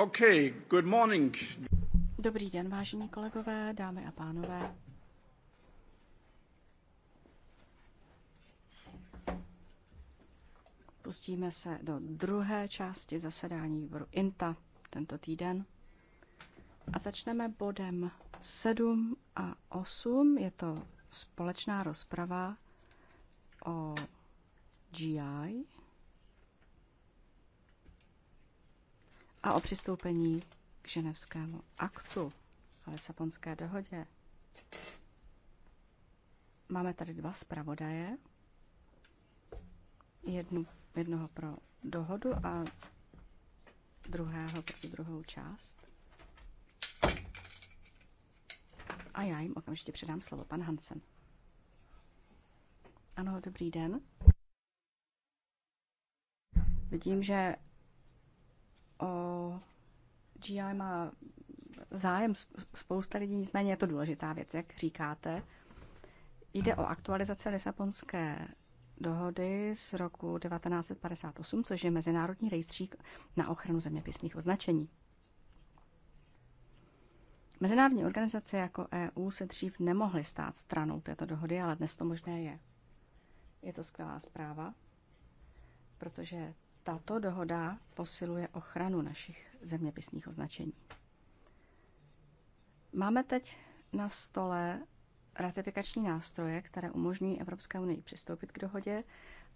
Okay, good morning. Dobrý den, vážení kolegové, dámy a pánové. Pustíme se do druhé části zasedání výboru INTA tento týden. A začneme bodem 7 a 8. Je to společná rozprava o GI, a o přistoupení k ženevskému aktu a Lisabonské dohodě. Máme tady dva zpravodaje. Jednu, jednoho pro dohodu a druhého pro tu druhou část. A já jim okamžitě předám slovo. Pan Hansen. Ano, dobrý den. Vidím, že o GI má zájem spousta lidí, nicméně je to důležitá věc, jak říkáte. Jde o aktualizaci Lisabonské dohody z roku 1958, což je Mezinárodní rejstřík na ochranu zeměpisných označení. Mezinárodní organizace jako EU se dřív nemohly stát stranou této dohody, ale dnes to možné je. Je to skvělá zpráva, protože tato dohoda posiluje ochranu našich zeměpisných označení. Máme teď na stole ratifikační nástroje, které umožní Evropské unii přistoupit k dohodě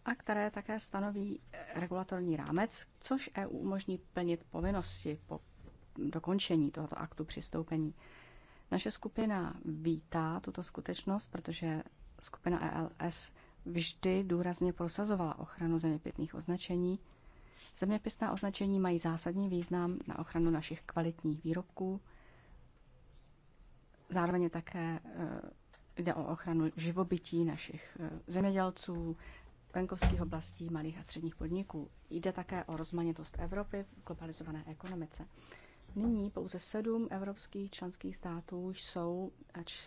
a které také stanoví regulatorní rámec, což EU umožní plnit povinnosti po dokončení tohoto aktu přistoupení. Naše skupina vítá tuto skutečnost, protože skupina ELS vždy důrazně prosazovala ochranu zeměpisných označení Zeměpisná označení mají zásadní význam na ochranu našich kvalitních výrobků. Zároveň také eh, jde o ochranu živobytí našich eh, zemědělců, venkovských oblastí, malých a středních podniků. Jde také o rozmanitost Evropy v globalizované ekonomice. Nyní pouze sedm evropských členských států jsou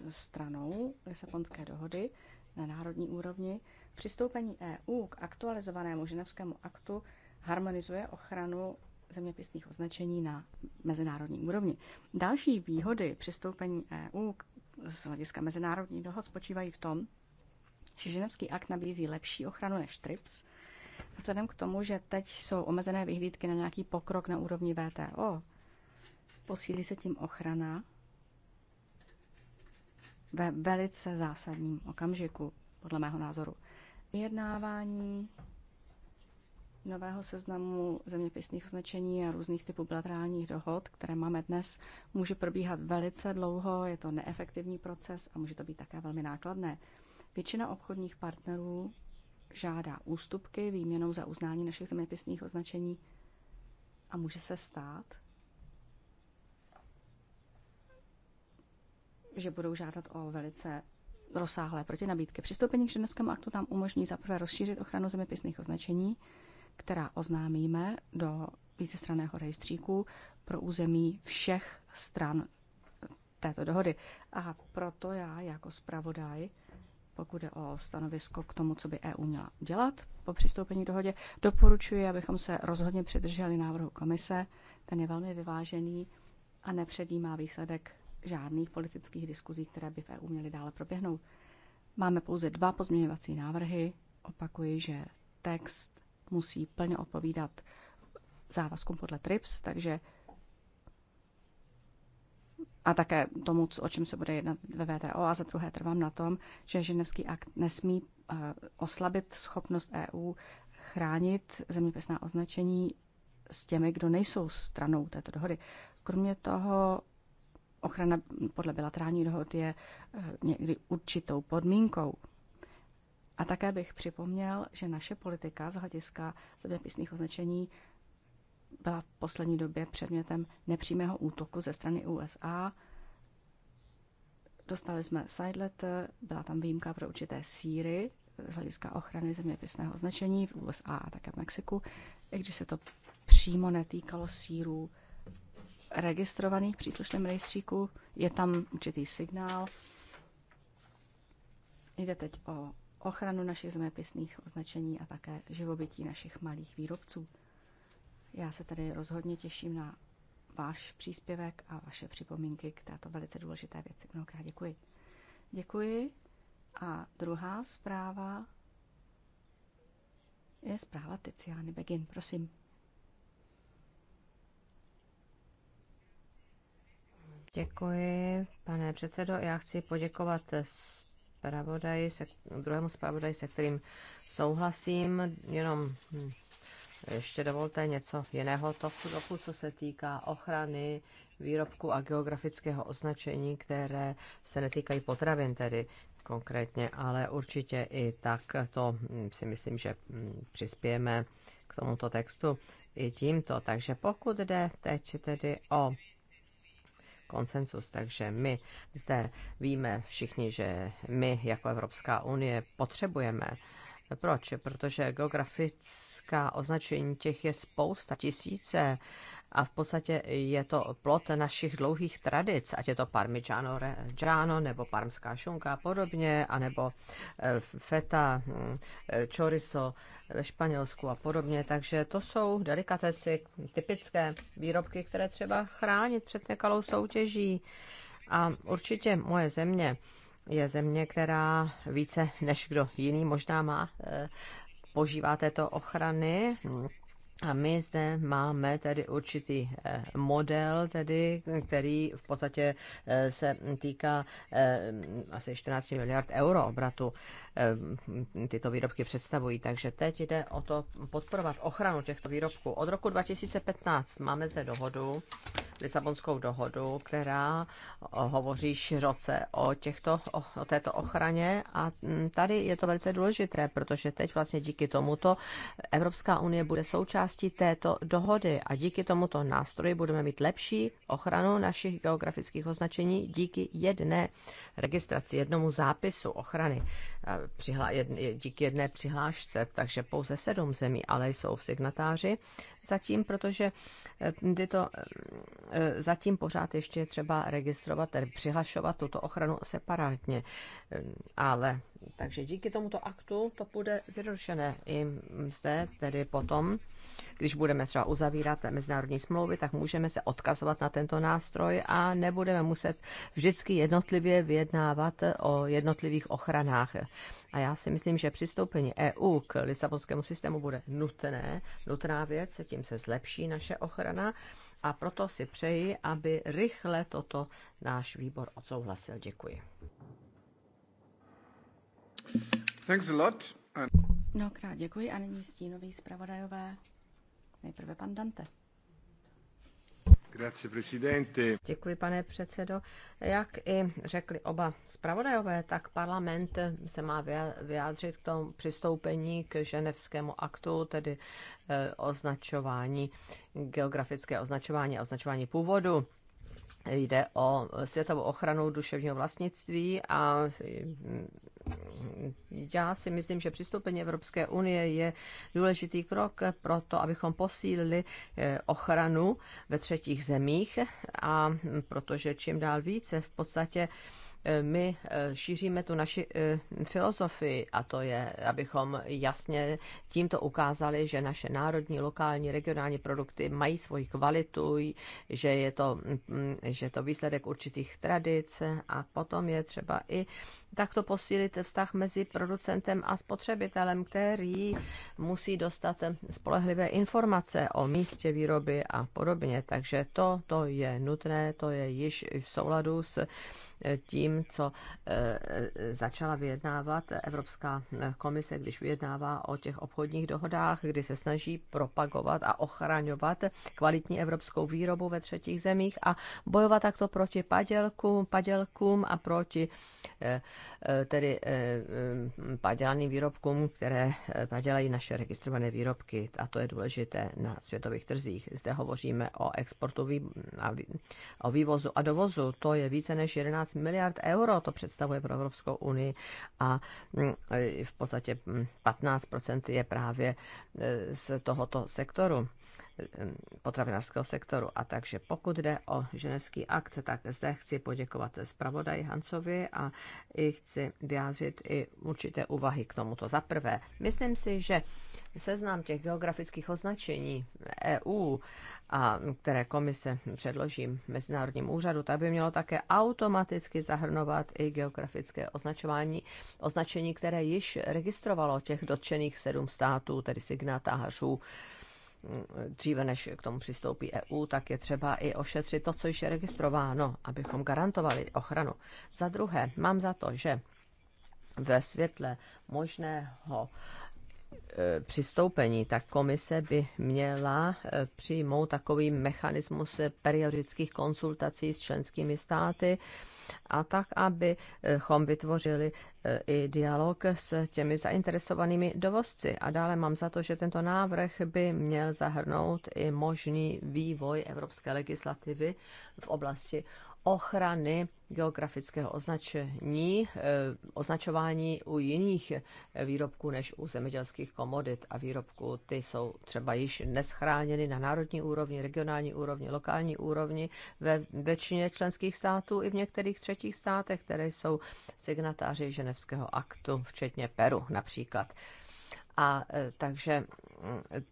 stranou Lisabonské dohody na národní úrovni. Přistoupení EU k aktualizovanému ženevskému aktu harmonizuje ochranu zeměpisných označení na mezinárodní úrovni. Další výhody přistoupení EU z hlediska mezinárodních dohod spočívají v tom, že Ženevský akt nabízí lepší ochranu než TRIPS, vzhledem k tomu, že teď jsou omezené vyhlídky na nějaký pokrok na úrovni VTO. Posílí se tím ochrana ve velice zásadním okamžiku, podle mého názoru. Vyjednávání nového seznamu zeměpisných označení a různých typů bilaterálních dohod, které máme dnes, může probíhat velice dlouho, je to neefektivní proces a může to být také velmi nákladné. Většina obchodních partnerů žádá ústupky výměnou za uznání našich zeměpisných označení a může se stát, že budou žádat o velice rozsáhlé protinabídky. Přistoupení k ženevskému aktu tam umožní zaprvé rozšířit ochranu zeměpisných označení která oznámíme do vícestranného rejstříku pro území všech stran této dohody. A proto já jako zpravodaj, pokud je o stanovisko k tomu, co by EU měla dělat po přistoupení k dohodě, doporučuji, abychom se rozhodně přidrželi návrhu komise. Ten je velmi vyvážený a nepředjímá výsledek žádných politických diskuzí, které by v EU měly dále proběhnout. Máme pouze dva pozměňovací návrhy. Opakuji, že text musí plně odpovídat závazkům podle TRIPS, takže a také tomu, o čem se bude jednat ve VTO. A za druhé trvám na tom, že ženevský akt nesmí eh, oslabit schopnost EU chránit zeměpisná označení s těmi, kdo nejsou stranou této dohody. Kromě toho ochrana podle bilaterální dohod je eh, někdy určitou podmínkou a také bych připomněl, že naše politika z hlediska zeměpisných označení byla v poslední době předmětem nepřímého útoku ze strany USA. Dostali jsme letter, byla tam výjimka pro určité síry z hlediska ochrany zeměpisného označení v USA a také v Mexiku, i když se to přímo netýkalo sírů registrovaných v příslušném rejstříku. Je tam určitý signál. Jde teď o ochranu našich zeměpisných označení a také živobytí našich malých výrobců. Já se tedy rozhodně těším na váš příspěvek a vaše připomínky k této velice důležité věci. Mnohokrát děkuji. Děkuji. A druhá zpráva je zpráva Tiziany Begin. Prosím. Děkuji, pane předsedo. Já chci poděkovat zpravodaji, se, druhému zpravodaji, se kterým souhlasím, jenom hm, ještě dovolte něco jiného toku toku, co se týká ochrany výrobku a geografického označení, které se netýkají potravin tedy konkrétně, ale určitě i tak to hm, si myslím, že hm, přispějeme k tomuto textu i tímto. Takže pokud jde teď tedy o konsensus. Takže my zde víme všichni, že my jako Evropská unie potřebujeme proč? Protože geografická označení těch je spousta, tisíce a v podstatě je to plot našich dlouhých tradic, ať je to parmigiano reggiano, nebo parmská šunka a podobně, anebo eh, feta, hm, eh, chorizo ve Španělsku a podobně. Takže to jsou delikatesy, typické výrobky, které třeba chránit před nekalou soutěží. A určitě moje země je země, která více než kdo jiný možná má eh, požívá této ochrany a my zde máme tedy určitý eh, model, tedy, který v podstatě eh, se týká eh, asi 14 miliard euro obratu. Eh, tyto výrobky představují. Takže teď jde o to podporovat ochranu těchto výrobků. Od roku 2015 máme zde dohodu, Lisabonskou dohodu, která hovoří široce o, těchto, o této ochraně a mm, tady je to velice důležité, protože teď vlastně díky tomuto Evropská unie bude součástí této dohody a díky tomuto nástroji budeme mít lepší ochranu našich geografických označení díky jedné registraci, jednomu zápisu ochrany přihla, díky jedné přihlášce, takže pouze sedm zemí, ale jsou signatáři zatím, protože eh, tyto, eh, zatím pořád ještě je třeba registrovat, tedy přihlašovat tuto ochranu separátně. Eh, ale takže díky tomuto aktu to bude zjednodušené i zde, tedy potom když budeme třeba uzavírat mezinárodní smlouvy, tak můžeme se odkazovat na tento nástroj a nebudeme muset vždycky jednotlivě vyjednávat o jednotlivých ochranách. A já si myslím, že přistoupení EU k Lisabonskému systému bude nutné, nutná věc, tím se zlepší naše ochrana a proto si přeji, aby rychle toto náš výbor odsouhlasil. Děkuji. Thanks a lot. Mnohokrát děkuji a nyní stínový zpravodajové. Nejprve pan Dante. Děkuji, pane předsedo. Jak i řekli oba zpravodajové, tak parlament se má vyjádřit k tomu přistoupení k ženevskému aktu, tedy eh, označování, geografické označování a označování původu jde o světovou ochranu duševního vlastnictví a mm, já si myslím, že přistoupení Evropské unie je důležitý krok pro to, abychom posílili eh, ochranu ve třetích zemích a mm, protože čím dál více v podstatě my eh, šíříme tu naši eh, filozofii a to je, abychom jasně tímto ukázali, že naše národní, lokální, regionální produkty mají svoji kvalitu, že je to, mm, že to výsledek určitých tradic a potom je třeba i takto posílit vztah mezi producentem a spotřebitelem, který musí dostat spolehlivé informace o místě výroby a podobně. Takže to, to je nutné, to je již v souladu s eh, tím, co eh, začala vyjednávat Evropská komise, když vyjednává o těch obchodních dohodách, kdy se snaží propagovat a ochraňovat kvalitní evropskou výrobu ve třetích zemích a bojovat takto proti padělkům, padělkům a proti eh, Eh, tedy eh, eh, padělaným výrobkům, které padělají naše registrované výrobky a to je důležité na světových trzích. Zde hovoříme o exportu a o vývozu a dovozu. To je více než 11 miliard euro, to představuje pro Evropskou unii a hm, v podstatě 15% hm, je právě z tohoto sektoru potravinářského sektoru. A takže pokud jde o ženevský akt, tak zde chci poděkovat zpravodaji Hancovi a i chci vyjádřit i určité úvahy k tomuto. Za prvé, myslím si, že seznam těch geografických označení EU, a které komise předloží Mezinárodním úřadu, tak by mělo také automaticky zahrnovat i geografické označování, označení, které již registrovalo těch dotčených sedm států, tedy signatářů dříve než k tomu přistoupí EU, tak je třeba i ošetřit to, co již je registrováno, abychom garantovali ochranu. Za druhé, mám za to, že ve světle možného Eh, přistoupení, tak komise by měla eh, přijmout takový mechanismus eh, periodických konsultací s členskými státy a tak, abychom vytvořili i dialog s těmi zainteresovanými dovozci. A dále mám za to, že tento návrh by měl zahrnout i možný vývoj evropské legislativy v oblasti ochrany geografického označení, eh, označování u jiných výrobků než u zemědělských komodit a výrobků. Ty jsou třeba již neschráněny na národní úrovni, regionální úrovni, lokální úrovni ve většině členských států i v některých třetích státech, které jsou signatáři Ženevského aktu, včetně Peru například. A e, takže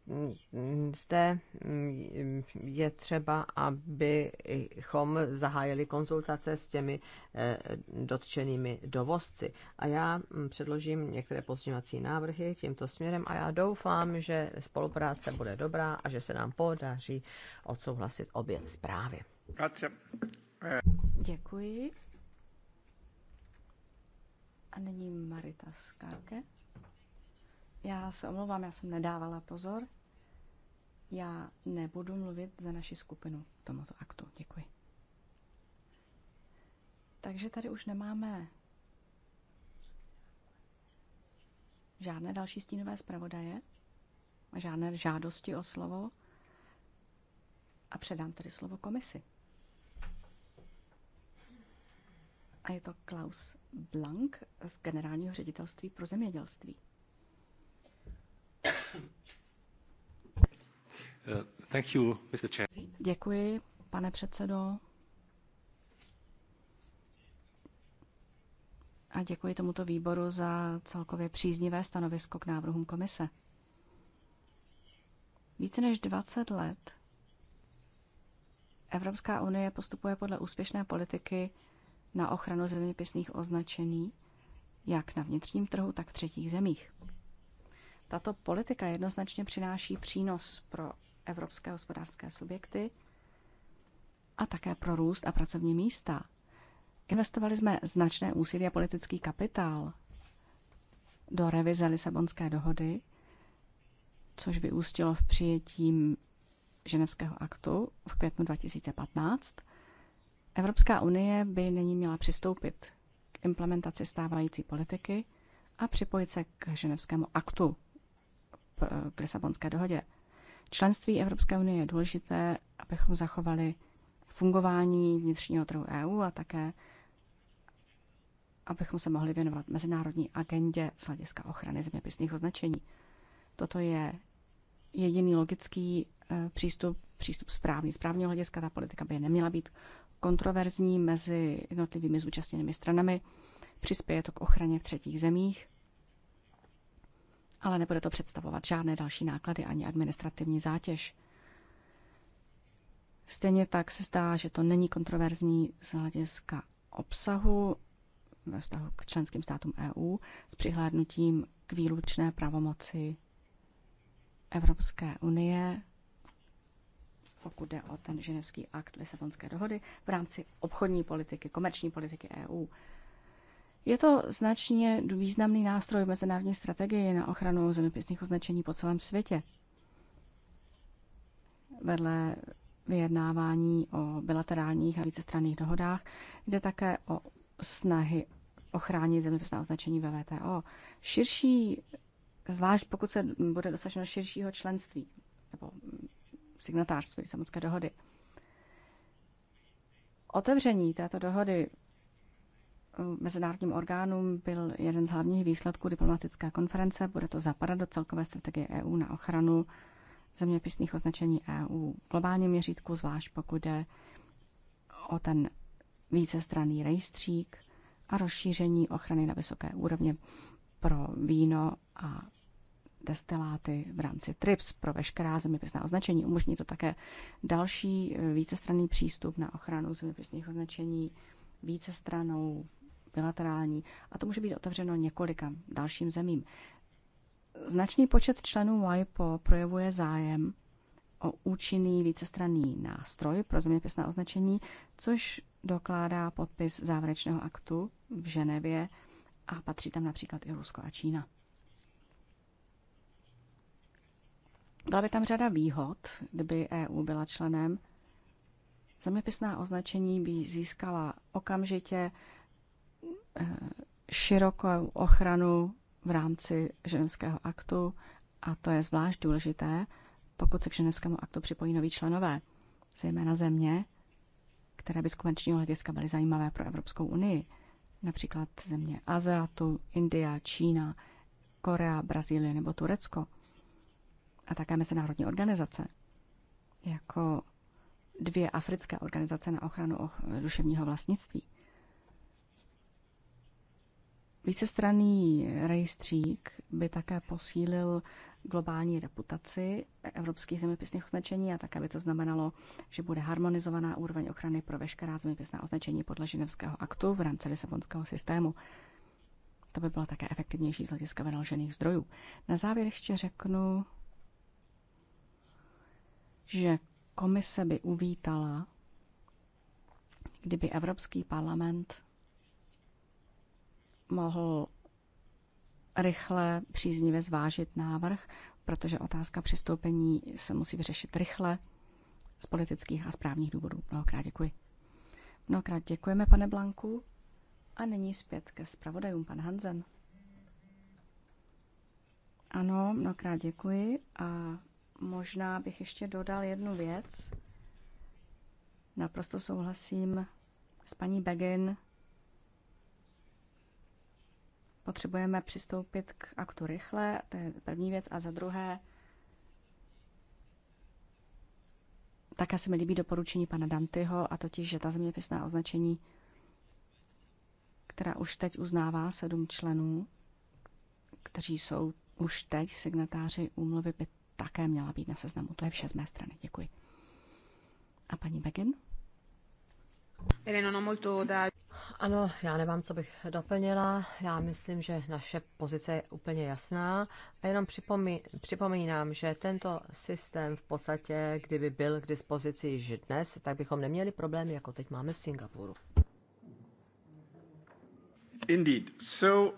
mm, mm, zde mm, je třeba, abychom zahájili konzultace s těmi e, dotčenými dovozci. A já předložím některé pozměňovací návrhy tímto směrem a já doufám, že spolupráce bude dobrá a že se nám podaří odsouhlasit obě zprávy. Děkuji. A nyní Marita Skarke. Já se omlouvám, já jsem nedávala pozor. Já nebudu mluvit za naši skupinu tomuto aktu. Děkuji. Takže tady už nemáme žádné další stínové zpravodaje a žádné žádosti o slovo. A předám tedy slovo komisi. A je to Klaus Blank z Generálního ředitelství pro zemědělství. Uh, thank you, Mr. Chair. Děkuji, pane předsedo. A děkuji tomuto výboru za celkově příznivé stanovisko k návrhům komise. Více než 20 let Evropská unie postupuje podle úspěšné politiky na ochranu zeměpisných označení, jak na vnitřním trhu, tak v třetích zemích. Tato politika jednoznačně přináší přínos pro evropské hospodářské subjekty a také pro růst a pracovní místa. Investovali jsme značné úsilí a politický kapitál do revize Lisabonské dohody, což vyústilo v přijetím Ženevského aktu v květnu 2015. Evropská unie by nyní měla přistoupit k implementaci stávající politiky a připojit se k Ženevskému aktu k Lisabonské dohodě. Členství Evropské unie je důležité, abychom zachovali fungování vnitřního trhu EU a také abychom se mohli věnovat mezinárodní agendě z hlediska ochrany zeměpisných označení. Toto je jediný logický eh, přístup, přístup správný. Z právního hlediska ta politika by neměla být kontroverzní mezi jednotlivými zúčastněnými stranami. Přispěje to k ochraně v třetích zemích ale nebude to představovat žádné další náklady ani administrativní zátěž. Stejně tak se zdá, že to není kontroverzní z hlediska obsahu ve vztahu k členským státům EU s přihlédnutím k výlučné pravomoci Evropské unie, pokud jde o ten ženevský akt Lisabonské dohody, v rámci obchodní politiky, komerční politiky EU. Je to značně významný nástroj v mezinárodní strategii na ochranu zeměpisných označení po celém světě. Vedle vyjednávání o bilaterálních a vícestranných dohodách jde také o snahy ochránit zeměpisná označení ve VTO. Širší, zvlášť pokud se bude dosaženo širšího členství nebo signatářství samotné dohody. Otevření této dohody mezinárodním orgánům byl jeden z hlavních výsledků diplomatické konference. Bude to zapadat do celkové strategie EU na ochranu zeměpisných označení EU v globálním měřítku, zvlášť pokud jde o ten vícestranný rejstřík a rozšíření ochrany na vysoké úrovně pro víno a destiláty v rámci TRIPS pro veškerá zeměpisná označení. Umožní to také další vícestranný přístup na ochranu zeměpisných označení vícestranou bilaterální a to může být otevřeno několika dalším zemím. Značný počet členů WIPO projevuje zájem o účinný vícestranný nástroj pro zeměpisná označení, což dokládá podpis závěrečného aktu v Ženevě a patří tam například i Rusko a Čína. Byla by tam řada výhod, kdyby EU byla členem. Zeměpisná označení by získala okamžitě Eh, širokou ochranu v rámci ženevského aktu a to je zvlášť důležité, pokud se k ženevskému aktu připojí noví členové, zejména země, které by z komerčního hlediska byly zajímavé pro Evropskou unii, například země Azeatu, India, Čína, Korea, Brazílie nebo Turecko a také mezinárodní organizace, jako dvě africké organizace na ochranu duševního vlastnictví. Vícestranný rejstřík by také posílil globální reputaci evropských zeměpisných označení a také by to znamenalo, že bude harmonizovaná úroveň ochrany pro veškerá zeměpisná označení podle Ženevského aktu v rámci Lisabonského systému. To by bylo také efektivnější z hlediska vynaložených zdrojů. Na závěr ještě řeknu, že komise by uvítala, kdyby Evropský parlament mohl rychle příznivě zvážit návrh, protože otázka přistoupení se musí vyřešit rychle z politických a správních důvodů. Mnohokrát děkuji. Mnohokrát děkujeme, pane Blanku. A nyní zpět ke zpravodajům, pan Hanzen. Ano, mnohokrát děkuji a možná bych ještě dodal jednu věc. Naprosto souhlasím s paní Begin Potřebujeme přistoupit k aktu rychle, to je první věc. A za druhé, také se mi líbí doporučení pana Dantyho, a totiž, že ta zeměpisná označení, která už teď uznává sedm členů, kteří jsou už teď signatáři úmluvy, by také měla být na seznamu. To je vše z mé strany. Děkuji. A paní Begin? No ano, já nevám, co bych doplnila. Já myslím, že naše pozice je úplně jasná. A jenom připomí, připomínám, že tento systém v podstatě, kdyby byl k dispozici již dnes, tak bychom neměli problémy, jako teď máme v Singapuru. Indeed. So...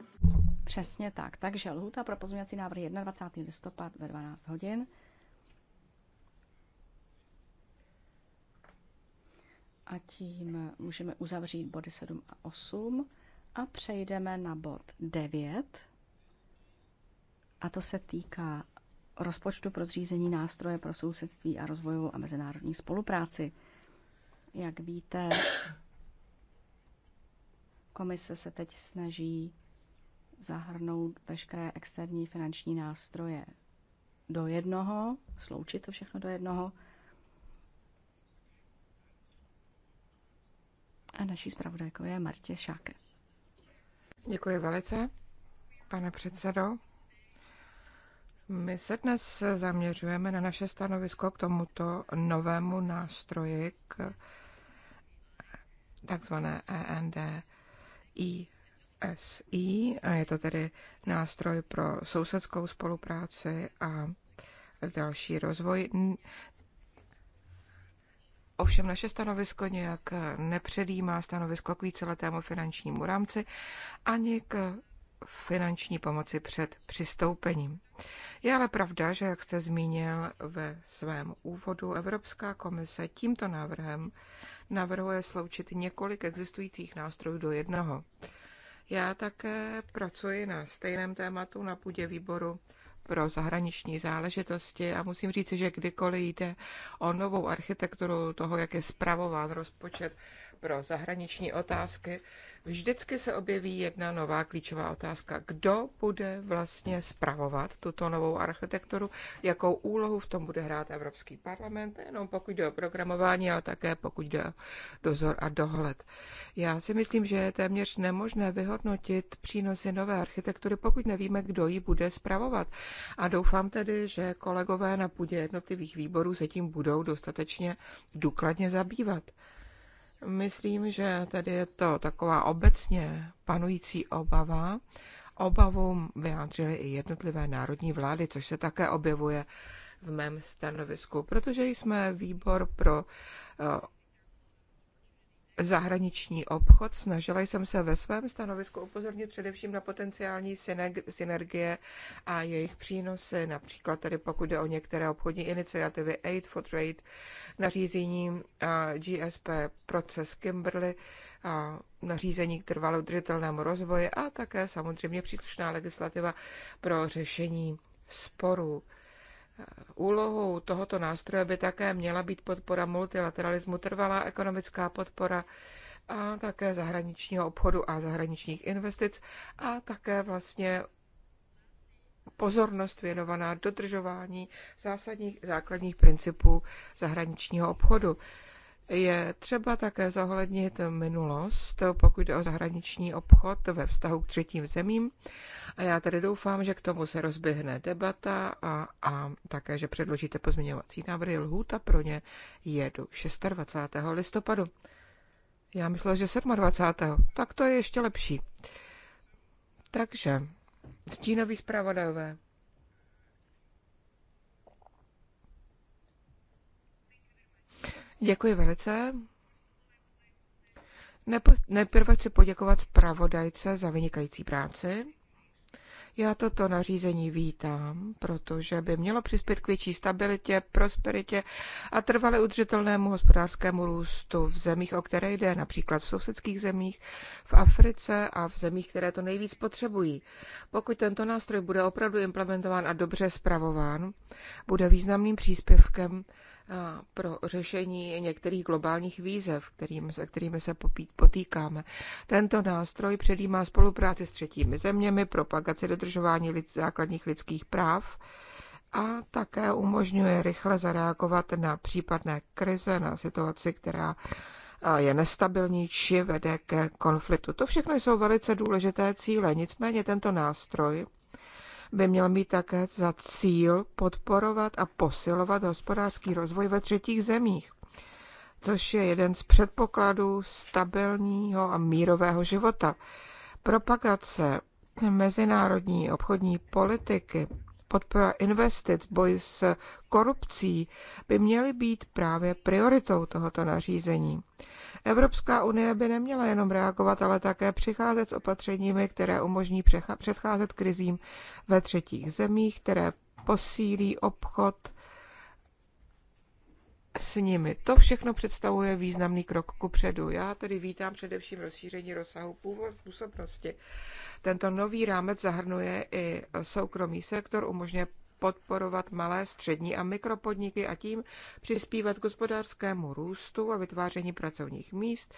Přesně tak. Takže lhůta pro pozměňovací návrh 21. listopad ve 12 hodin. A tím můžeme uzavřít body 7 a 8 a přejdeme na bod 9. A to se týká rozpočtu pro zřízení nástroje pro sousedství a rozvojovou a mezinárodní spolupráci. Jak víte, komise se teď snaží zahrnout veškeré externí finanční nástroje do jednoho, sloučit to všechno do jednoho a naší zpravodajkou je Martě Šáke. Děkuji velice, pane předsedo. My se dnes zaměřujeme na naše stanovisko k tomuto novému nástroji k takzvané END ISI. a je to tedy nástroj pro sousedskou spolupráci a další rozvoj. Ovšem naše stanovisko nějak nepředjímá stanovisko k víceletému finančnímu rámci ani k finanční pomoci před přistoupením. Je ale pravda, že jak jste zmínil ve svém úvodu, Evropská komise tímto návrhem navrhuje sloučit několik existujících nástrojů do jednoho. Já také pracuji na stejném tématu na půdě výboru pro zahraniční záležitosti a musím říct, že kdykoliv jde o novou architekturu toho, jak je zpravován rozpočet pro zahraniční otázky vždycky se objeví jedna nová klíčová otázka. Kdo bude vlastně spravovat tuto novou architekturu? Jakou úlohu v tom bude hrát Evropský parlament? Nejenom pokud jde o programování, ale také pokud jde o dozor a dohled. Já si myslím, že je téměř nemožné vyhodnotit přínosy nové architektury, pokud nevíme, kdo ji bude spravovat. A doufám tedy, že kolegové na půdě jednotlivých výborů se tím budou dostatečně důkladně zabývat. Myslím, že tady je to taková obecně panující obava. Obavu vyjádřily i jednotlivé národní vlády, což se také objevuje v mém stanovisku, protože jsme výbor pro eh, zahraniční obchod. Snažila jsem se ve svém stanovisku upozornit především na potenciální synergie a jejich přínosy, například tedy pokud jde o některé obchodní iniciativy Aid for Trade, nařízení GSP, proces Kimberley, nařízení k trvalou držitelnému rozvoji a také samozřejmě příslušná legislativa pro řešení sporů. Úlohou tohoto nástroje by také měla být podpora multilateralismu, trvalá ekonomická podpora a také zahraničního obchodu a zahraničních investic a také vlastně pozornost věnovaná dodržování zásadních základních principů zahraničního obchodu. Je třeba také zohlednit minulost, pokud jde o zahraniční obchod ve vztahu k třetím zemím. A já tady doufám, že k tomu se rozběhne debata a, a také, že předložíte pozměňovací návrhy. Lhůta pro ně je do 26. listopadu. Já myslel, že 27. Tak to je ještě lepší. Takže, stínový zpravodajové. Děkuji velice. Nejprve chci poděkovat zpravodajce za vynikající práci. Já toto nařízení vítám, protože by mělo přispět k větší stabilitě, prosperitě a trvale udržitelnému hospodářskému růstu v zemích, o které jde, například v sousedských zemích, v Africe a v zemích, které to nejvíc potřebují. Pokud tento nástroj bude opravdu implementován a dobře zpravován, bude významným příspěvkem pro řešení některých globálních výzev, kterým, se kterými se potýkáme. Tento nástroj předjímá spolupráci s třetími zeměmi, propagaci dodržování lid, základních lidských práv a také umožňuje rychle zareagovat na případné krize, na situaci, která je nestabilní či vede ke konfliktu. To všechno jsou velice důležité cíle, nicméně tento nástroj by měl mít také za cíl podporovat a posilovat hospodářský rozvoj ve třetích zemích, což je jeden z předpokladů stabilního a mírového života. Propagace mezinárodní obchodní politiky podpora investic, boj s korupcí by měly být právě prioritou tohoto nařízení. Evropská unie by neměla jenom reagovat, ale také přicházet s opatřeními, které umožní předcházet krizím ve třetích zemích, které posílí obchod s nimi. To všechno představuje významný krok ku předu. Já tedy vítám především rozšíření rozsahu působnosti tento nový rámec zahrnuje i soukromý sektor, umožňuje podporovat malé, střední a mikropodniky a tím přispívat k hospodářskému růstu a vytváření pracovních míst.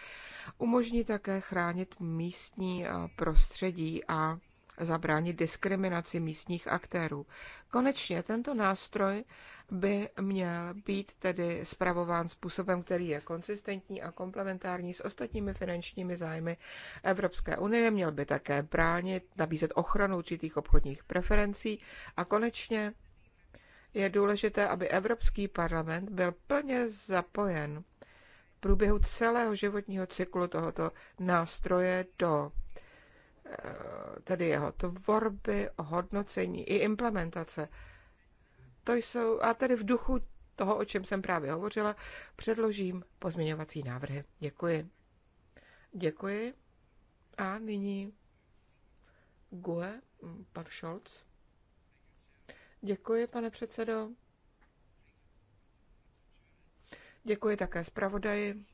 Umožní také chránit místní eh, prostředí a zabránit diskriminaci místních aktérů. Konečně tento nástroj by měl být tedy spravován způsobem, který je konsistentní a komplementární s ostatními finančními zájmy Evropské unie. Měl by také bránit, nabízet ochranu určitých obchodních preferencí a konečně je důležité, aby Evropský parlament byl plně zapojen v průběhu celého životního cyklu tohoto nástroje do Eh, tedy jeho tvorby, hodnocení i implementace. To jsou, a tedy v duchu toho, o čem jsem právě hovořila, předložím pozměňovací návrhy. Děkuji. Děkuji. A nyní Gue, pan Scholz. Děkuji, pane předsedo. Děkuji také zpravodaji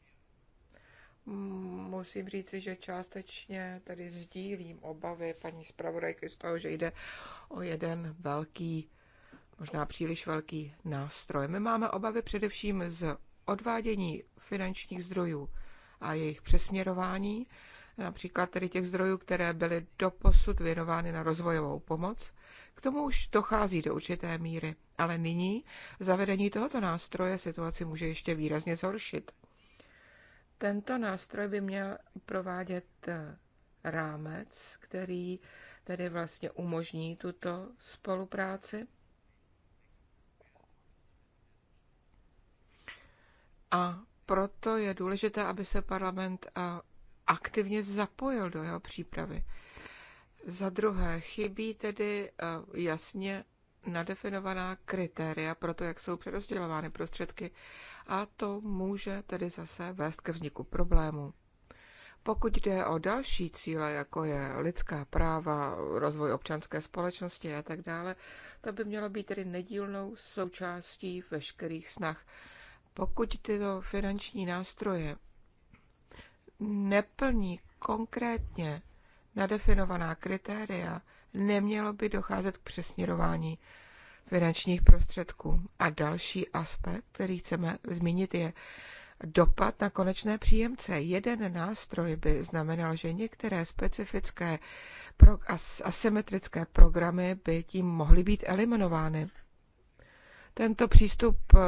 musím říci, že částečně tedy sdílím obavy paní zpravodajky z toho, že jde o jeden velký, možná příliš velký nástroj. My máme obavy především z odvádění finančních zdrojů a jejich přesměrování, například tedy těch zdrojů, které byly doposud věnovány na rozvojovou pomoc. K tomu už dochází do určité míry, ale nyní zavedení tohoto nástroje situaci může ještě výrazně zhoršit. Tento nástroj by měl provádět eh, rámec, který tedy vlastně umožní tuto spolupráci. A proto je důležité, aby se parlament eh, aktivně zapojil do jeho přípravy. Za druhé, chybí tedy eh, jasně nadefinovaná kritéria pro to, jak jsou přerozdělovány prostředky a to může tedy zase vést ke vzniku problémů. Pokud jde o další cíle, jako je lidská práva, rozvoj občanské společnosti a tak dále, to by mělo být tedy nedílnou součástí veškerých snah. Pokud tyto finanční nástroje neplní konkrétně nadefinovaná kritéria, nemělo by docházet k přesměrování finančních prostředků. A další aspekt, který chceme zmínit, je dopad na konečné příjemce. Jeden nástroj by znamenal, že některé specifické asymetrické programy by tím mohly být eliminovány. Tento přístup, eh,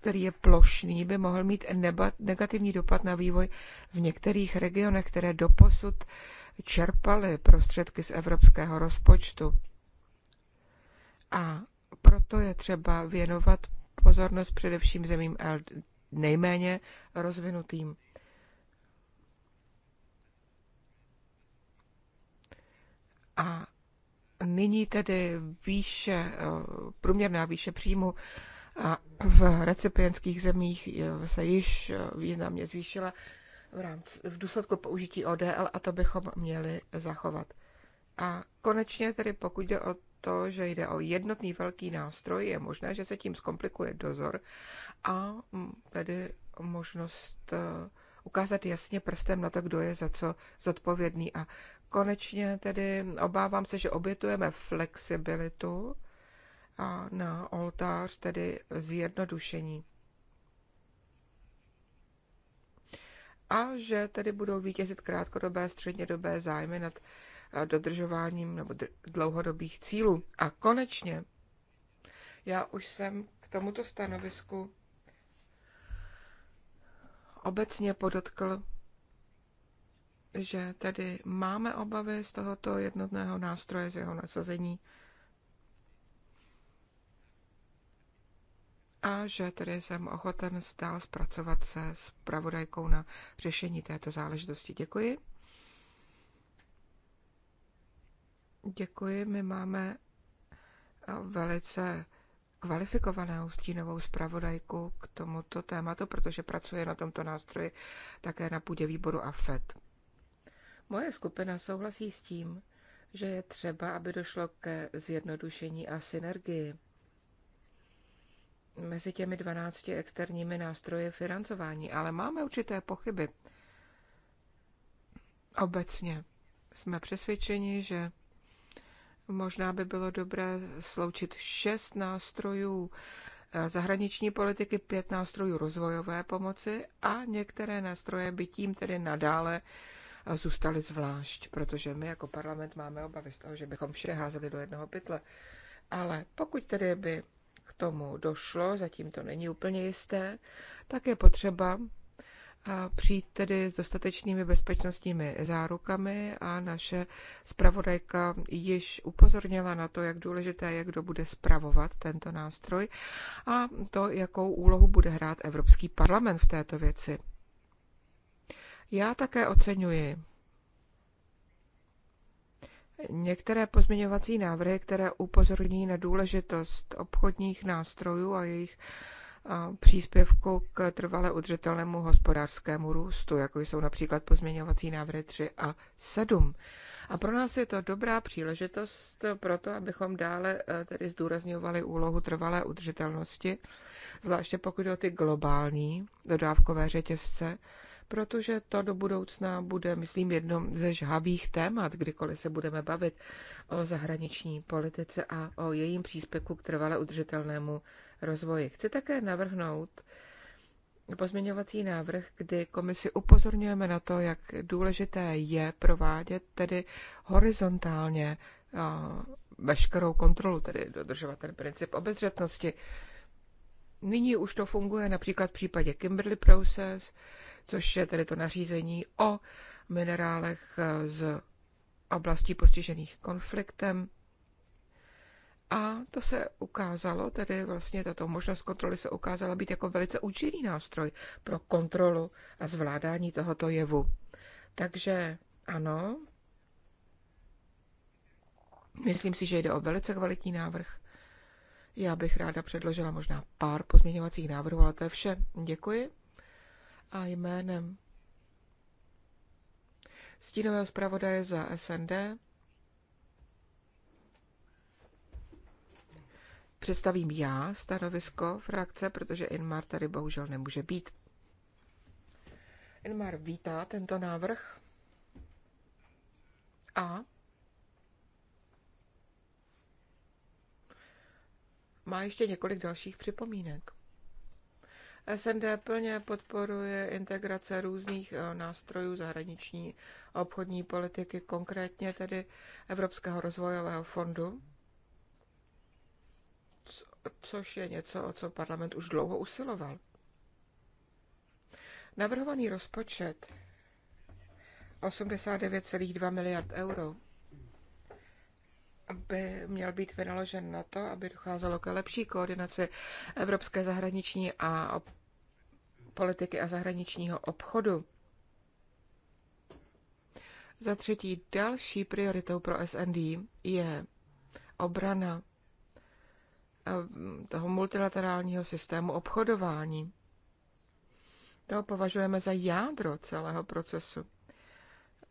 který je plošný, by mohl mít negativní dopad na vývoj v některých regionech, které doposud čerpaly prostředky z evropského rozpočtu. A proto je třeba věnovat pozornost především zemím nejméně rozvinutým. A nyní tedy výše, eh, průměrná výše příjmu a v recipientských zemích eh, se již eh, významně zvýšila v, rámci, v důsledku použití ODL a to bychom měli zachovat. A konečně tedy pokud jde o to, že jde o jednotný velký nástroj, je možné, že se tím zkomplikuje dozor a tedy možnost eh, ukázat jasně prstem na to, kdo je za co zodpovědný. A konečně tedy obávám se, že obětujeme flexibilitu a na oltář tedy zjednodušení. a že tedy budou vítězit krátkodobé, střednědobé zájmy nad eh, dodržováním nebo dlouhodobých cílů. A konečně, já už jsem k tomuto stanovisku obecně podotkl, že tedy máme obavy z tohoto jednotného nástroje, z jeho nasazení a že tedy jsem ochoten dál zpracovat se s pravodajkou na řešení této záležitosti. Děkuji. Děkuji, my máme velice kvalifikovanou stínovou zpravodajku k tomuto tématu, protože pracuje na tomto nástroji také na půdě výboru AFED. Moje skupina souhlasí s tím, že je třeba, aby došlo ke zjednodušení a synergii mezi těmi 12 externími nástroji financování, ale máme určité pochyby. Obecně jsme přesvědčeni, že možná by bylo dobré sloučit šest nástrojů eh, zahraniční politiky, pět nástrojů rozvojové pomoci a některé nástroje by tím tedy nadále eh, zůstaly zvlášť, protože my jako parlament máme obavy z toho, že bychom vše házeli do jednoho pytle. Ale pokud tedy by tomu došlo, zatím to není úplně jisté, tak je potřeba přijít tedy s dostatečnými bezpečnostními zárukami a naše zpravodajka již upozornila na to, jak důležité je, kdo bude spravovat tento nástroj a to, jakou úlohu bude hrát Evropský parlament v této věci. Já také oceňuji některé pozměňovací návrhy, které upozorní na důležitost obchodních nástrojů a jejich příspěvku k trvale udržitelnému hospodářskému růstu, jako jsou například pozměňovací návrhy 3 a 7. A pro nás je to dobrá příležitost pro to, abychom dále e, tedy zdůrazňovali úlohu trvalé udržitelnosti, zvláště pokud o ty globální dodávkové řetězce, protože to do budoucna bude, myslím, jedno ze žhavých témat, kdykoliv se budeme bavit o zahraniční politice a o jejím příspěku k trvale udržitelnému rozvoji. Chci také navrhnout pozměňovací návrh, kdy komisi upozorňujeme na to, jak důležité je provádět tedy horizontálně veškerou kontrolu, tedy dodržovat ten princip obezřetnosti. Nyní už to funguje například v případě Kimberly Process, což je tedy to nařízení o minerálech eh, z oblastí postižených konfliktem. A to se ukázalo, tedy vlastně tato možnost kontroly se ukázala být jako velice účinný nástroj pro kontrolu a zvládání tohoto jevu. Takže ano, myslím si, že jde o velice kvalitní návrh. Já bych ráda předložila možná pár pozměňovacích návrhů, ale to je vše. Děkuji a jménem stínového zpravodaje za SND představím já stanovisko frakce, protože Inmar tady bohužel nemůže být. Inmar vítá tento návrh a má ještě několik dalších připomínek. SND plně podporuje integrace různých eh, nástrojů zahraniční obchodní politiky, konkrétně tedy Evropského rozvojového fondu, což je něco, o co parlament už dlouho usiloval. Navrhovaný rozpočet 89,2 miliard euro by měl být vynaložen na to, aby docházelo ke lepší koordinaci evropské zahraniční a politiky a zahraničního obchodu. Za třetí, další prioritou pro SND je obrana eh, toho multilaterálního systému obchodování. To považujeme za jádro celého procesu.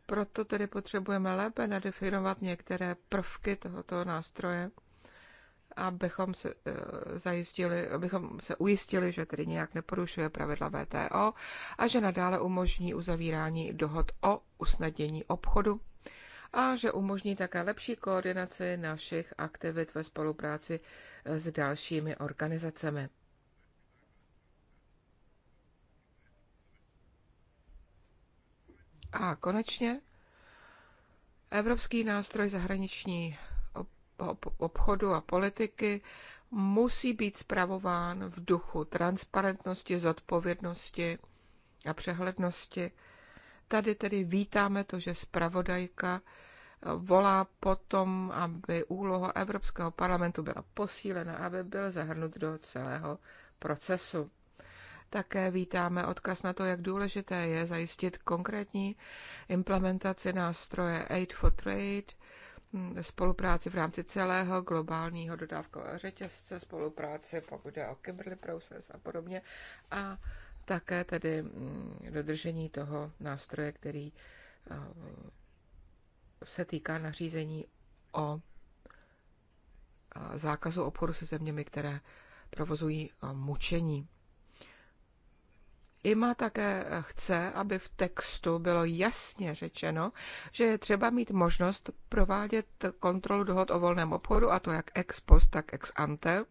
Proto tedy potřebujeme lépe nadefinovat některé prvky tohoto nástroje, abychom se, eh, zajistili, abychom se ujistili, že tedy nějak neporušuje pravidla VTO a že nadále umožní uzavírání dohod o usnadnění obchodu a že umožní také lepší koordinaci našich aktivit ve spolupráci s dalšími organizacemi. A konečně Evropský nástroj zahraniční obchodu a politiky musí být spravován v duchu transparentnosti, zodpovědnosti a přehlednosti. Tady tedy vítáme to, že zpravodajka eh, volá potom, aby úloha Evropského parlamentu byla posílena, aby byl zahrnut do celého procesu. Také vítáme odkaz na to, jak důležité je zajistit konkrétní implementaci nástroje Aid for Trade, mm, spolupráci v rámci celého globálního dodávkového řetězce, spolupráci pokud jde o Kimberly Process a podobně a také tedy mm, dodržení toho nástroje, který eh, se týká nařízení o eh, zákazu obchodu se zeměmi, které provozují eh, mučení. IMA také chce, aby v textu bylo jasně řečeno, že je třeba mít možnost provádět kontrolu dohod o volném obchodu, a to jak ex post, tak ex ante.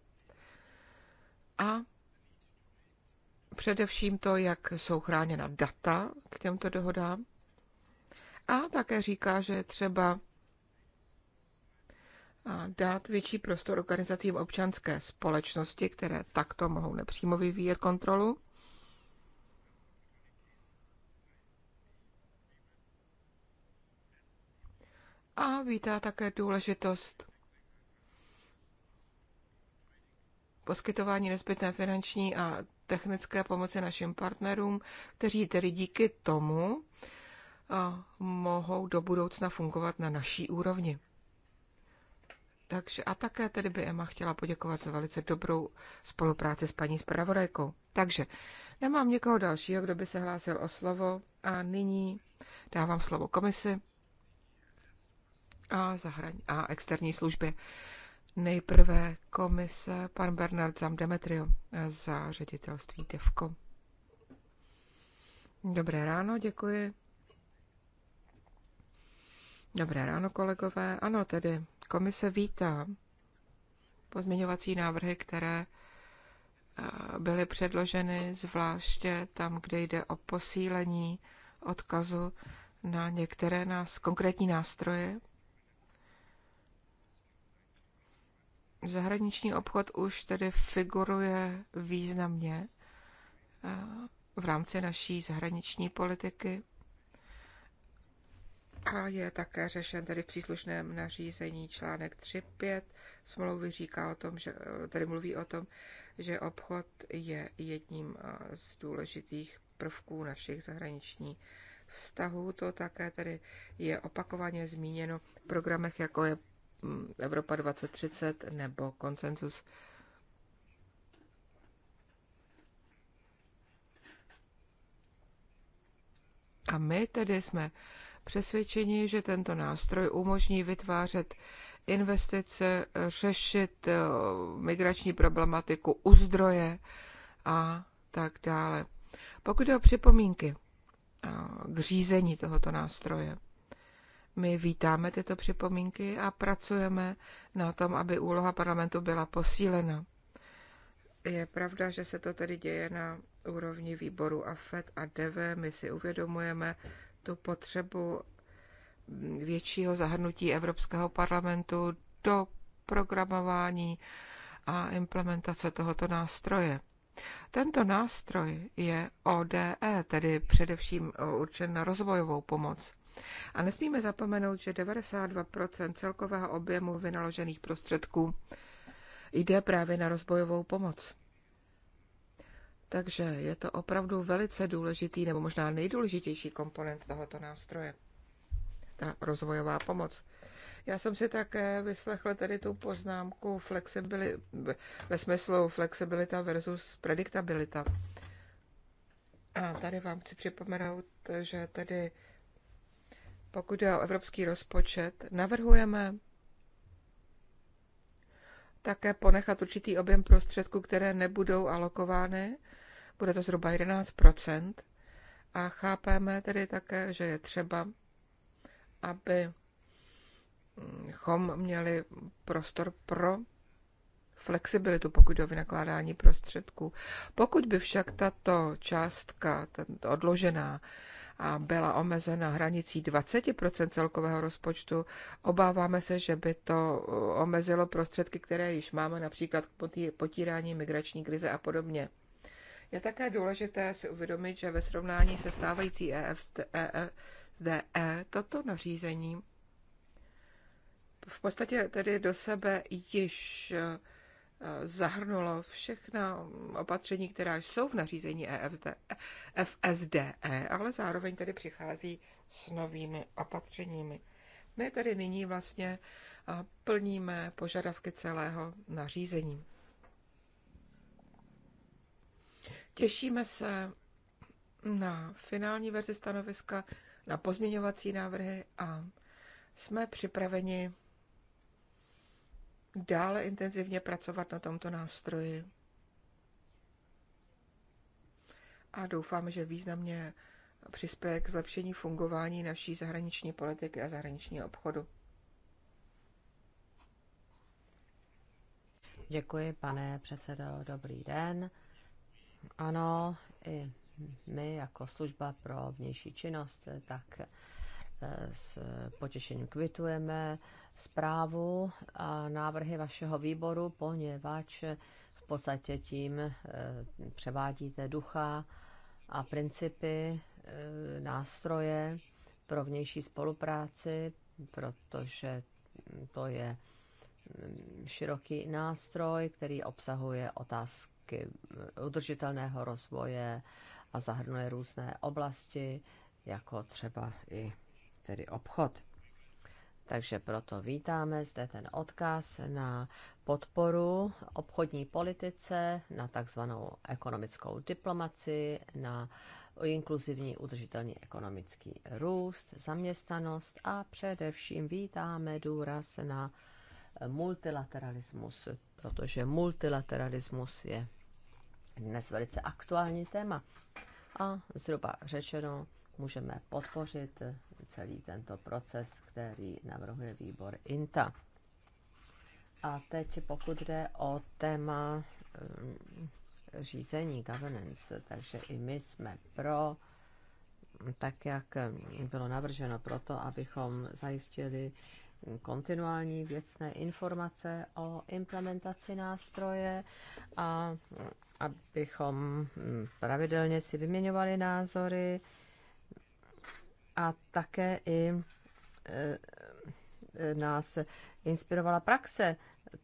A především to, jak jsou chráněna data k těmto dohodám. A také říká, že je třeba dát větší prostor organizacím občanské společnosti, které takto mohou nepřímo vyvíjet kontrolu. a vítá také důležitost poskytování nezbytné finanční a technické pomoci našim partnerům, kteří tedy díky tomu mohou do budoucna fungovat na naší úrovni. Takže a také tedy by Emma chtěla poděkovat za velice dobrou spolupráci s paní zpravodajkou. Takže nemám někoho dalšího, kdo by se hlásil o slovo a nyní dávám slovo komisi a, zahrani- a externí služby. Nejprve komise pan Bernard Zamdemetrio za ředitelství DEVKO. Dobré ráno, děkuji. Dobré ráno, kolegové. Ano, tedy komise vítá pozměňovací návrhy, které eh, byly předloženy, zvláště tam, kde jde o posílení odkazu na některé nás, konkrétní nástroje zahraniční obchod už tedy figuruje významně eh, v rámci naší zahraniční politiky a je také řešen tedy v příslušném nařízení článek 3.5. Smlouvy říká o tom, že, eh, tedy mluví o tom, že obchod je jedním eh, z důležitých prvků našich zahraničních vztahů. To také tedy je opakovaně zmíněno v programech, jako je Evropa 2030 nebo konsenzus A my tedy jsme přesvědčeni, že tento nástroj umožní vytvářet investice, řešit eh, migrační problematiku u zdroje a tak dále. Pokud je o připomínky eh, k řízení tohoto nástroje, my vítáme tyto připomínky a pracujeme na tom, aby úloha parlamentu byla posílena. Je pravda, že se to tedy děje na úrovni výboru AFET a DV. My si uvědomujeme tu potřebu většího zahrnutí Evropského parlamentu do programování a implementace tohoto nástroje. Tento nástroj je ODE, tedy především určen na rozvojovou pomoc. A nesmíme zapomenout, že 92% celkového objemu vynaložených prostředků jde právě na rozbojovou pomoc. Takže je to opravdu velice důležitý, nebo možná nejdůležitější komponent tohoto nástroje. Ta rozvojová pomoc. Já jsem si také vyslechla tady tu poznámku flexibili- ve smyslu flexibilita versus prediktabilita. A tady vám chci připomenout, že tedy pokud je o evropský rozpočet, navrhujeme také ponechat určitý objem prostředků, které nebudou alokovány. Bude to zhruba 11 A chápeme tedy také, že je třeba, aby mm, chom měli prostor pro flexibilitu, pokud o vynakládání prostředků. Pokud by však tato částka, odložená, a byla omezena hranicí 20% celkového rozpočtu, obáváme se, že by to uh, omezilo prostředky, které již máme, například k potírání migrační krize a podobně. Je také důležité si uvědomit, že ve srovnání se stávající EFDE e toto nařízení v podstatě tedy do sebe již uh, zahrnulo všechna opatření, která jsou v nařízení EFD, FSDE, ale zároveň tedy přichází s novými opatřeními. My tedy nyní vlastně plníme požadavky celého nařízení. Těšíme se na finální verzi stanoviska, na pozměňovací návrhy a jsme připraveni dále intenzivně pracovat na tomto nástroji. A doufáme, že významně přispěje k zlepšení fungování naší zahraniční politiky a zahraničního obchodu. Děkuji, pane předsedo. Dobrý den. Ano, i my jako služba pro vnější činnost, tak Eh, s potěšením kvitujeme zprávu a návrhy vašeho výboru, poněvadž v podstatě tím eh, převádíte ducha a principy, eh, nástroje pro vnější spolupráci, protože to je mm, široký nástroj, který obsahuje otázky udržitelného rozvoje a zahrnuje různé oblasti, jako třeba i tedy obchod. Takže proto vítáme zde ten odkaz na podporu obchodní politice, na takzvanou ekonomickou diplomaci, na inkluzivní udržitelný ekonomický růst, zaměstnanost a především vítáme důraz na multilateralismus, protože multilateralismus je dnes velice aktuální téma. A zhruba řečeno, můžeme podpořit celý tento proces, který navrhuje výbor INTA. A teď pokud jde o téma eh, řízení, governance, takže i my jsme pro, tak jak bylo navrženo, proto, abychom zajistili kontinuální věcné informace o implementaci nástroje a abychom pravidelně si vyměňovali názory, a také i nás inspirovala praxe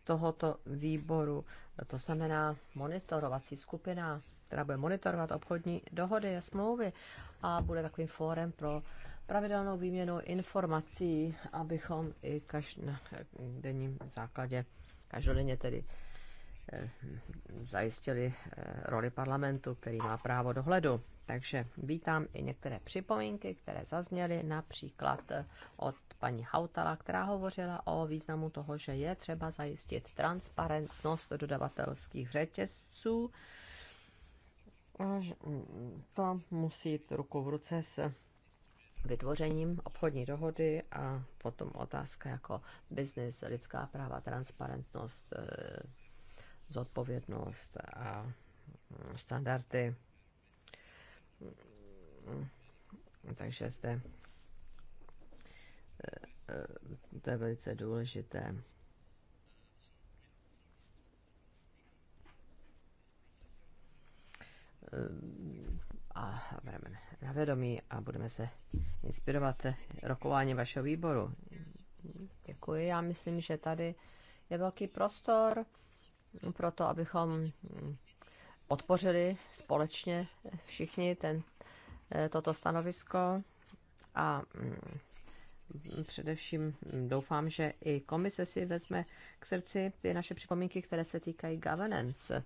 tohoto výboru, to znamená monitorovací skupina, která bude monitorovat obchodní dohody a smlouvy a bude takovým fórem pro pravidelnou výměnu informací, abychom i každ- na denním základě každodenně tedy zajistili eh, roli parlamentu, který má právo dohledu. Takže vítám i některé připomínky, které zazněly, například eh, od paní Hautala, která hovořila o významu toho, že je třeba zajistit transparentnost dodavatelských řetězců. Mm, mm, to musí jít ruku v ruce s vytvořením obchodní dohody a potom otázka jako biznis, lidská práva, transparentnost, eh, zodpovědnost a standardy. Takže zde eh, to je velice důležité. Eh, a bereme na vědomí a budeme se inspirovat rokování vašeho výboru. Děkuji. Já myslím, že tady je velký prostor proto abychom podpořili společně všichni ten, eh, toto stanovisko a mm, především mm, doufám, že i komise si vezme k srdci ty naše připomínky, které se týkají governance.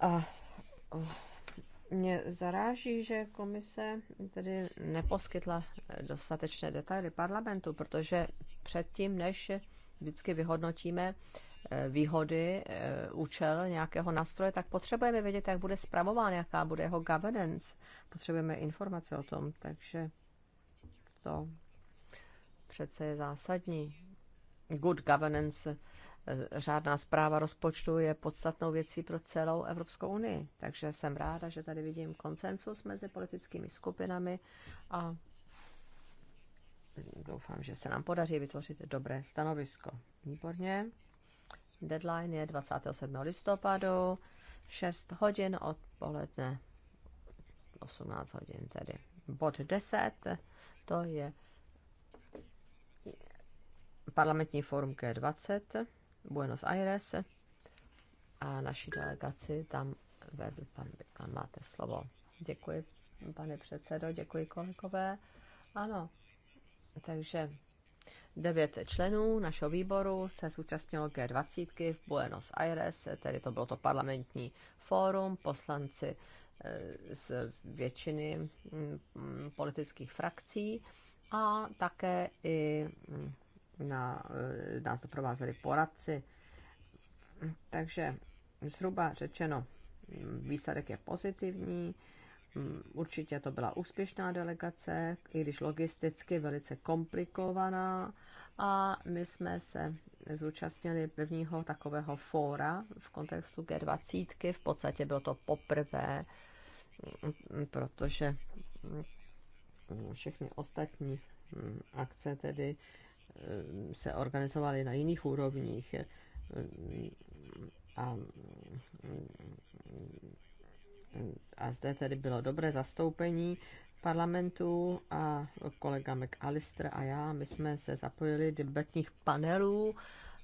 A oh, mě zaráží, že komise tedy neposkytla eh, dostatečné detaily parlamentu, protože předtím, než vždycky vyhodnotíme Eh, výhody, eh, účel nějakého nástroje, tak potřebujeme vědět, jak bude zpravován, jaká bude jeho governance. Potřebujeme informace o tom, takže to přece je zásadní. Good governance, eh, řádná zpráva rozpočtu je podstatnou věcí pro celou Evropskou unii. Takže jsem ráda, že tady vidím konsensus mezi politickými skupinami a doufám, že se nám podaří vytvořit dobré stanovisko. Výborně. Deadline je 27. listopadu, 6 hodin odpoledne, 18 hodin tedy. Bod 10, to je parlamentní forum G20, Buenos Aires a naší delegaci tam vedl pan Biklan. Máte slovo. Děkuji, pane předsedo, děkuji kolegové. Ano, takže Devět členů našeho výboru se zúčastnilo G20 v Buenos Aires, tedy to bylo to parlamentní fórum, poslanci eh, z většiny mm, politických frakcí a také i mm, na, eh, nás doprovázeli poradci. Takže zhruba řečeno, mm, výsledek je pozitivní. Mm, určitě to byla úspěšná delegace, i když logisticky velice komplikovaná. A my jsme se zúčastnili prvního takového fóra v kontextu G20. V podstatě bylo to poprvé, mm, protože mm, všechny ostatní akce tedy se organizovaly na jiných úrovních a a zde tedy bylo dobré zastoupení parlamentu a kolega McAllister a já, my jsme se zapojili do debatních panelů,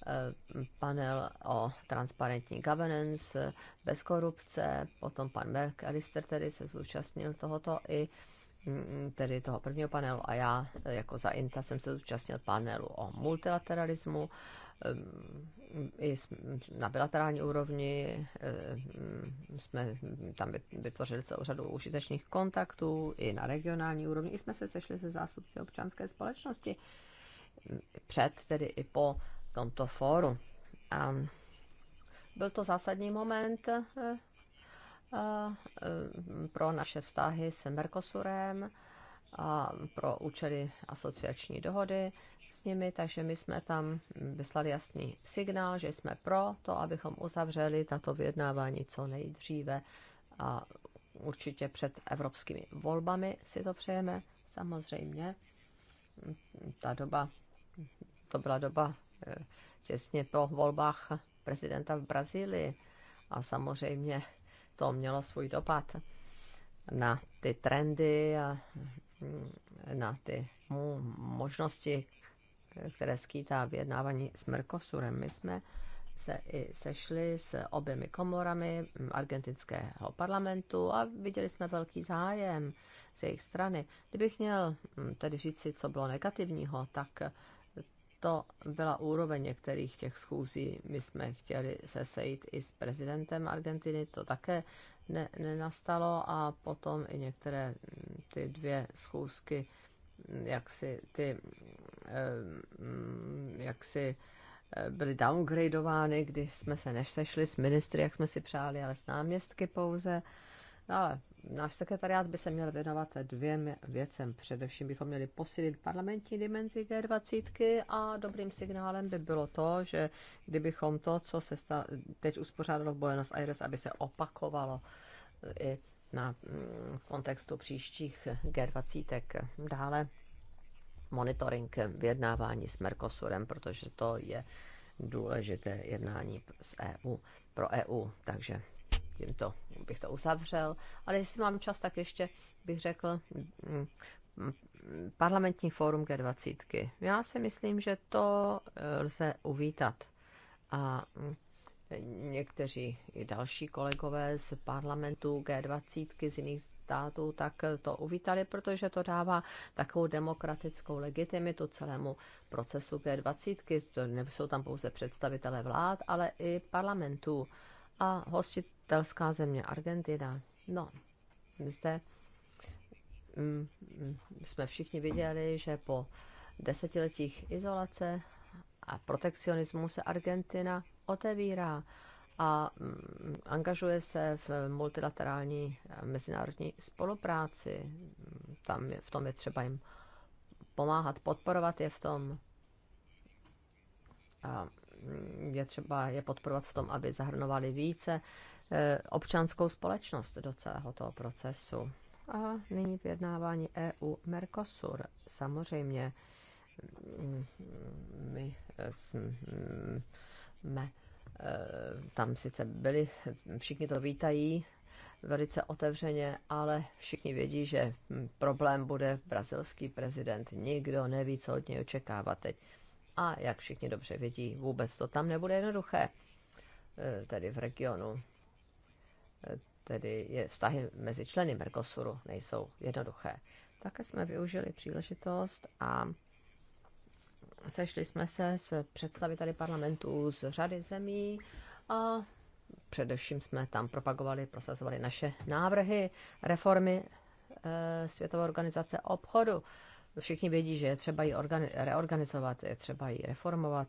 eh, panel o transparentní governance, bez korupce, potom pan McAllister tedy se zúčastnil tohoto i mm, tedy toho prvního panelu a já eh, jako za INTA jsem se zúčastnil panelu o multilateralismu Ehm, i na bilaterální úrovni ehm, jsme tam vytvořili celou řadu užitečných kontaktů, i na regionální úrovni, i jsme se sešli se zástupci občanské společnosti ehm, před, tedy i po tomto fóru. A byl to zásadní moment eh, pro naše vztahy s Mercosurem a pro účely asociační dohody s nimi, takže my jsme tam vyslali jasný signál, že jsme pro to, abychom uzavřeli tato vyjednávání co nejdříve a určitě před evropskými volbami si to přejeme, samozřejmě. Ta doba, to byla doba eh, těsně po volbách prezidenta v Brazílii a samozřejmě to mělo svůj dopad na ty trendy a na ty možnosti, které skýtá vyjednávání s Mercosurem. My jsme se i sešli s oběmi komorami argentinského parlamentu a viděli jsme velký zájem z jejich strany. Kdybych měl mm, tedy říct si, co bylo negativního, tak to byla úroveň některých těch schůzí. My jsme chtěli se sejít i s prezidentem Argentiny, to také ne, nenastalo a potom i některé mm, ty dvě schůzky, mm, jak si ty, mm, jak si eh, byly downgradovány, kdy jsme se nešešli s ministry, jak jsme si přáli, ale s náměstky pouze. No ale náš sekretariát by se měl věnovat dvěm věcem. Především bychom měli posílit parlamentní dimenzi G20 a dobrým signálem by bylo to, že kdybychom to, co se teď uspořádalo v Buenos Aires, aby se opakovalo i na mm, v kontextu příštích G20. Dále monitoring vyjednávání s Mercosurem, protože to je důležité jednání z EU, pro EU. Takže tímto bych to uzavřel. Ale jestli mám čas, tak ještě bych řekl mm, mm, parlamentní fórum G20. Já si myslím, že to eh, lze uvítat. A mm, někteří i další kolegové z parlamentu G20 z jiných států tak to uvítali, protože to dává takovou demokratickou legitimitu celému procesu G20. To nejsou tam pouze představitelé vlád, ale i parlamentů. A hostit hostitelská země Argentina. No, jste, my mm, mm, jsme všichni viděli, že po desetiletích izolace a protekcionismu se Argentina otevírá a mm, angažuje se v multilaterální eh, mezinárodní spolupráci. Tam je, v tom je třeba jim pomáhat, podporovat je v tom. A je třeba je podporovat v tom, aby zahrnovali více Eh, občanskou společnost do celého toho procesu. A nyní vyjednávání EU-Mercosur. Samozřejmě mm, my eh, mm, jsme eh, tam sice byli, všichni to vítají velice otevřeně, ale všichni vědí, že mm, problém bude brazilský prezident. Nikdo neví, co od něj očekávat teď. A jak všichni dobře vědí, vůbec to tam nebude jednoduché, tedy v regionu tedy je, vztahy mezi členy Mercosuru nejsou jednoduché. Také jsme využili příležitost a sešli jsme se s představiteli parlamentů z řady zemí a především jsme tam propagovali, prosazovali naše návrhy, reformy e, Světové organizace obchodu. Všichni vědí, že je třeba ji reorganizovat, je třeba ji reformovat.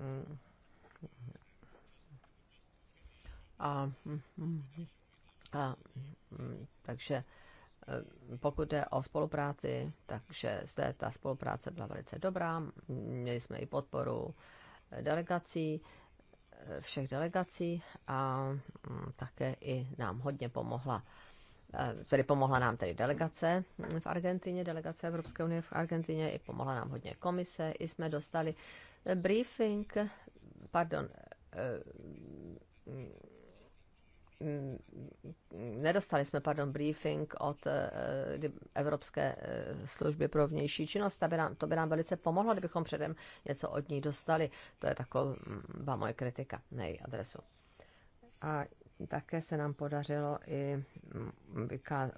Mm. A, a takže e, pokud jde o spolupráci, takže zde ta spolupráce byla velice dobrá. Měli jsme i podporu delegací, e, všech delegací a mm, také i nám hodně pomohla e, tedy pomohla nám tedy delegace v Argentině, delegace Evropské unie v Argentině, i pomohla nám hodně komise, i jsme dostali briefing, pardon, nedostali jsme, pardon, briefing od eh, Evropské eh, služby pro vnější činnost, by, nám, to by nám velice pomohlo, kdybychom předem něco od ní dostali. To je taková moje kritika na její adresu. A také se nám podařilo i mm,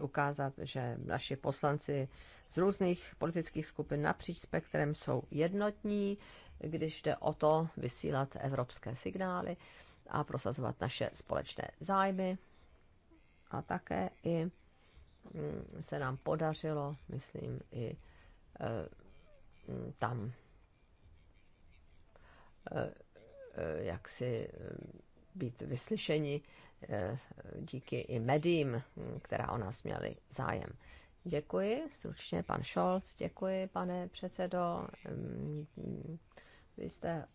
ukázat, že naši poslanci z různých politických skupin napříč spektrem jsou jednotní, když jde o to vysílat evropské signály a prosazovat naše společné zájmy. A také i mm, se nám podařilo, myslím, i e, mm, tam e, e, jak si být vyslyšeni díky i médiím, mm, která o nás měly zájem. Děkuji, stručně pan Scholz, děkuji, pane předsedo. Vy jste,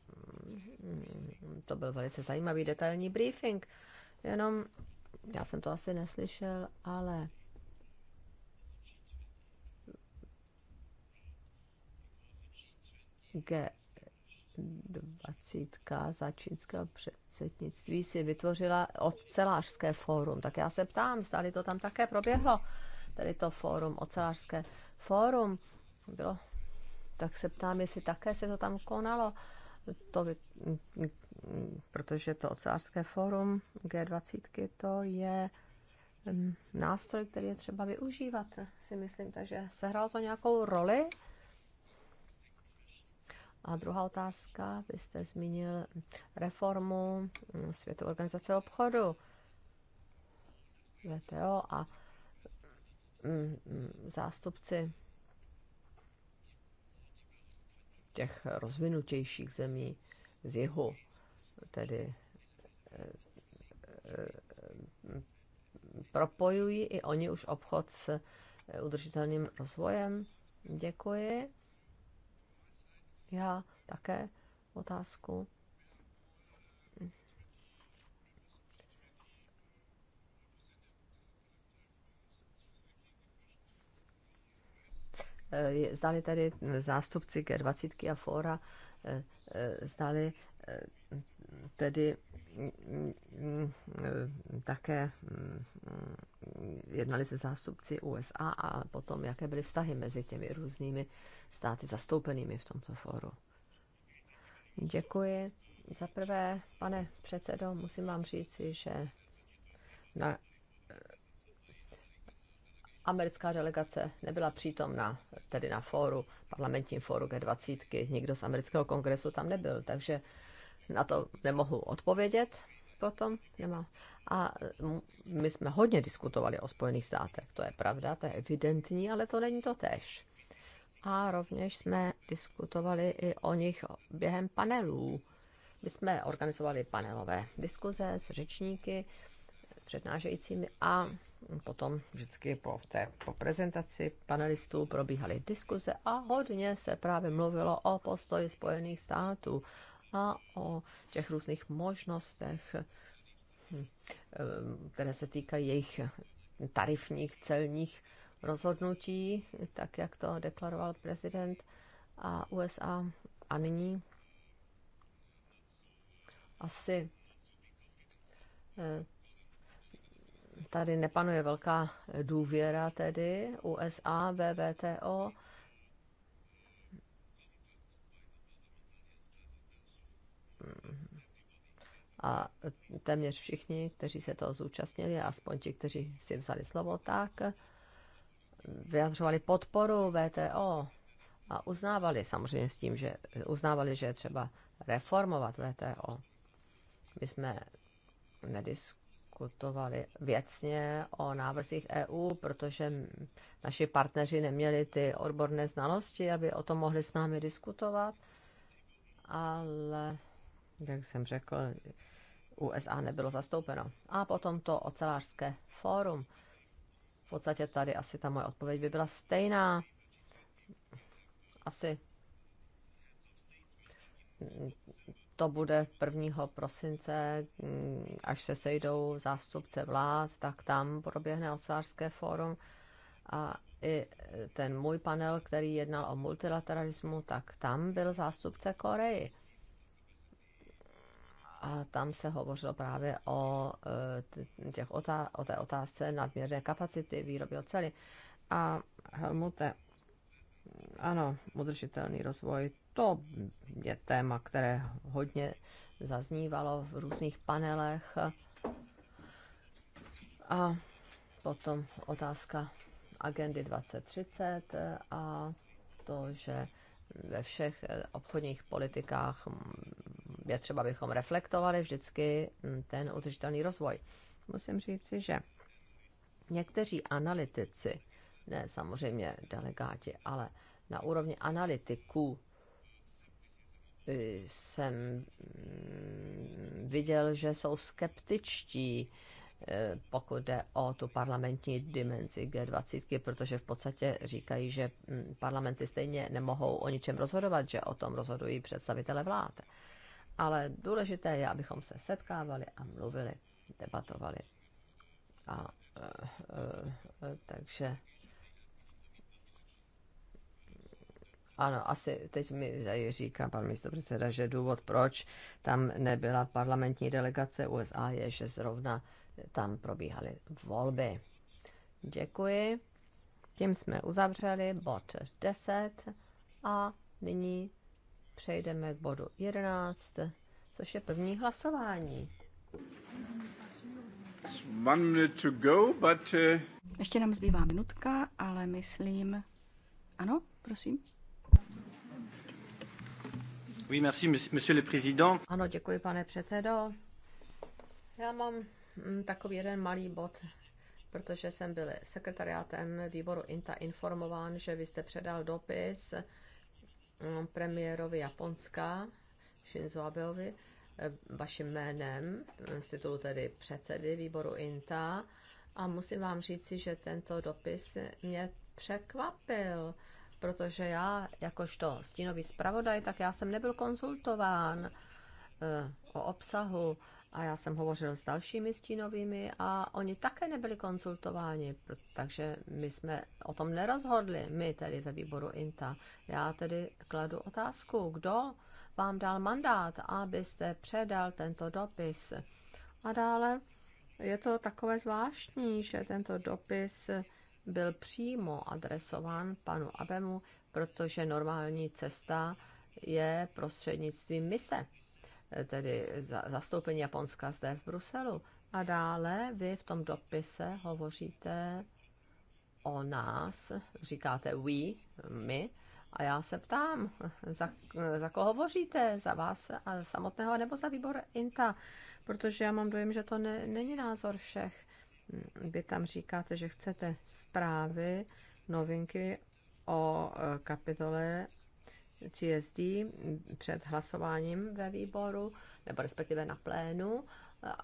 mm, to byl velice zajímavý detailní briefing, jenom já jsem to asi neslyšel, ale G20 za čínského předsednictví si vytvořila ocelářské fórum. Tak já se ptám, zdali to tam také proběhlo. Tady to fórum, ocelářské fórum, bylo tak se ptám, jestli také se to tam konalo. To, protože to ocelářské fórum G20 to je mm, nástroj, který je třeba využívat, si myslím. Takže sehrál to nějakou roli? A druhá otázka, vy jste zmínil reformu mm, Světové organizace obchodu, VTO a mm, zástupci těch rozvinutějších zemí z jihu, tedy eh, eh, propojují i oni už obchod s eh, udržitelným rozvojem. Děkuji. Já také otázku. Eh, zdali tedy hm, zástupci G20 a fora eh, eh, zdali tedy hm, hm, také jednali se zástupci USA a potom, jaké byly vztahy mezi těmi různými státy zastoupenými v tomto fóru. Děkuji. Za prvé, pane předsedo, musím vám říci, že na americká delegace nebyla přítomna, tedy na fóru, parlamentním fóru G20, nikdo z amerického kongresu tam nebyl, takže na to nemohu odpovědět potom, nemám. A my jsme hodně diskutovali o Spojených státech, to je pravda, to je evidentní, ale to není to tež. A rovněž jsme diskutovali i o nich během panelů. My jsme organizovali panelové diskuze s řečníky, s přednášejícími a potom vždycky po, té, po prezentaci panelistů probíhaly diskuze a hodně se právě mluvilo o postoji Spojených států a o těch různých možnostech, hm, eh, které se týkají jejich tarifních celních rozhodnutí, tak jak to deklaroval prezident a USA. A nyní asi eh, tady nepanuje velká důvěra tedy USA VVTO. A téměř všichni, kteří se toho zúčastnili, aspoň ti, kteří si vzali slovo, tak vyjadřovali podporu VTO a uznávali samozřejmě s tím, že uznávali, že je třeba reformovat VTO. My jsme nedisk diskutovali věcně o návrzích EU, protože naši partneři neměli ty odborné znalosti, aby o tom mohli s námi diskutovat. Ale, jak jsem řekl, USA nebylo zastoupeno. A potom to ocelářské fórum. V podstatě tady asi ta moje odpověď by byla stejná. Asi to bude 1. prosince, mm, až se sejdou zástupce vlád, tak tam proběhne ocelářské fórum a i ten můj panel, který jednal o multilateralismu, tak tam byl zástupce Koreji. A tam se hovořilo právě o, e, těch otá- o té otázce nadměrné kapacity výroby oceli. A Helmute, ano, udržitelný rozvoj, to je téma, které hodně zaznívalo v různých panelech. A potom otázka agendy 2030 a to, že ve všech obchodních politikách je třeba, abychom reflektovali vždycky ten udržitelný rozvoj. Musím říci, že někteří analytici, ne samozřejmě delegáti, ale na úrovni analytiků jsem mm, viděl, že jsou skeptičtí, eh, pokud jde o tu parlamentní dimenzi G20, protože v podstatě říkají, že mm, parlamenty stejně nemohou o ničem rozhodovat, že o tom rozhodují představitele vlád. Ale důležité je, abychom se setkávali a mluvili, debatovali. A, a, eh, a eh, takže Ano, asi teď mi tady říká pan předseda, že důvod, proč tam nebyla parlamentní delegace USA, je, že zrovna tam probíhaly volby. Děkuji. Tím jsme uzavřeli bod 10 a nyní přejdeme k bodu 11, což je první hlasování. One minute to go, but, uh... Ještě nám zbývá minutka, ale myslím... Ano, prosím. Oui, merci, monsieur le président. Ano, děkuji, pane předsedo. Já mám mm, takový jeden malý bod, protože jsem byl sekretariátem výboru INTA informován, že vy jste předal dopis mm, premiérovi Japonska, Shinzo Abeovi, eh, vaším jménem, z titulu tedy předsedy výboru INTA. A musím vám říci, že tento dopis mě překvapil protože já, jakožto stínový zpravodaj, tak já jsem nebyl konzultován eh, o obsahu a já jsem hovořil s dalšími stínovými a oni také nebyli konzultováni, takže my jsme o tom nerozhodli, my tedy ve výboru INTA. Já tedy kladu otázku, kdo vám dal mandát, abyste předal tento dopis. A dále je to takové zvláštní, že tento dopis byl přímo adresován panu Abemu, protože normální cesta je prostřednictvím mise, tedy zastoupení Japonska zde v Bruselu. A dále vy v tom dopise hovoříte o nás, říkáte we, my, a já se ptám, za, za koho hovoříte, za vás a samotného, nebo za výbor INTA, protože já mám dojem, že to ne, není názor všech vy tam říkáte, že chcete zprávy, novinky o e, kapitole GSD před hlasováním ve výboru, nebo respektive na plénu,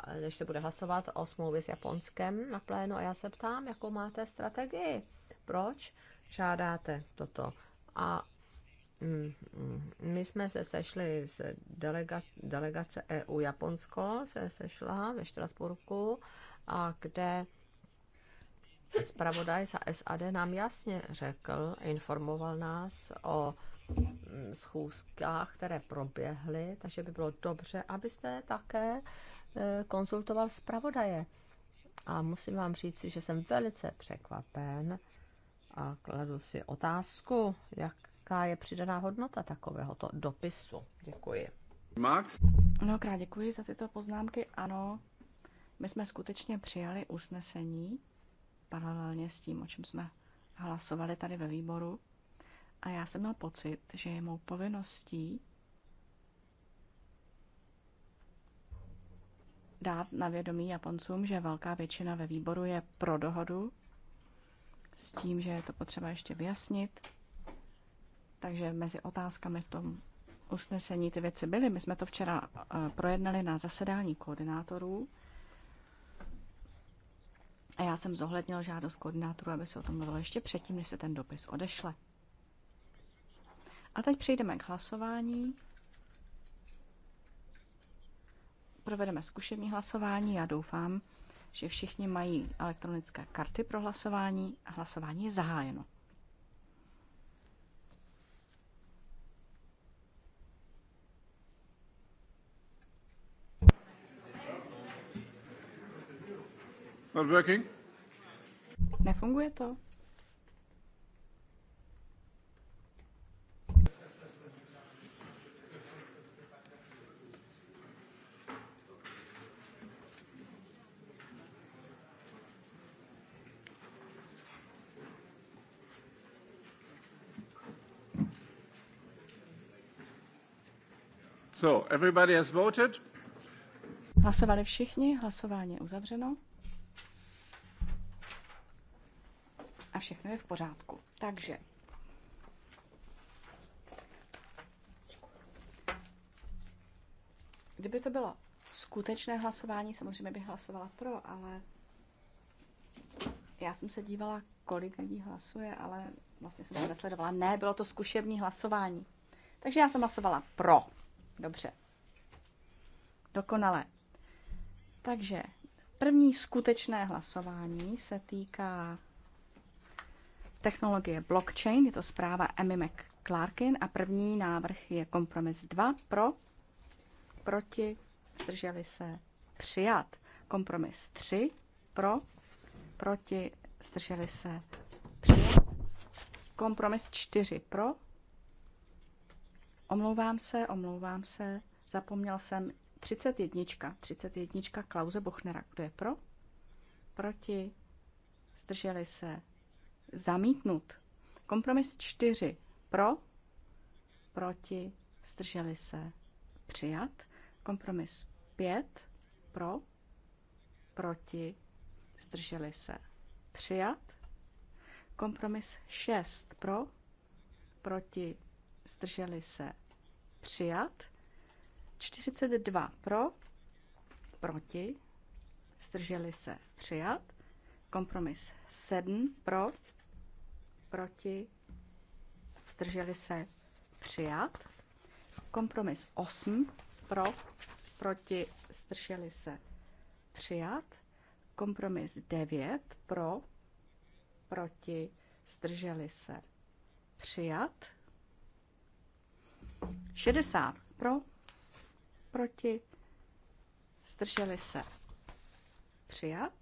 e, než se bude hlasovat o smlouvě s Japonskem na plénu. A já se ptám, jakou máte strategii? Proč žádáte toto? A mm, mm, my jsme se sešli z delega, delegace EU Japonsko, se sešla ve Štrasburku a kde zpravodaj za SAD nám jasně řekl, informoval nás o mm, schůzkách, které proběhly, takže by bylo dobře, abyste také e, konzultoval zpravodaje. A musím vám říct, že jsem velice překvapen a kladu si otázku, jaká je přidaná hodnota takovéhoto dopisu. Děkuji. Max? Mnohokrát děkuji za tyto poznámky. Ano, my jsme skutečně přijali usnesení paralelně s tím, o čem jsme hlasovali tady ve výboru. A já jsem měl pocit, že je mou povinností dát na vědomí Japoncům, že velká většina ve výboru je pro dohodu s tím, že je to potřeba ještě vyjasnit. Takže mezi otázkami v tom usnesení ty věci byly. My jsme to včera eh, projednali na zasedání koordinátorů a já jsem zohlednil žádost koordinátoru, aby se o tom mluvilo ještě předtím, než se ten dopis odešle. A teď přejdeme k hlasování. Provedeme zkušební hlasování. Já doufám, že všichni mají elektronické karty pro hlasování a hlasování je zahájeno. Not working? Nefunguje to. So, everybody has voted. Hlasovali všichni, hlasování je uzavřeno. a všechno je v pořádku. Takže kdyby to bylo skutečné hlasování, samozřejmě bych hlasovala pro, ale já jsem se dívala, kolik lidí hlasuje, ale vlastně jsem to nesledovala. Ne, bylo to zkušební hlasování. Takže já jsem hlasovala pro. Dobře. Dokonale. Takže první skutečné hlasování se týká technologie blockchain, je to zpráva Emmy McClarkin a první návrh je kompromis 2 pro, proti, zdrželi se přijat. Kompromis 3 pro, proti, zdrželi se přijat. Kompromis 4 pro, omlouvám se, omlouvám se, zapomněl jsem 31, 31 Klauze Bochnera, kdo je pro, proti, zdrželi se Zamítnut. Kompromis 4. Pro, proti, zdrželi se, přijat. Kompromis 5. Pro, proti, zdrželi se, přijat. Kompromis 6. Pro, proti, zdrželi se, přijat. 42 pro, proti, zdrželi se, přijat. Kompromis 7 pro, proti, zdrželi se přijat. Kompromis 8 pro, proti, zdrželi se přijat. Kompromis 9 pro, proti, zdrželi se přijat. 60 pro, proti, zdrželi se přijat.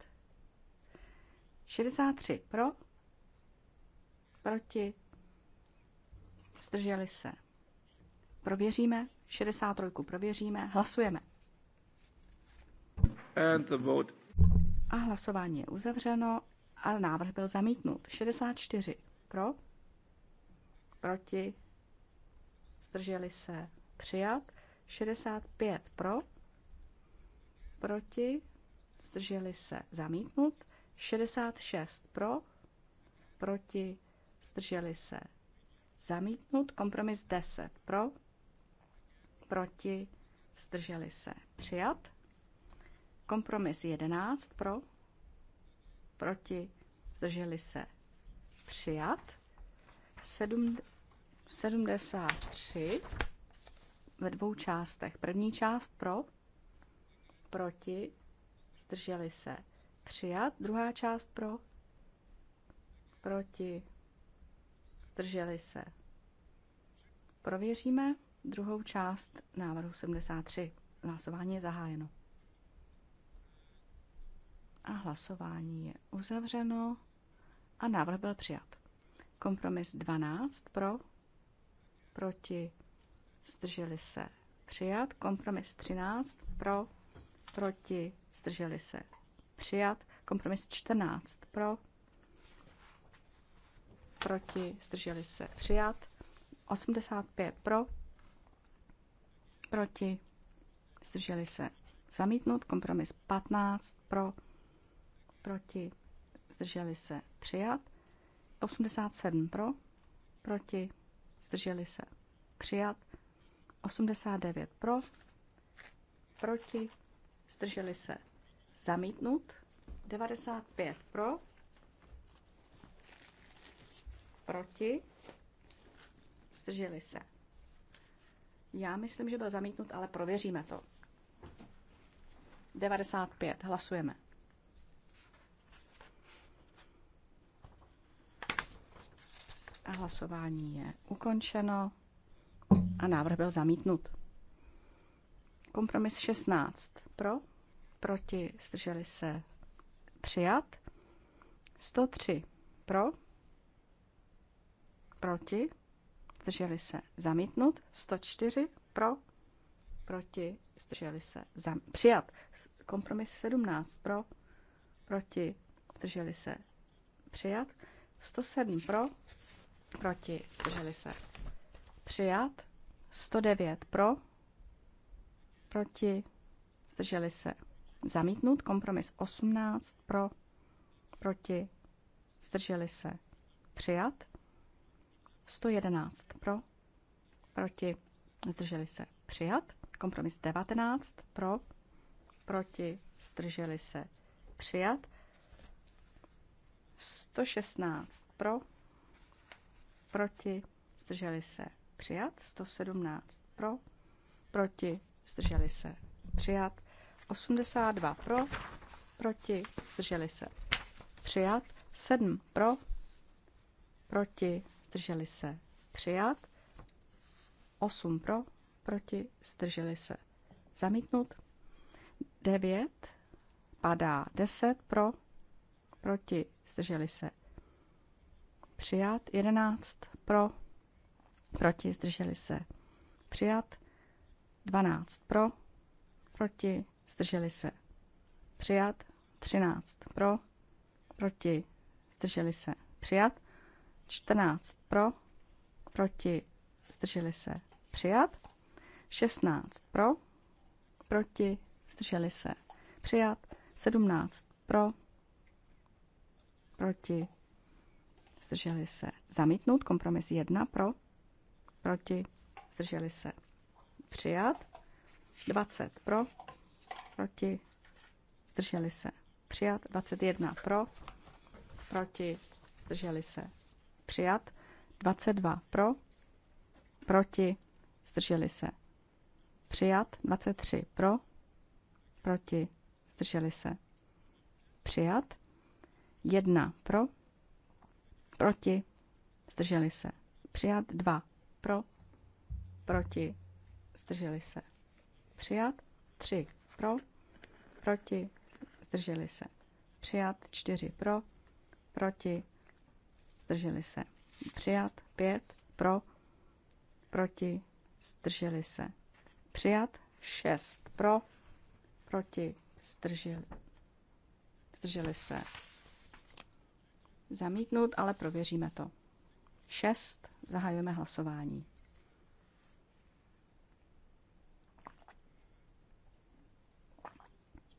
63 pro, Proti? Zdrželi se. Prověříme. 63. Prověříme. Hlasujeme. And the vote. A hlasování je uzavřeno a návrh byl zamítnut. 64. Pro? Proti? Zdrželi se. Přijat. 65. Pro? Proti? Zdrželi se. Zamítnut. 66. Pro? Proti? zdrželi se. Zamítnut kompromis 10 pro, proti, zdrželi se. Přijat. Kompromis 11 pro, proti, zdrželi se. Přijat. 7, 73 ve dvou částech. První část pro, proti, zdrželi se. Přijat. Druhá část pro, proti, Zdrželi se. Prověříme druhou část návrhu 73. Hlasování je zahájeno. A hlasování je uzavřeno a návrh byl přijat. Kompromis 12 pro, proti, zdrželi se přijat. Kompromis 13 pro, proti, zdrželi se přijat. Kompromis 14 pro, proti, zdrželi se přijat. 85 pro, proti, zdrželi se zamítnut. Kompromis 15 pro, proti, zdrželi se přijat. 87 pro, proti, zdrželi se přijat. 89 pro, proti, zdrželi se zamítnut. 95 pro, Proti? Zdrželi se. Já myslím, že byl zamítnut, ale prověříme to. 95. Hlasujeme. A hlasování je ukončeno a návrh byl zamítnut. Kompromis 16. Pro, proti, zdrželi se přijat. 103. Pro, proti, zdrželi se zamítnut, 104 pro, proti, zdrželi se zam, přijat, kompromis 17 pro, proti, zdrželi se přijat, 107 pro, proti, zdrželi se přijat, 109 pro, proti, zdrželi se zamítnut, kompromis 18 pro, proti, zdrželi se přijat, 111 pro, proti, zdrželi se přijat. Kompromis 19 pro, proti, zdrželi se přijat. 116 pro, proti, zdrželi se přijat. 117 pro, proti, zdrželi se přijat. 82 pro, proti, zdrželi se přijat. 7 pro, proti, zdrželi se, přijat. 8 pro, proti, zdrželi se, zamítnut. 9 padá 10 pro, proti, zdrželi se, přijat. 11 pro, proti, zdrželi se, přijat. 12 pro, proti, zdrželi se, přijat. 13 pro, proti, zdrželi se, přijat. 14 pro, proti, zdrželi se, přijat. 16 pro, proti, zdrželi se, přijat. 17 pro, proti, zdrželi se, zamítnout. Kompromis 1 pro, proti, zdrželi se, přijat. 20 pro, proti, zdrželi se, přijat. 21 pro, proti, zdrželi se, Přijat. 22 pro. Proti. Zdrželi se. Přijat. 23 pro. Proti. Zdrželi se. Přijat. 1 pro. Proti. Zdrželi se. Přijat. 2 pro. Proti. Zdrželi se. Přijat. 3 pro. Proti. Zdrželi se. Přijat. 4 pro. Proti zdrželi se. Přijat. Pět pro, proti, zdrželi se. Přijat. Šest pro, proti, zdrželi, zdrželi se. Zamítnout, ale prověříme to. Šest Zahajujeme hlasování.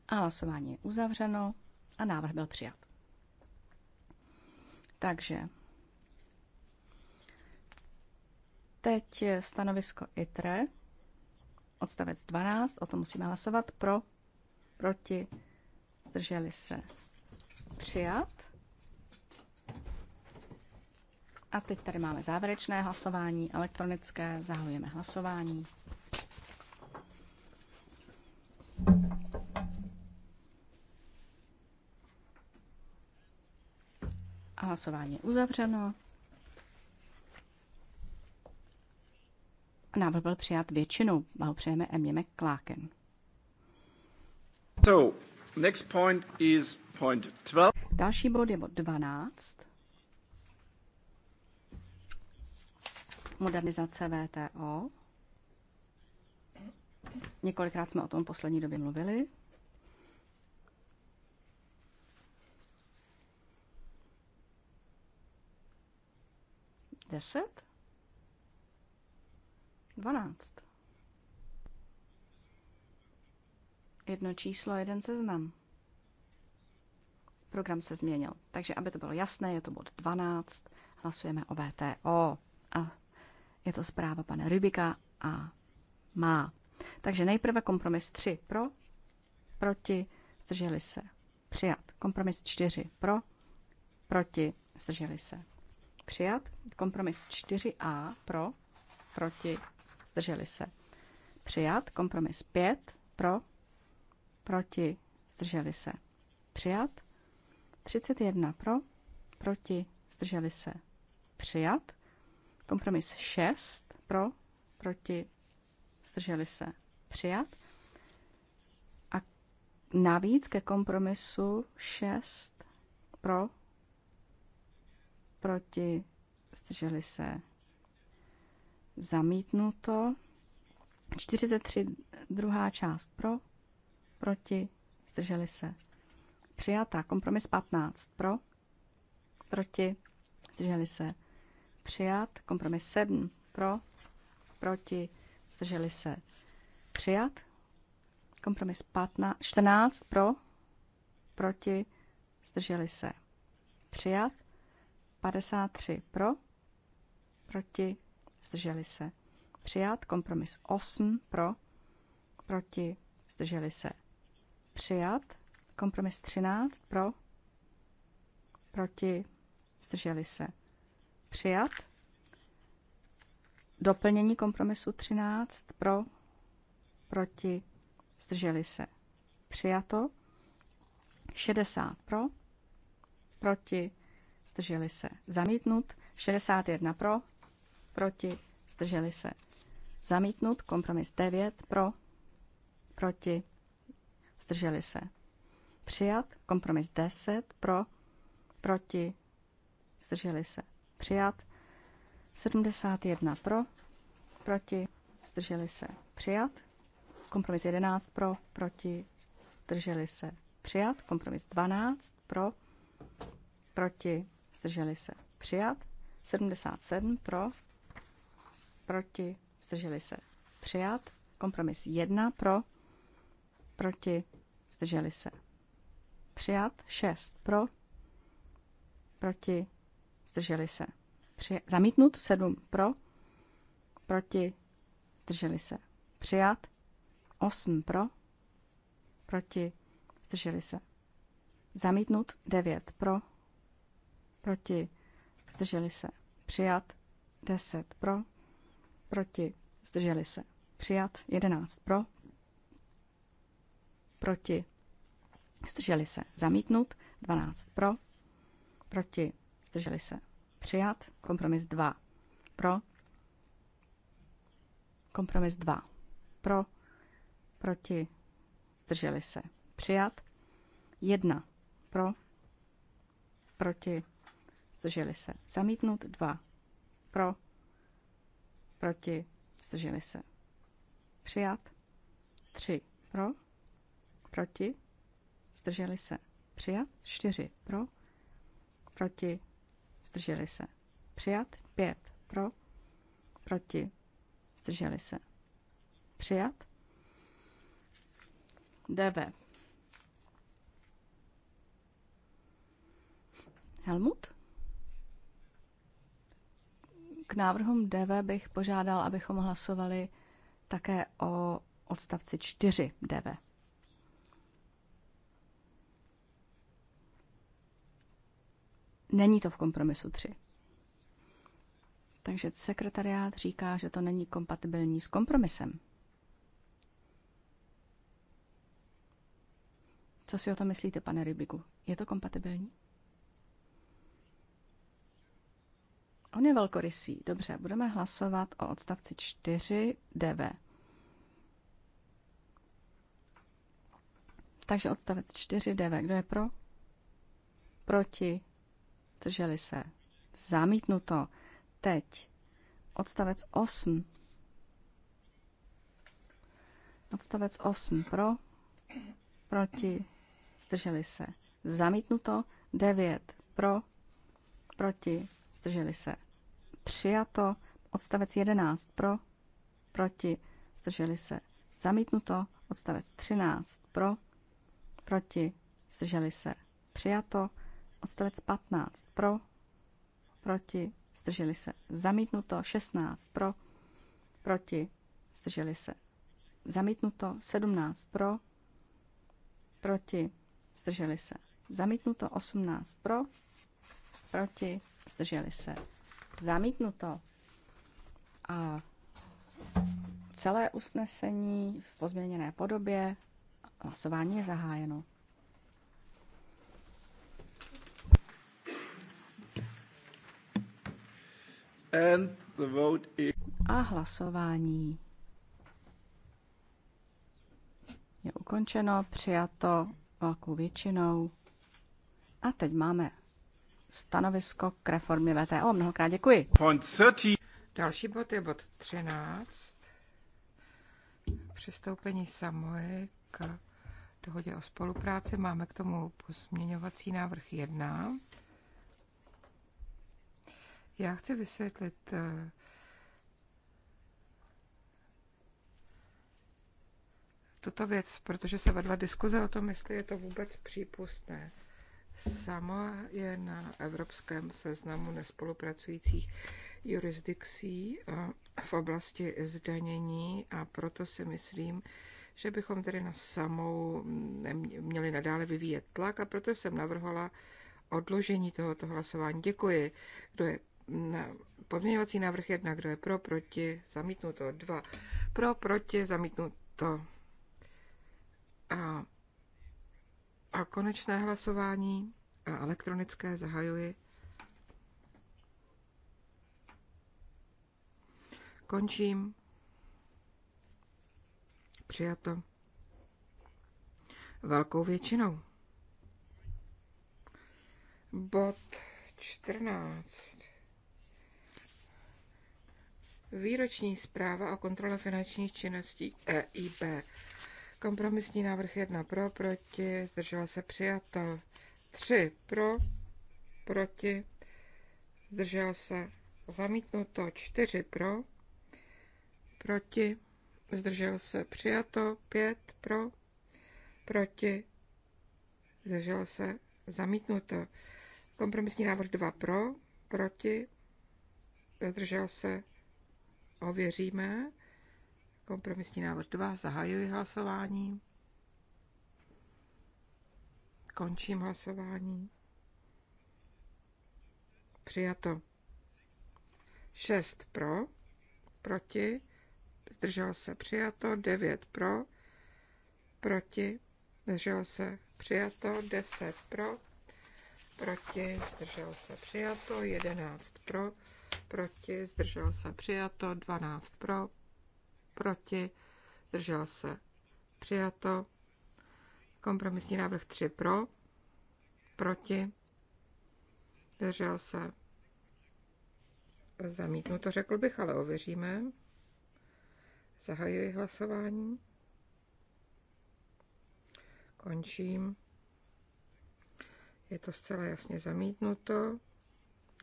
A hlasování je uzavřeno a návrh byl přijat. Takže teď stanovisko ITRE, odstavec 12, o tom musíme hlasovat pro, proti, zdrželi se přijat. A teď tady máme závěrečné hlasování, elektronické, zahajujeme hlasování. Hlasování uzavřeno. Návrh byl přijat většinou. Blahopřejeme Emě mekláken. So, next point is point 12. Další bod je bod 12. Modernizace VTO. Několikrát jsme o tom poslední době mluvili. 10, 12. Jedno číslo, jeden seznam. Program se změnil. Takže, aby to bylo jasné, je to bod 12. Hlasujeme o VTO. A je to zpráva pana Rybika a má. Takže nejprve kompromis 3 pro, proti, zdrželi se, přijat. Kompromis 4 pro, proti, zdrželi se, Přijat. Kompromis 4a pro, proti, zdrželi se. Přijat. Kompromis 5 pro, proti, zdrželi se. Přijat. 31 pro, proti, zdrželi se. Přijat. Kompromis 6 pro, proti, zdrželi se. Přijat. A navíc ke kompromisu 6 pro, proti, zdrželi se zamítnuto. 43 druhá část pro, proti, zdrželi se. Přijatá. Kompromis 15 pro, proti, zdrželi se. Přijat. Kompromis 7 pro, proti, zdrželi se. Přijat. Kompromis 15, 14 pro, proti, zdrželi se. Přijat. 53 pro, proti, zdrželi se. Přijat kompromis 8 pro, proti, zdrželi se. Přijat kompromis 13 pro, proti, zdrželi se. Přijat doplnění kompromisu 13 pro, proti, zdrželi se. Přijato 60 pro, proti, zdrželi se, zamítnut, 61 pro, proti, zdrželi se, zamítnut, kompromis 9 pro, proti, zdrželi se, přijat, kompromis 10 pro, proti, zdrželi se, přijat, 71 pro, proti, zdrželi se, přijat, kompromis 11 pro, proti, zdrželi se, přijat, kompromis 12 pro, proti, zdrželi se přijat. 77 pro, proti, zdrželi se přijat. Kompromis 1 pro, proti, zdrželi se přijat. 6 pro, proti, zdrželi se přijat. Zamítnut 7 pro, proti, zdrželi se přijat. 8 pro, proti, zdrželi se. Zamítnut 9 pro, proti, zdrželi se, přijat, 10 pro, proti, zdrželi se, přijat, 11 pro, proti, zdrželi se, zamítnut, 12 pro, proti, zdrželi se, přijat, kompromis 2 pro, kompromis 2 pro, proti, zdrželi se, přijat, 1 pro, proti, zdrželi se. Zamítnut 2. Pro, proti, zdrželi se. Přijat 3. Pro, proti, zdrželi se. Přijat 4. Pro, proti, zdrželi se. Přijat 5. Pro, proti, zdrželi se. Přijat DV. Helmut? K návrhům DV bych požádal, abychom hlasovali také o odstavci 4 DV. Není to v kompromisu 3. Takže sekretariát říká, že to není kompatibilní s kompromisem. Co si o to myslíte, pane Rybigu? Je to kompatibilní? On je velkorysý. Dobře, budeme hlasovat o odstavci 4 DV. Takže odstavec 4 DV. Kdo je pro? Proti? Drželi se? Zamítnuto. Teď odstavec 8. Odstavec 8 pro, proti, zdrželi se. Zamítnuto 9 pro, proti, zdrželi se. Přijato. Odstavec 11 pro. Proti. Zdrželi se. Zamítnuto. Odstavec 13 pro. Proti. Zdrželi se. Přijato. Odstavec 15 pro. Proti. Zdrželi se. Zamítnuto. 16 pro. Proti. Zdrželi se. Zamítnuto. 17 pro. Proti. Zdrželi se. Zamítnuto 18 pro, proti, zdrželi se. Zamítnuto. A celé usnesení v pozměněné podobě hlasování je zahájeno. And the vote is... A hlasování je ukončeno, přijato velkou většinou. A teď máme stanovisko k reformě VTO. Mnohokrát děkuji. Další bod je bod 13. Přistoupení Samoe k dohodě o spolupráci. Máme k tomu pozměňovací návrh 1. Já chci vysvětlit eh, tuto věc, protože se vedla diskuze o tom, jestli je to vůbec přípustné. Sama je na evropském seznamu nespolupracujících jurisdikcí v oblasti zdanění a proto si myslím, že bychom tedy na samou měli nadále vyvíjet tlak a proto jsem navrhla odložení tohoto hlasování. Děkuji. Kdo je na podměňovací návrh jedna, kdo je pro, proti, zamítnuto dva pro, proti, zamítnuto a a konečné hlasování a e, elektronické zahajuji. Končím. Přijato. Velkou většinou. Bod 14. Výroční zpráva o kontrole finančních činností EIB. Kompromisní návrh 1 pro, proti, zdržel se přijato. 3 pro, proti, zdržel se zamítnuto. 4 pro, proti, zdržel se přijato. 5 pro, proti, zdržel se zamítnuto. Kompromisní návrh 2 pro, proti, zdržel se, ověříme. Kompromisní návrh 2. Zahajuji hlasování. Končím hlasování. Přijato. 6 pro, proti, zdržel se přijato, 9 pro, proti, zdržel se přijato, 10 pro, proti, zdržel se přijato, 11 pro, proti, zdržel se přijato, 12 pro, proti, zdržel se, přijato. Kompromisní návrh 3 pro, proti, zdržel se, Zamítnu to řekl bych, ale ověříme. Zahajuji hlasování. Končím. Je to zcela jasně zamítnuto.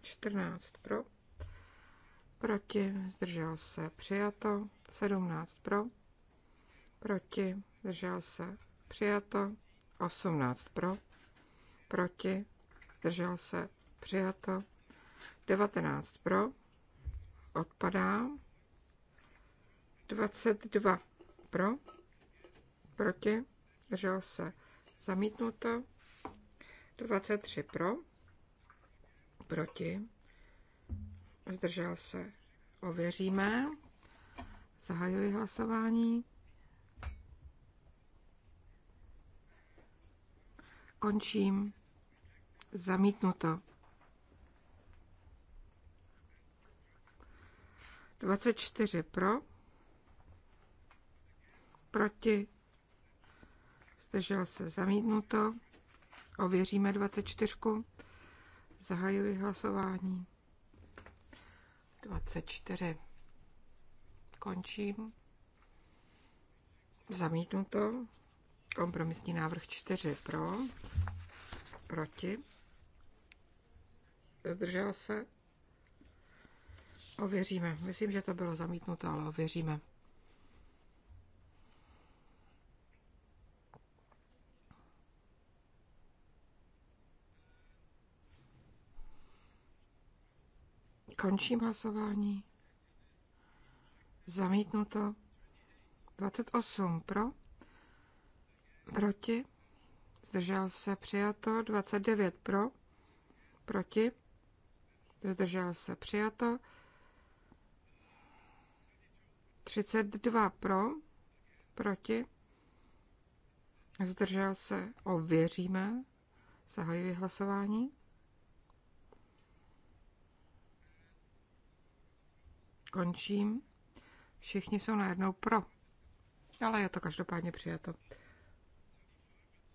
14 pro proti, zdržel se, přijato, 17 pro, proti, zdržel se, přijato, 18 pro, proti, zdržel se, přijato, 19 pro, odpadá, 22 pro, proti, zdržel se, zamítnuto, 23 pro, proti, zdržel se, ověříme. Zahajuji hlasování. Končím. Zamítnuto. 24 pro, proti, zdržel se zamítnuto, ověříme 24, zahajuji hlasování. 24. Končím. Zamítnuto. Kompromisní návrh 4 pro. Proti. Zdržel se. Ověříme. Myslím, že to bylo zamítnuto, ale ověříme. Končím hlasování. Zamítnuto. 28 pro. Proti. Zdržel se přijato. 29 pro. Proti. Zdržel se přijato. 32 pro. Proti. Zdržel se. Ověříme. Zahajuji hlasování. končím. Všichni jsou najednou pro. Ale je to každopádně přijato.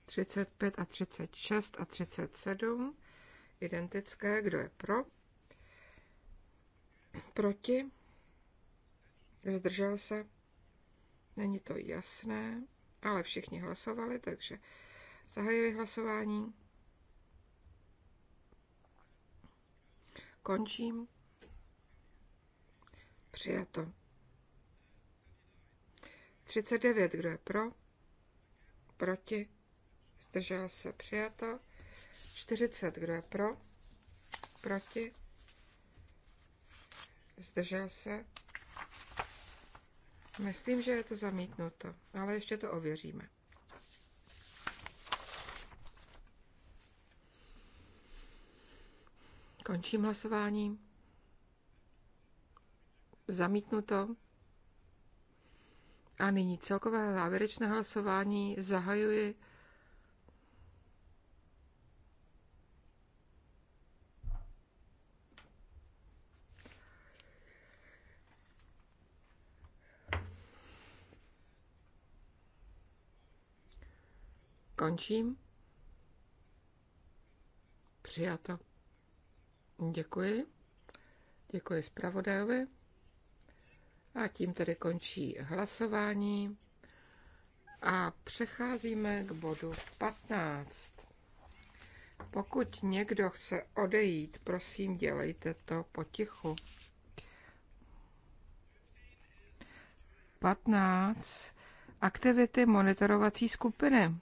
35 a 36 a 37 identické. Kdo je pro? Proti? Zdržel se? Není to jasné, ale všichni hlasovali, takže zahajuji hlasování. Končím. Přijato. 39, kdo je pro? Proti? Zdržel se? Přijato. 40, kdo je pro? Proti? Zdržel se? Myslím, že je to zamítnuto, ale ještě to ověříme. Končím hlasováním. Zamítnuto. A nyní celkové závěrečné hlasování zahajuji. Končím. Přijato. Děkuji. Děkuji zpravodajovi. A tím tedy končí hlasování. A přecházíme k bodu 15. Pokud někdo chce odejít, prosím, dělejte to potichu. 15. Aktivity monitorovací skupiny.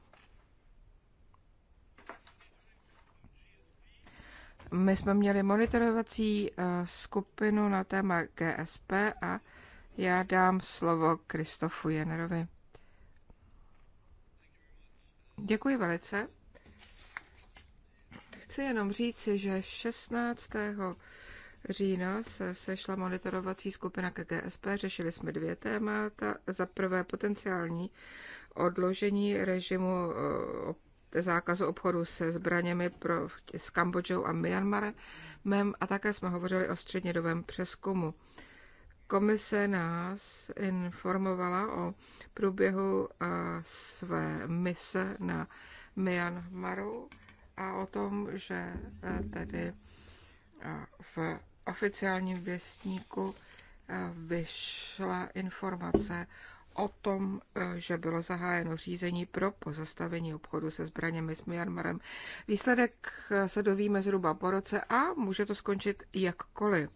My jsme měli monitorovací eh, skupinu na téma GSP a já dám slovo Kristofu Jenerovi. Děkuji velice. Chci jenom říci, že 16. října se sešla monitorovací skupina KGSP. Řešili jsme dvě témata. Za prvé potenciální odložení režimu eh, zákazu obchodu se zbraněmi pro, s Kambodžou a Myanmarem a také jsme hovořili o střednědobém přeskumu. Komise nás informovala o průběhu eh, své mise na Myanmaru a o tom, že eh, tedy eh, v oficiálním věstníku vyšla informace o tom, že bylo zahájeno řízení pro pozastavení obchodu se zbraněmi s Myanmarem. Výsledek se dovíme zhruba po roce a může to skončit jakkoliv.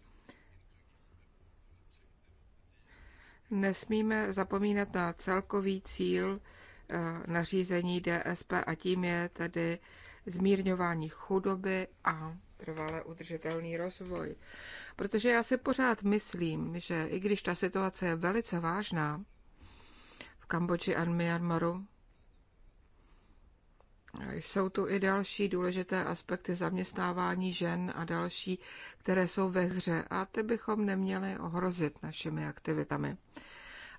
Nesmíme zapomínat na celkový cíl eh, nařízení DSP a tím je tedy zmírňování chudoby a trvale udržitelný rozvoj. Protože já si pořád myslím, že i když ta situace je velice vážná v Kambodži a Myanmaru, jsou tu i další důležité aspekty zaměstnávání žen a další, které jsou ve hře a ty bychom neměli ohrozit našimi aktivitami.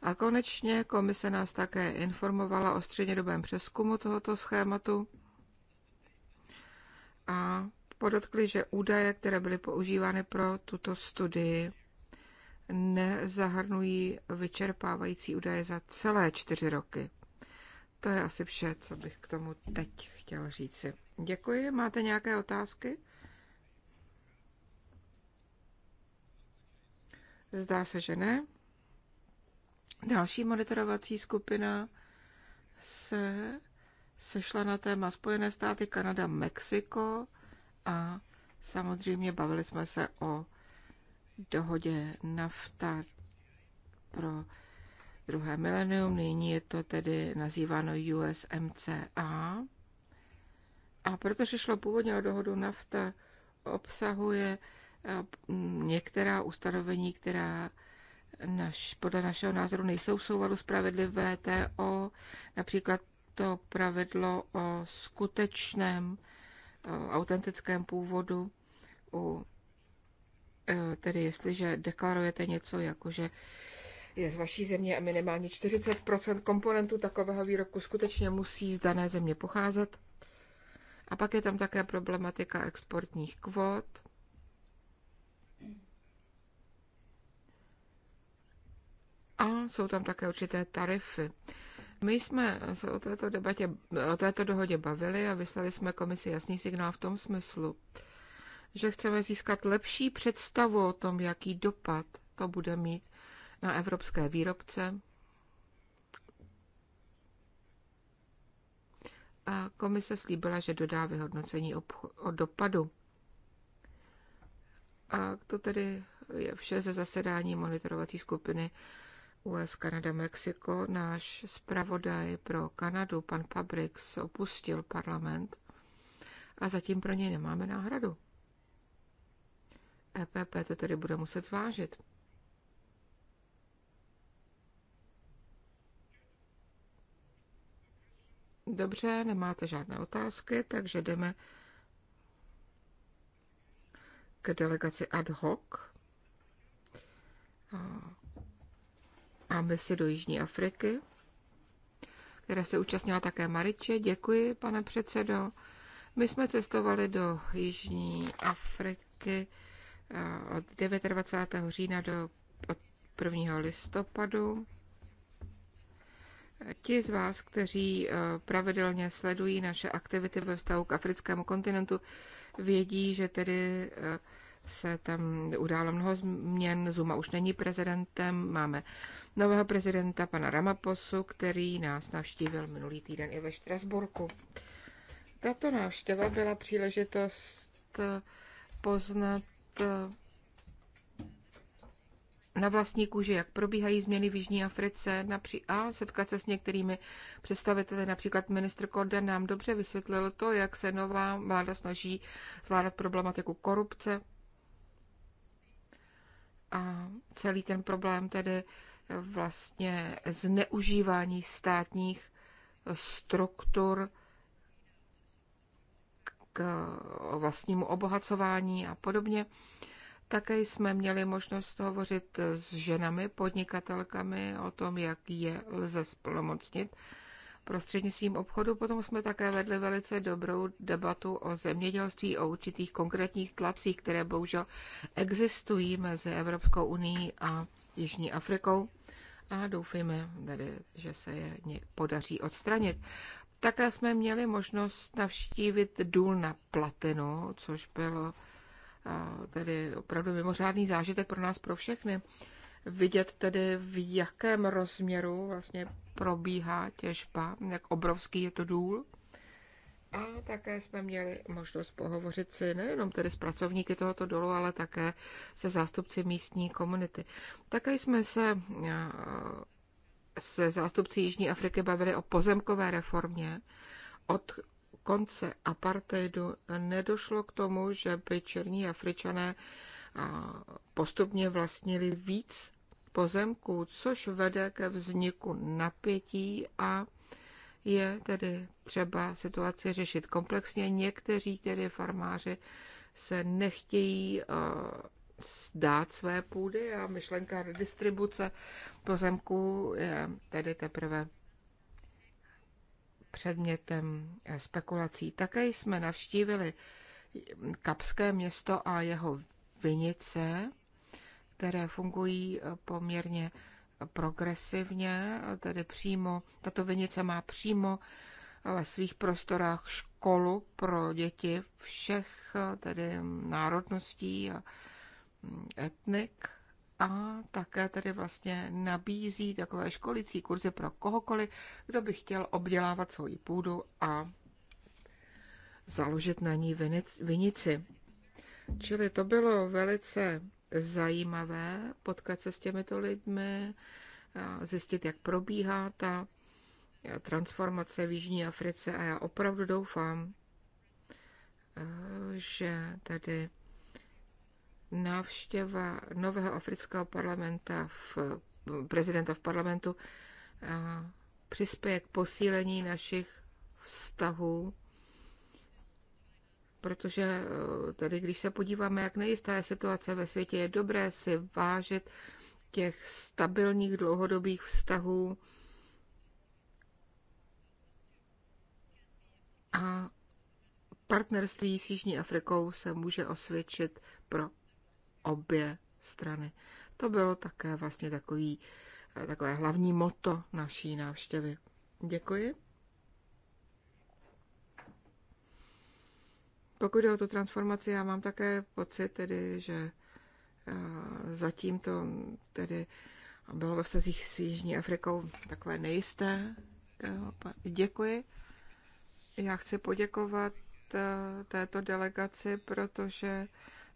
A konečně komise nás také informovala o střednědobém přeskumu tohoto schématu a podotkli, že údaje, které byly používány pro tuto studii, nezahrnují vyčerpávající údaje za celé čtyři roky. To je asi vše, co bych k tomu teď chtěl říci. Děkuji. Máte nějaké otázky? Zdá se, že ne. Další monitorovací skupina se sešla na téma Spojené státy, Kanada, Mexiko a samozřejmě bavili jsme se o dohodě NAFTA pro druhé milenium, nyní je to tedy nazýváno USMCA. A protože šlo původně o dohodu NAFTA, obsahuje eh, některá ustanovení, která naš, podle našeho názoru nejsou v souladu s pravidly VTO, například to pravidlo o skutečném, o eh, autentickém původu, u, eh, tedy jestliže deklarujete něco jako, že je z vaší země a minimálně 40 komponentů takového výrobku skutečně musí z dané země pocházet. A pak je tam také problematika exportních kvót. A jsou tam také určité tarify. My jsme se o této, debatě, o této dohodě bavili a vyslali jsme komisi jasný signál v tom smyslu, že chceme získat lepší představu o tom, jaký dopad to bude mít na evropské výrobce. A komise slíbila, že dodá vyhodnocení o dopadu. A to tedy je vše ze zasedání monitorovací skupiny US Kanada Mexiko. Náš zpravodaj pro Kanadu, pan Pabrix, opustil parlament a zatím pro něj nemáme náhradu. EPP to tedy bude muset zvážit. Dobře, nemáte žádné otázky, takže jdeme k delegaci ad hoc a misi do Jižní Afriky, která se účastnila také Mariče. Děkuji, pane předsedo. My jsme cestovali do Jižní Afriky eh, od 29. října do od 1. listopadu. Ti z vás, kteří eh, pravidelně sledují naše aktivity ve vztahu k africkému kontinentu, vědí, že tedy eh, se tam událo mnoho změn. Zuma už není prezidentem, máme nového prezidenta, pana Ramaposu, který nás navštívil minulý týden i ve Štrasburku. Tato návštěva byla příležitost eh, poznat na vlastní kůži, jak probíhají změny v Jižní Africe napří- a setkat se s některými představiteli, například ministr Korda nám dobře vysvětlil to, jak se nová vláda snaží zvládat problematiku korupce a celý ten problém tedy vlastně zneužívání státních struktur k vlastnímu obohacování a podobně. Také jsme měli možnost hovořit s ženami, podnikatelkami o tom, jak je lze splnomocnit prostřednictvím obchodu. Potom jsme také vedli velice dobrou debatu o zemědělství, o určitých konkrétních tlacích, které bohužel existují mezi Evropskou unii a Jižní Afrikou. A doufejme tedy, že se je podaří odstranit. Také jsme měli možnost navštívit důl na platinu, což bylo tedy opravdu mimořádný zážitek pro nás, pro všechny. Vidět tedy, v jakém rozměru vlastně probíhá těžba, jak obrovský je to důl. A také jsme měli možnost pohovořit si nejenom tedy s pracovníky tohoto dolu, ale také se zástupci místní komunity. Také jsme se se zástupci Jižní Afriky bavili o pozemkové reformě, od konce apartheidu nedošlo k tomu, že by černí Afričané postupně vlastnili víc pozemků, což vede ke vzniku napětí a je tedy třeba situaci řešit komplexně. Někteří tedy farmáři se nechtějí dát své půdy a myšlenka redistribuce pozemků je tedy teprve předmětem eh, spekulací. Také jsme navštívili Kapské město a jeho vinice, které fungují eh, poměrně progresivně, eh, tedy přímo, tato vinice má přímo ve svých prostorách školu pro děti všech tedy národností a mm, etnik a také tedy vlastně nabízí takové školicí kurzy pro kohokoliv, kdo by chtěl obdělávat svoji půdu a založit na ní vinici. Čili to bylo velice zajímavé potkat se s těmito lidmi, zjistit, jak probíhá ta transformace v Jižní Africe a já opravdu doufám, e, že tedy návštěva nového afrického parlamenta v, prezidenta v parlamentu eh, přispěje k posílení našich vztahů, protože eh, tady, když se podíváme, jak nejistá je situace ve světě, je dobré si vážit těch stabilních dlouhodobých vztahů a partnerství s Jižní Afrikou se může osvědčit pro obě strany. To bylo také vlastně takový, eh, takové hlavní moto naší návštěvy. Děkuji. Pokud jde o tu transformaci, já mám také pocit, tedy, že eh, zatím to tedy bylo ve vztazích s Jižní Afrikou takové nejisté. Eh, děkuji. Já chci poděkovat této delegaci, protože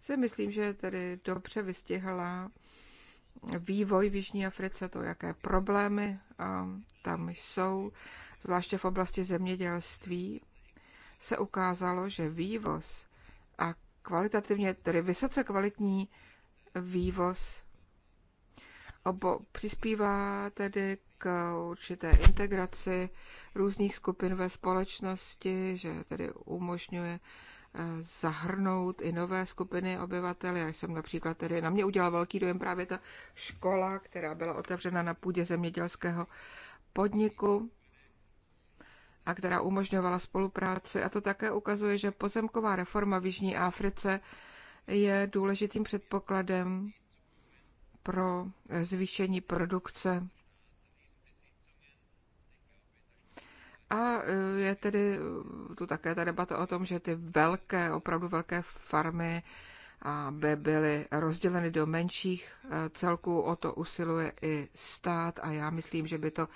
si myslím, že tedy dobře vystihla vývoj v Jižní Africe, to, jaké problémy tam jsou, zvláště v oblasti zemědělství, se ukázalo, že vývoz a kvalitativně, tedy vysoce kvalitní vývoz obo, přispívá tedy k určité integraci různých skupin ve společnosti, že tedy umožňuje zahrnout i nové skupiny obyvatel. Já jsem například tedy, na mě udělala velký dojem právě ta škola, která byla otevřena na půdě zemědělského podniku a která umožňovala spolupráci. A to také ukazuje, že pozemková reforma v Jižní Africe je důležitým předpokladem pro zvýšení produkce A eh, je tedy eh, tu také ta debata o tom, že ty velké, opravdu velké farmy aby byly rozděleny do menších eh, celků. O to usiluje i stát a já myslím, že by to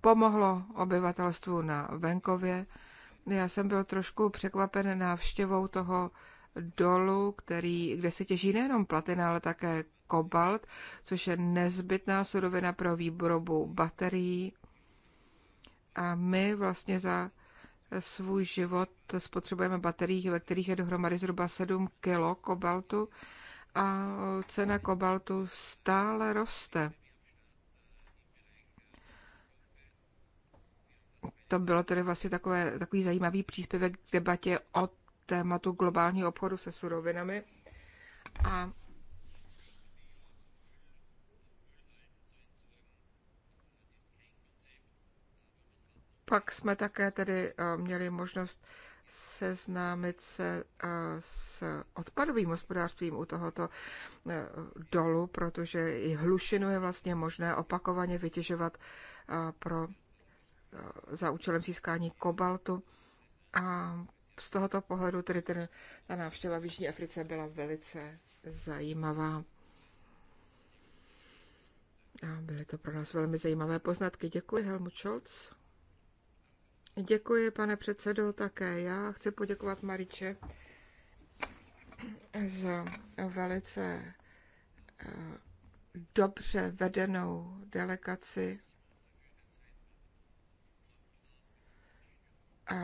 pomohlo obyvatelstvu na venkově. Já jsem byl trošku překvapen návštěvou toho dolu, který, kde se těží nejenom platina, ale také kobalt, což je nezbytná surovina pro výrobu baterií a my vlastně za svůj život spotřebujeme baterií, ve kterých je dohromady zhruba 7 kg kobaltu a cena kobaltu stále roste. To bylo tedy vlastně takové, takový zajímavý příspěvek k debatě o tématu globálního obchodu se surovinami. A Pak jsme také tedy eh, měli možnost seznámit se eh, s odpadovým hospodářstvím u tohoto eh, dolu, protože i hlušinu je vlastně možné opakovaně vytěžovat pro, za účelem získání kobaltu. A z tohoto pohledu tedy ten, ta návštěva v Jižní Africe byla velice zajímavá. A byly to pro nás velmi zajímavé poznatky. Děkuji, Helmut Scholz. Děkuji, pane předsedo, také já. Chci poděkovat Mariče za velice eh, dobře vedenou delegaci. A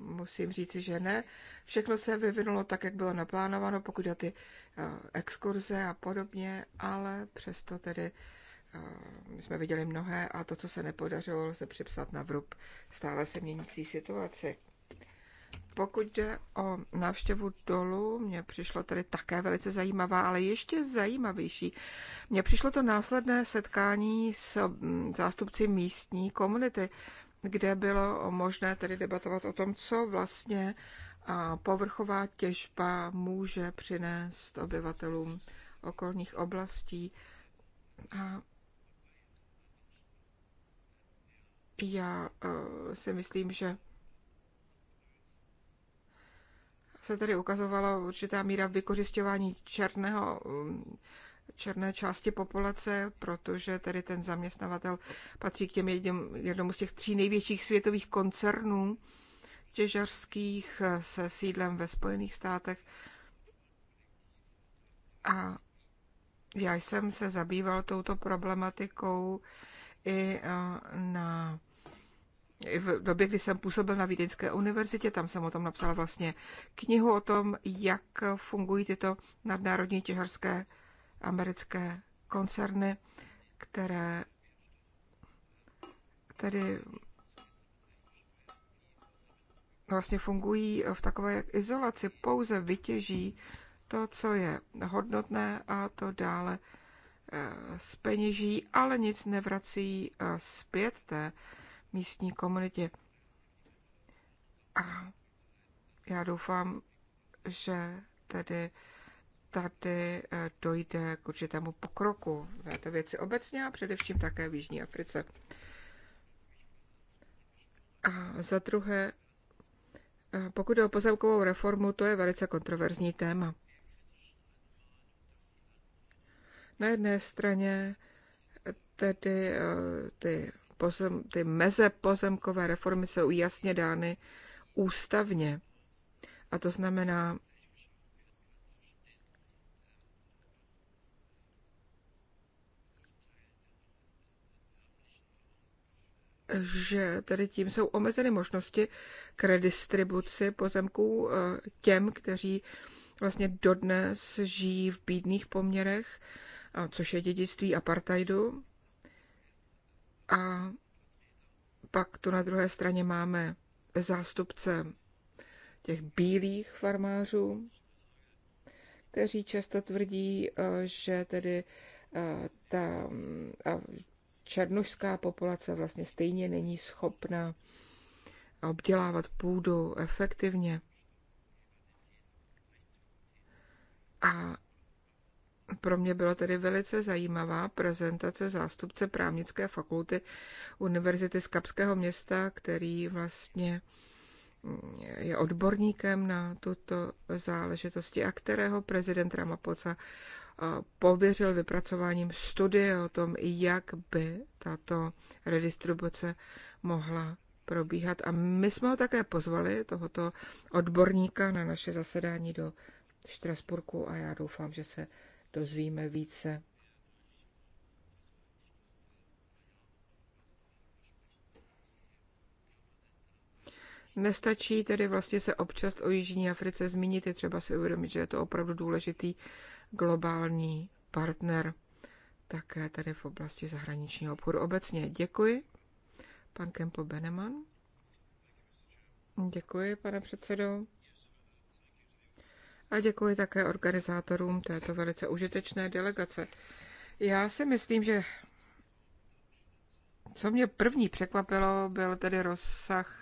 musím říci, že ne. Všechno se vyvinulo tak, jak bylo naplánováno, pokud o ty eh, exkurze a podobně, ale přesto tedy my jsme viděli mnohé a to, co se nepodařilo, lze připsat na vrub stále se měnící situaci. Pokud jde o návštěvu dolů, mně přišlo tedy také velice zajímavá, ale ještě zajímavější. Mně přišlo to následné setkání s mm, zástupci místní komunity, kde bylo možné tedy debatovat o tom, co vlastně povrchová těžba může přinést obyvatelům okolních oblastí. A Já eh, si myslím, že se tady ukazovala určitá míra vykořišťování černého, mm, černé části populace, protože tedy ten zaměstnavatel patří k těm jedním, jednomu z těch tří největších světových koncernů těžařských eh, se sídlem ve Spojených státech. A já jsem se zabýval touto problematikou i eh, na v době, kdy jsem působil na Vídeňské univerzitě, tam jsem o tom napsala vlastně knihu o tom, jak fungují tyto nadnárodní těžarské americké koncerny, které tedy vlastně fungují v takové izolaci, pouze vytěží to, co je hodnotné a to dále eh, peněží, ale nic nevrací eh, zpět té místní komunitě. A já doufám, že tedy tady eh, dojde k určitému pokroku v této věci obecně a především také v Jižní Africe. A za druhé, eh, pokud jde o pozemkovou reformu, to je velice kontroverzní téma. Na jedné straně tedy eh, ty pozem, ty meze pozemkové reformy jsou jasně dány ústavně. A to znamená, že tedy tím jsou omezeny možnosti k redistribuci pozemků eh, těm, kteří vlastně dodnes žijí v bídných poměrech, což je dědictví apartheidu. A pak tu na druhé straně máme zástupce těch bílých farmářů, kteří často tvrdí, eh, že tedy eh, ta eh, černožská populace vlastně stejně není schopna obdělávat půdu efektivně. A pro mě byla tedy velice zajímavá prezentace zástupce právnické fakulty Univerzity z Kapského města, který vlastně je odborníkem na tuto záležitosti a kterého prezident Ramapoca eh, pověřil vypracováním studie o tom, jak by tato redistribuce mohla probíhat. A my jsme ho také pozvali, tohoto odborníka, na naše zasedání do Štrasburku a já doufám, že se dozvíme více. Nestačí tedy vlastně se občas o Jižní Africe zmínit, je třeba si uvědomit, že je to opravdu důležitý globální partner, také tady v oblasti zahraničního obchodu. Obecně děkuji, pan Kempo Beneman. Děkuji, pane předsedo a děkuji také organizátorům této velice užitečné delegace. Já si myslím, že co mě první překvapilo, byl tedy rozsah,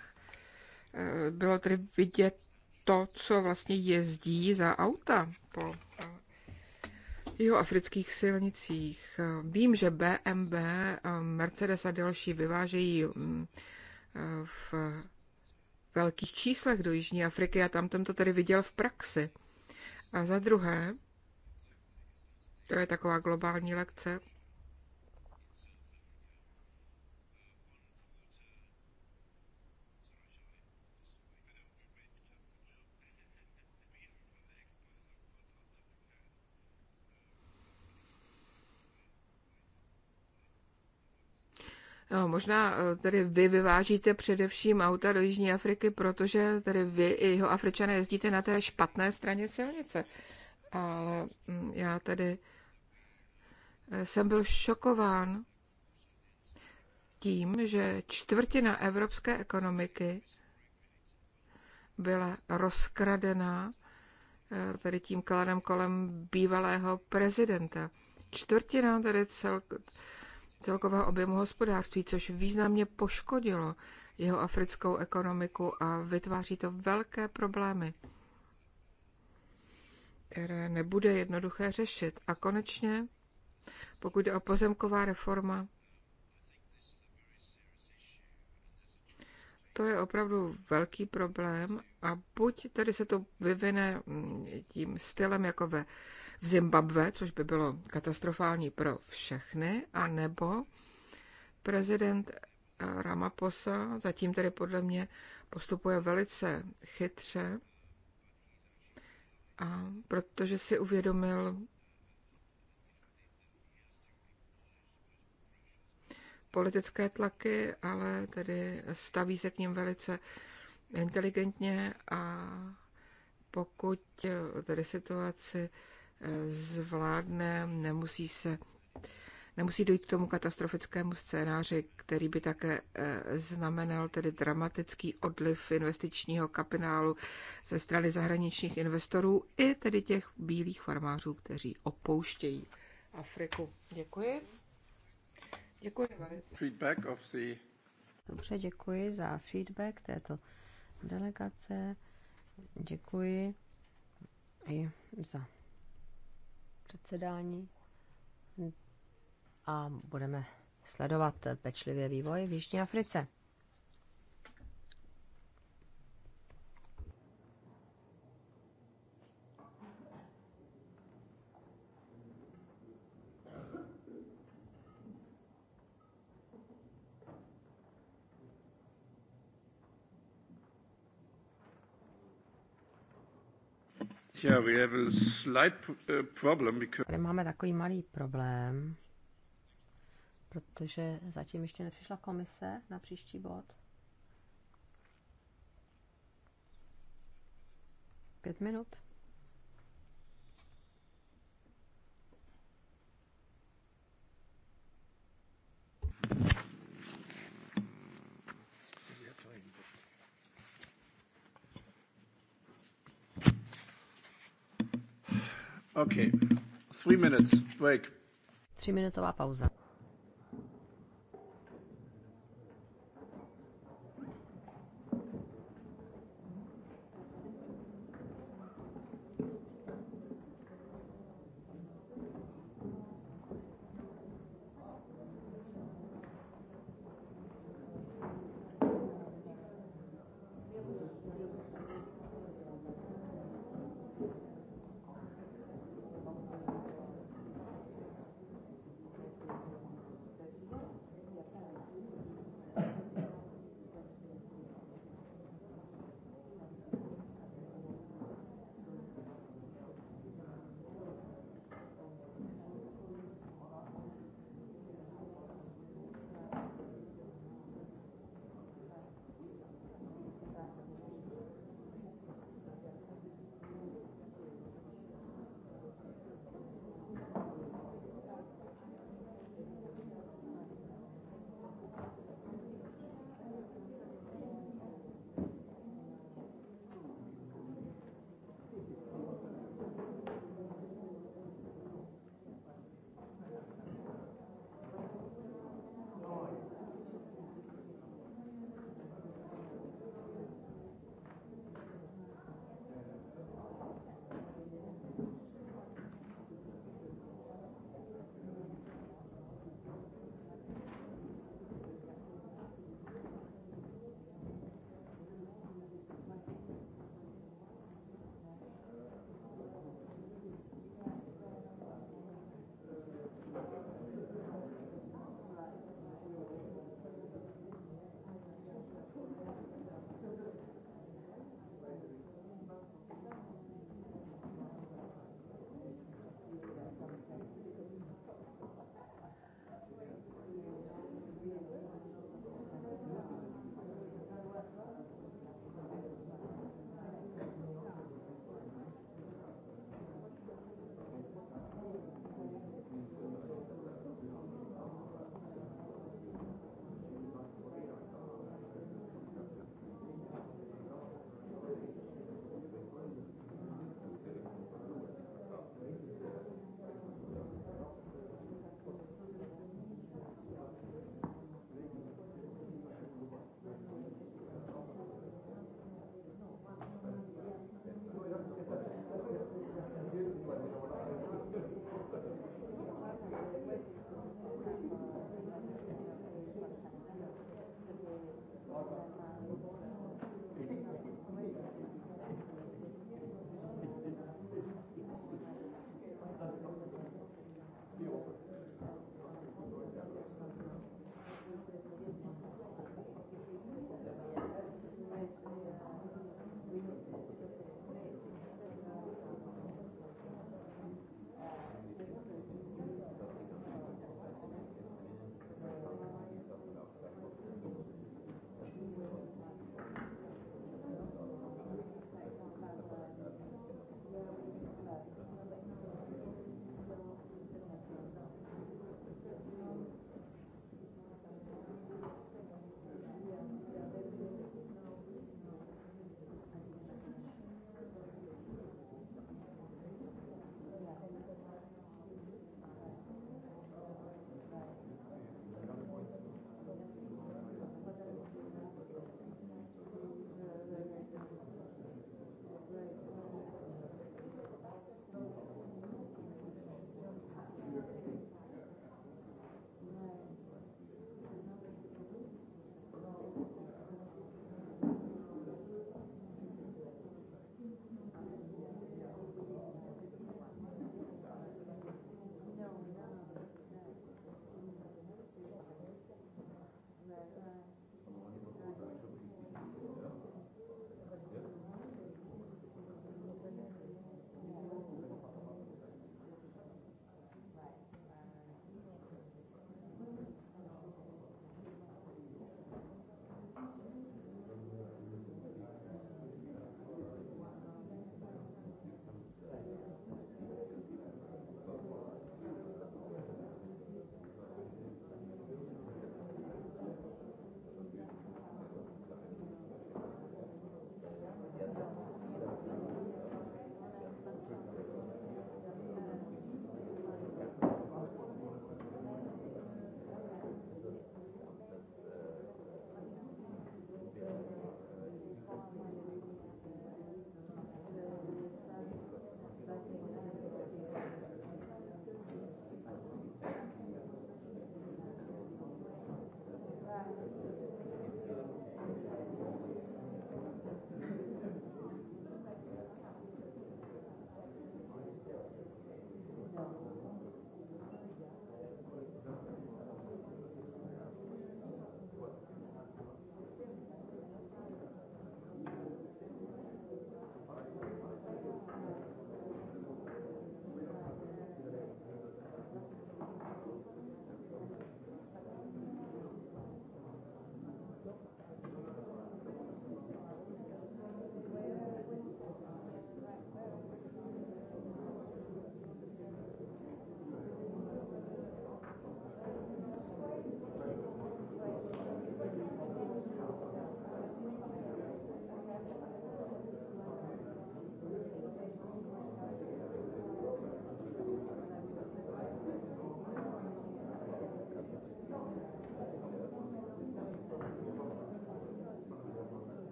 eh, bylo tedy vidět to, co vlastně jezdí za auta po jeho afrických silnicích. Eh, vím, že BMW, eh, Mercedes a další vyvážejí mm, v velkých číslech do Jižní Afriky a tam jsem to tedy viděl v praxi. A za druhé, to je taková globální lekce, No, možná e, tedy vy vyvážíte především auta do Jižní Afriky, protože tedy vy i jeho Afričané jezdíte na té špatné straně silnice. Ale mm, já tedy e, jsem byl šokován tím, že čtvrtina evropské ekonomiky byla rozkradená e, tady tím kladem kolem bývalého prezidenta. Čtvrtina tedy celkově celkového objemu hospodářství, což významně poškodilo jeho africkou ekonomiku a vytváří to velké problémy, které nebude jednoduché řešit. A konečně, pokud jde o pozemková reforma, to je opravdu velký problém a buď tedy se to vyvine mm, tím stylem jako ve v Zimbabwe, což by bylo katastrofální pro všechny, a nebo prezident eh, Ramaphosa zatím tedy podle mě postupuje velice chytře, a protože si uvědomil politické tlaky, ale tedy staví se k ním velice inteligentně a pokud eh, tedy situaci zvládne, nemusí se nemusí dojít k tomu katastrofickému scénáři, který by také eh, znamenal tedy dramatický odliv investičního kapitálu ze strany zahraničních investorů i tedy těch bílých farmářů, kteří opouštějí Afriku. Děkuji. Děkuji velice. Feedback of the... Dobře, děkuji za feedback této delegace. Děkuji i za předsedání a budeme sledovat pečlivě vývoj v Jižní Africe. Uh, Tady máme takový malý problém, protože zatím ještě nepřišla komise na příští bod. Pět minut. Okay. Three minutes break. Tři minutová pauza.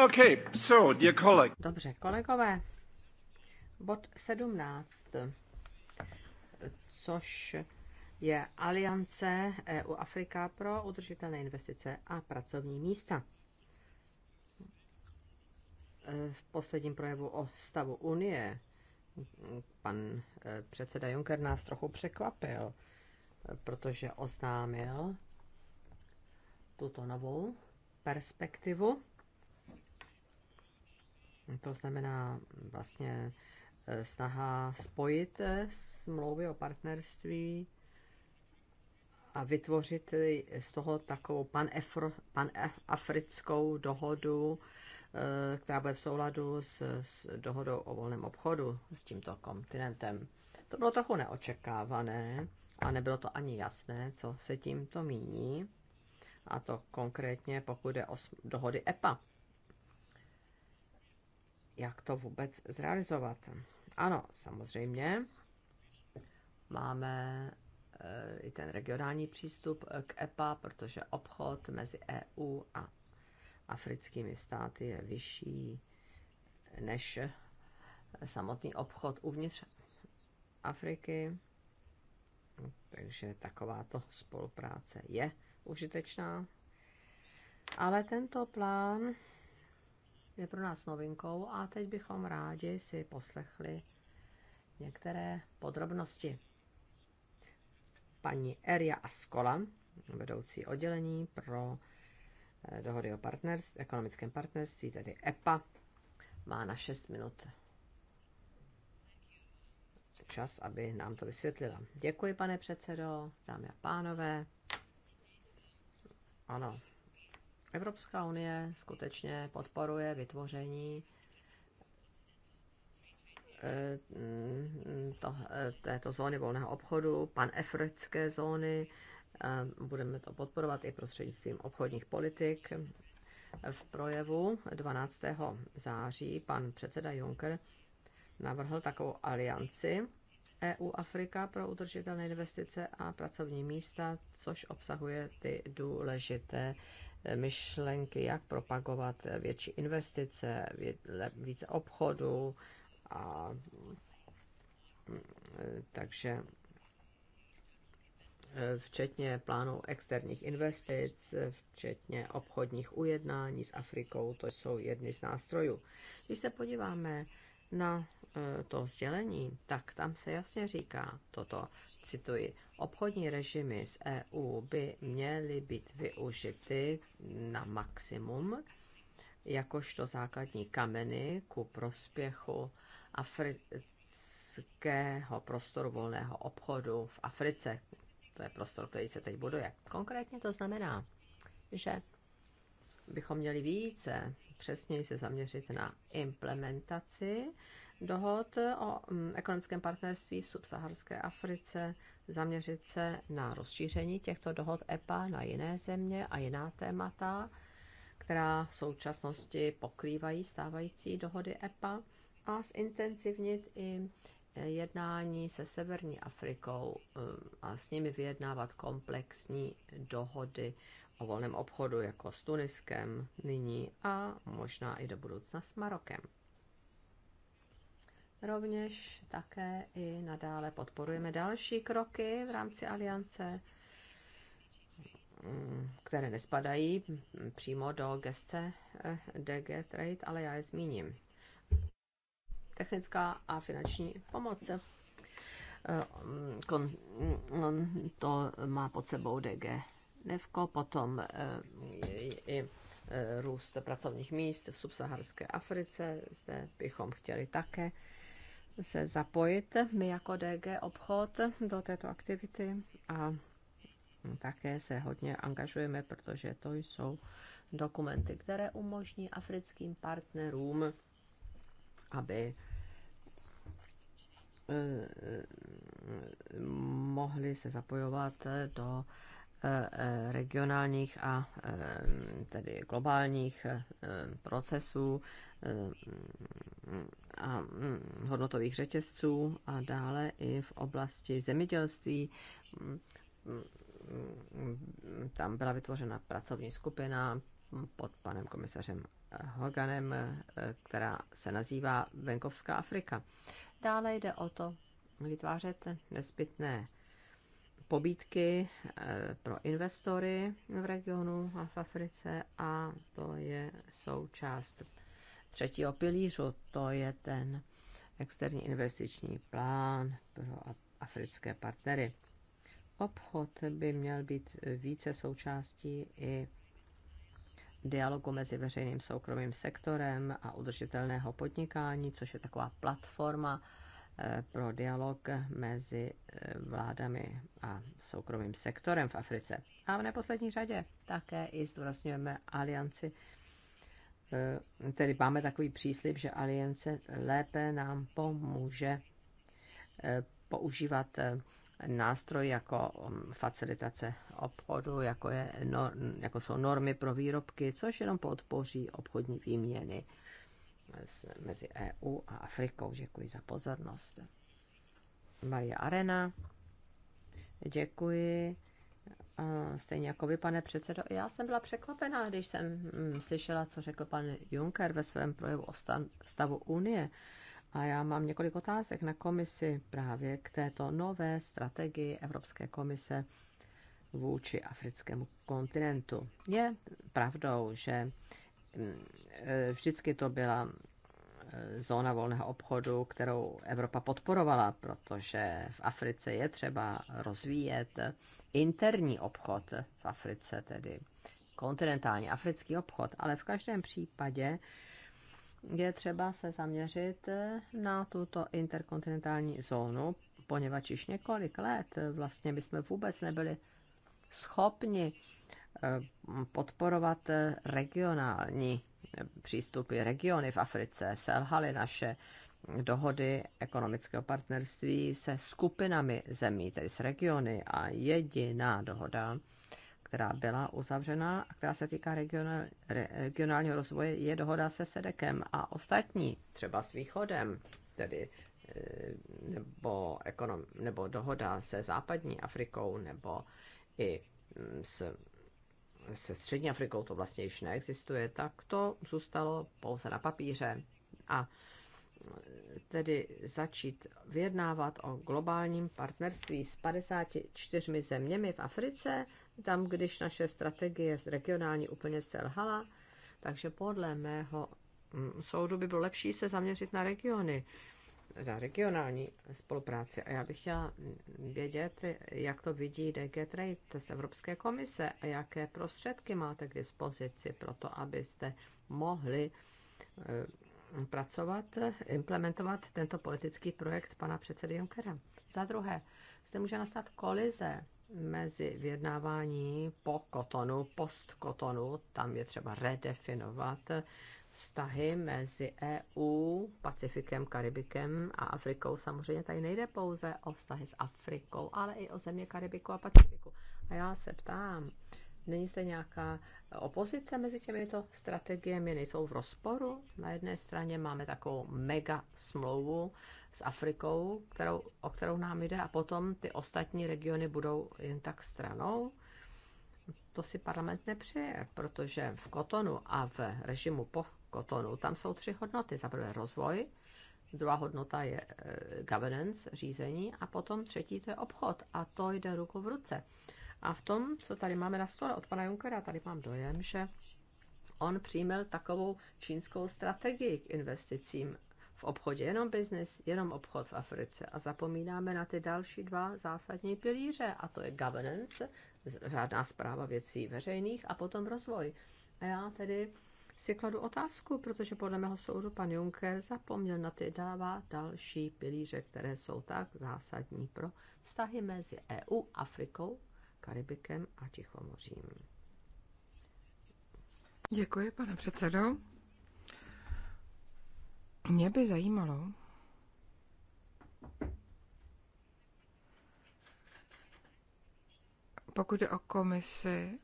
Okay, so, dear colleague. Dobře, kolegové. Bod 17, což je Aliance EU Afrika pro udržitelné investice a pracovní místa. V posledním projevu o stavu Unie pan eh, předseda Juncker nás trochu překvapil, protože oznámil tuto novou perspektivu to znamená vlastně e, snaha spojit e, smlouvy o partnerství a vytvořit z toho takovou panafrickou pan dohodu, e, která bude v souladu s, s dohodou o volném obchodu s tímto kontinentem. To bylo trochu neočekávané a nebylo to ani jasné, co se tímto míní, a to konkrétně pokud je o dohody EPA jak to vůbec zrealizovat. Ano, samozřejmě máme eh, i ten regionální přístup eh, k EPA, protože obchod mezi EU a africkými státy je vyšší než samotný obchod uvnitř Afriky. Takže takováto spolupráce je užitečná. Ale tento plán je pro nás novinkou a teď bychom rádi si poslechli některé podrobnosti. Paní Eria Askola, vedoucí oddělení pro eh, dohody o partnerství, ekonomickém partnerství, tedy EPA, má na 6 minut čas, aby nám to vysvětlila. Děkuji, pane předsedo, dámy a pánové. Ano, Evropská unie skutečně podporuje vytvoření eh, mm, to, eh, této zóny volného obchodu, panefrické zóny. Eh, budeme to podporovat i prostřednictvím obchodních politik. V projevu 12. září pan předseda Juncker navrhl takovou alianci EU-Afrika pro udržitelné investice a pracovní místa, což obsahuje ty důležité Eh, myšlenky, jak propagovat eh, větší investice, více obchodu a eh, takže včetně plánů externích investic, včetně obchodních ujednání s Afrikou, to jsou jedny z nástrojů. Když se podíváme na to sdělení, tak tam se jasně říká toto, cituji, Obchodní režimy z EU by měly být využity na maximum jakožto základní kameny ku prospěchu afrického prostoru volného obchodu v Africe. To je prostor, který se teď buduje. Konkrétně to znamená, že bychom měli více přesněji se zaměřit na implementaci dohod o mm, ekonomickém partnerství v subsaharské Africe, zaměřit se na rozšíření těchto dohod EPA na jiné země a jiná témata, která v současnosti pokrývají stávající dohody EPA a zintenzivnit i e, jednání se Severní Afrikou e, a s nimi vyjednávat komplexní dohody o volném obchodu jako s Tuniskem nyní a možná i do budoucna s Marokem. Rovněž také i nadále podporujeme další kroky v rámci aliance, mm, které nespadají přímo do gestce eh, DG Trade, ale já je zmíním. Technická a finanční pomoc. Eh, mm, mm, to má pod sebou DG Nevko, potom eh, i eh, růst pracovních míst v subsaharské Africe. Zde bychom chtěli také se zapojit my jako DG obchod do této aktivity a také se hodně angažujeme, protože to jsou dokumenty, které umožní africkým partnerům, aby eh, mohli se zapojovat do Eh, eh, regionálních a eh, tedy globálních procesů a mm, hodnotových řetězců a dále i v oblasti zemědělství. Mm, tam byla vytvořena pracovní skupina pod panem komisařem Hoganem, která se nazývá Venkovská Afrika. Dále jde o to vytvářet nezbytné pobídky eh, pro investory v regionu a v Africe a to je součást třetího pilířu, to je ten externí investiční plán pro africké partnery. Obchod by měl být více součástí i dialogu mezi veřejným soukromým sektorem a udržitelného podnikání, což je taková platforma, pro dialog mezi eh, vládami a soukromým sektorem v Africe. A v neposlední řadě také i zdůrazňujeme alianci, eh, tedy máme takový příslip, že aliance lépe nám pomůže eh, používat nástroj jako mm, facilitace obchodu, jako, je, jako jsou normy pro výrobky, což jenom podpoří obchodní výměny mezi EU a Afrikou. Děkuji za pozornost. Maria Arena. Děkuji. Stejně jako vy, pane předsedo, já jsem byla překvapená, když jsem mm, slyšela, co řekl pan Juncker ve svém projevu o stavu Unie. A já mám několik otázek na komisi právě k této nové strategii Evropské komise vůči africkému kontinentu. Je pravdou, že Eh, vždycky to byla eh, zóna volného obchodu, kterou Evropa podporovala, protože v Africe je třeba rozvíjet interní obchod v Africe, tedy kontinentální africký obchod, ale v každém případě je třeba se zaměřit eh, na tuto interkontinentální zónu, poněvadž již několik let vlastně bychom vůbec nebyli schopni podporovat regionální přístupy. Regiony v Africe selhaly naše dohody ekonomického partnerství se skupinami zemí, tedy s regiony a jediná dohoda, která byla uzavřena a která se týká regionál, regionálního rozvoje, je dohoda se Sedekem a ostatní, třeba s Východem, tedy eh, nebo, ekonom, nebo dohoda se západní Afrikou, nebo i mm, s se Střední Afrikou to vlastně již neexistuje, tak to zůstalo pouze na papíře. A tedy začít vyjednávat o globálním partnerství s 54 zeměmi v Africe, tam, když naše strategie z regionální úplně selhala, takže podle mého mm, soudu by bylo lepší se zaměřit na regiony na regionální spolupráci. A já bych chtěla vědět, jak to vidí DG Trade z Evropské komise a jaké prostředky máte k dispozici pro to, abyste mohli eh, pracovat, implementovat tento politický projekt pana předsedy Junckera. Za druhé, zde může nastat kolize mezi vyjednávání po kotonu, post kotonu, tam je třeba redefinovat vztahy mezi EU, Pacifikem, Karibikem a Afrikou. Samozřejmě tady nejde pouze o vztahy s Afrikou, ale i o země Karibiku a Pacifiku. A já se ptám, není zde nějaká opozice mezi těmito strategiemi, nejsou v rozporu? Na jedné straně máme takovou mega smlouvu s Afrikou, kterou, o kterou nám jde, a potom ty ostatní regiony budou jen tak stranou to si parlament nepřeje, protože v Kotonu a v režimu po Kotonu. Tam jsou tři hodnoty. Za prvé rozvoj, druhá hodnota je eh, governance, řízení a potom třetí to je obchod a to jde ruku v ruce. A v tom, co tady máme na stole od pana Junkera, tady mám dojem, že on přijmel takovou čínskou strategii k investicím v obchodě, jenom biznis, jenom obchod v Africe a zapomínáme na ty další dva zásadní pilíře a to je governance, řádná zpráva věcí veřejných a potom rozvoj. A já tedy si kladu otázku, protože podle mého soudu pan Juncker zapomněl na ty dává další pilíře, které jsou tak zásadní pro vztahy mezi EU, Afrikou, Karibikem a Tichomořím. Děkuji, pane předsedo. Mě by zajímalo, pokud je o komisi,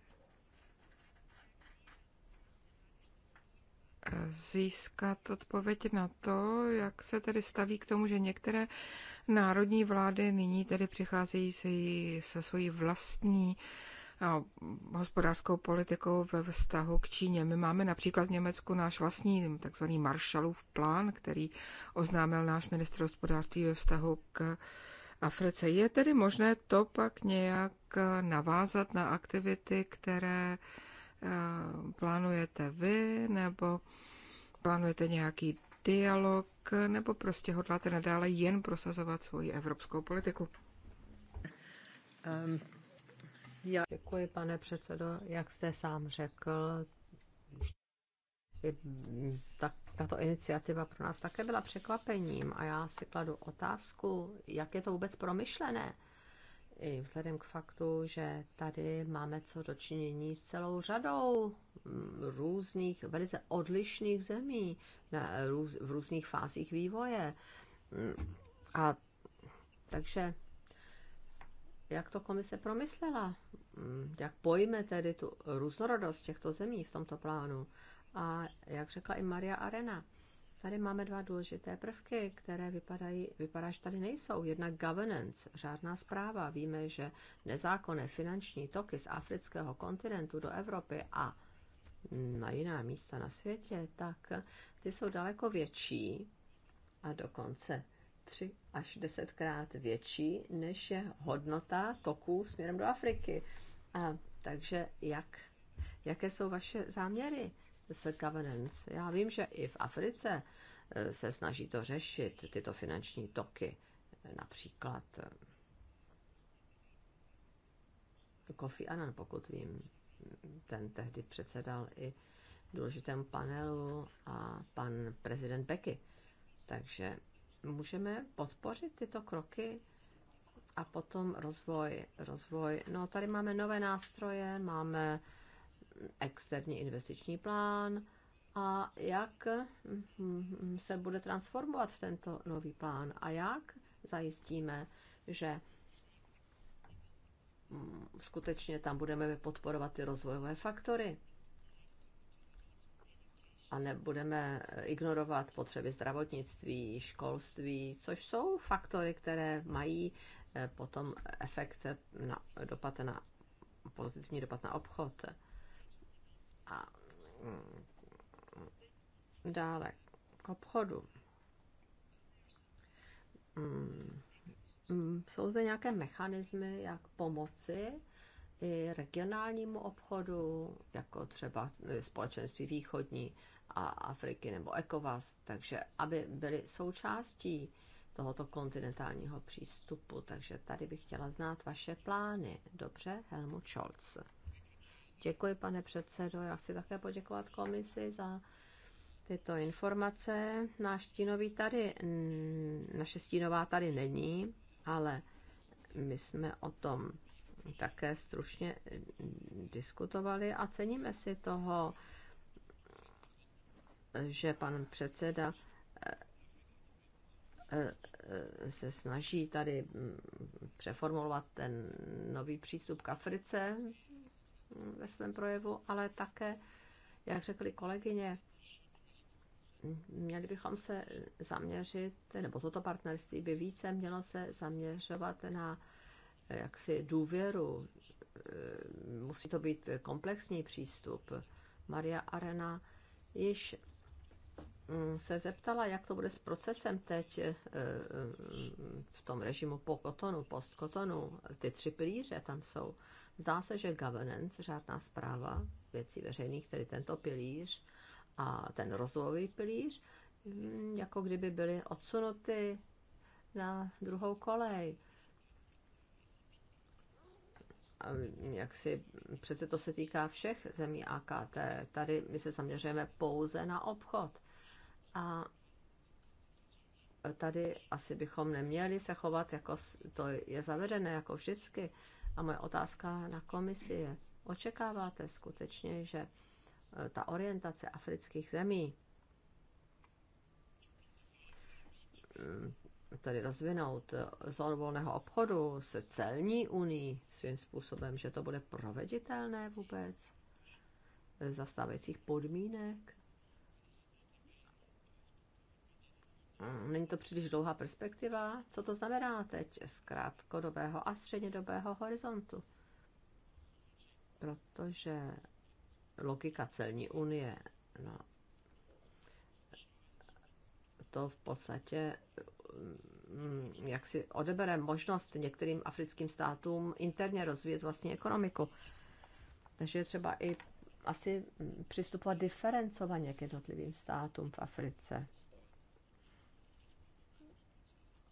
získat odpověď na to, jak se tedy staví k tomu, že některé národní vlády nyní tedy přicházejí se, se svojí vlastní hospodářskou politikou ve vztahu k Číně. My máme například v Německu náš vlastní takzvaný Marshallův plán, který oznámil náš ministr hospodářství ve vztahu k Africe. Je tedy možné to pak nějak navázat na aktivity, které plánujete vy, nebo plánujete nějaký dialog, nebo prostě hodláte nadále jen prosazovat svoji evropskou politiku? Ehm, já... Děkuji, pane předsedo. Jak jste sám řekl, tak tato iniciativa pro nás také byla překvapením a já si kladu otázku, jak je to vůbec promyšlené i vzhledem k faktu, že tady máme co dočinění s celou řadou mm, různých, velice odlišných zemí na, růz, v různých fázích vývoje. Mm, a takže jak to komise promyslela, mm, jak pojme tedy tu různorodost těchto zemí v tomto plánu. A jak řekla i Maria Arena, Tady máme dva důležité prvky, které vypadají, vypadá, že tady nejsou. Jedna governance, řádná zpráva. Víme, že nezákonné finanční toky z afrického kontinentu do Evropy a na jiná místa na světě, tak ty jsou daleko větší a dokonce tři až desetkrát větší, než je hodnota toků směrem do Afriky. A takže jak, jaké jsou vaše záměry s governance? Já vím, že i v Africe Eh, se snaží to řešit, tyto finanční toky, eh, například eh, Kofi Annan, pokud vím, ten tehdy předsedal i důležitému panelu a pan prezident Becky. Takže můžeme podpořit tyto kroky a potom rozvoj. rozvoj. No tady máme nové nástroje, máme externí investiční plán, a jak mm, mm, se bude transformovat tento nový plán a jak zajistíme, že mm, skutečně tam budeme podporovat ty rozvojové faktory a nebudeme ignorovat potřeby zdravotnictví, školství, což jsou faktory, které mají eh, potom efekt na dopad na pozitivní dopad na obchod. A Dále k obchodu. Mm, mm, jsou zde nějaké mechanismy, jak pomoci i regionálnímu obchodu, jako třeba eh, společenství východní a Afriky nebo ECOWAS, takže aby byly součástí tohoto kontinentálního přístupu. Takže tady bych chtěla znát vaše plány. Dobře, Helmut Scholz. Děkuji, pane předsedo. Já chci také poděkovat komisi za tyto informace. Náš stínový tady, naše stínová tady není, ale my jsme o tom také stručně diskutovali a ceníme si toho, že pan předseda e, e, se snaží tady přeformulovat ten nový přístup k Africe ve svém projevu, ale také, jak řekli kolegyně, měli bychom se zaměřit, nebo toto partnerství by více mělo se zaměřovat na eh, jaksi důvěru. Eh, musí to být komplexní přístup. Maria Arena již mm, se zeptala, jak to bude s procesem teď eh, v tom režimu po kotonu, post kotonu. Ty tři pilíře tam jsou. Zdá se, že governance, řádná zpráva věcí veřejných, tedy tento pilíř, a ten rozvojový pilíř, jako kdyby byly odsunuty na druhou kolej. A jak si, přece to se týká všech zemí AKT. Tady my se zaměřujeme pouze na obchod. A tady asi bychom neměli se chovat, jako to je zavedené, jako vždycky. A moje otázka na komisi je, očekáváte skutečně, že Eh, ta orientace afrických zemí, eh, tedy rozvinout eh, zónu volného obchodu se celní unii svým způsobem, že to bude proveditelné vůbec za stávajících podmínek. Není to příliš dlouhá perspektiva? Co to znamená teď z krátkodobého a střednědobého horizontu? Protože logika celní unie. No, to v podstatě mm, jak si odebere možnost některým africkým státům interně rozvíjet vlastní ekonomiku. Takže je třeba i asi přistupovat diferencovaně k jednotlivým státům v Africe.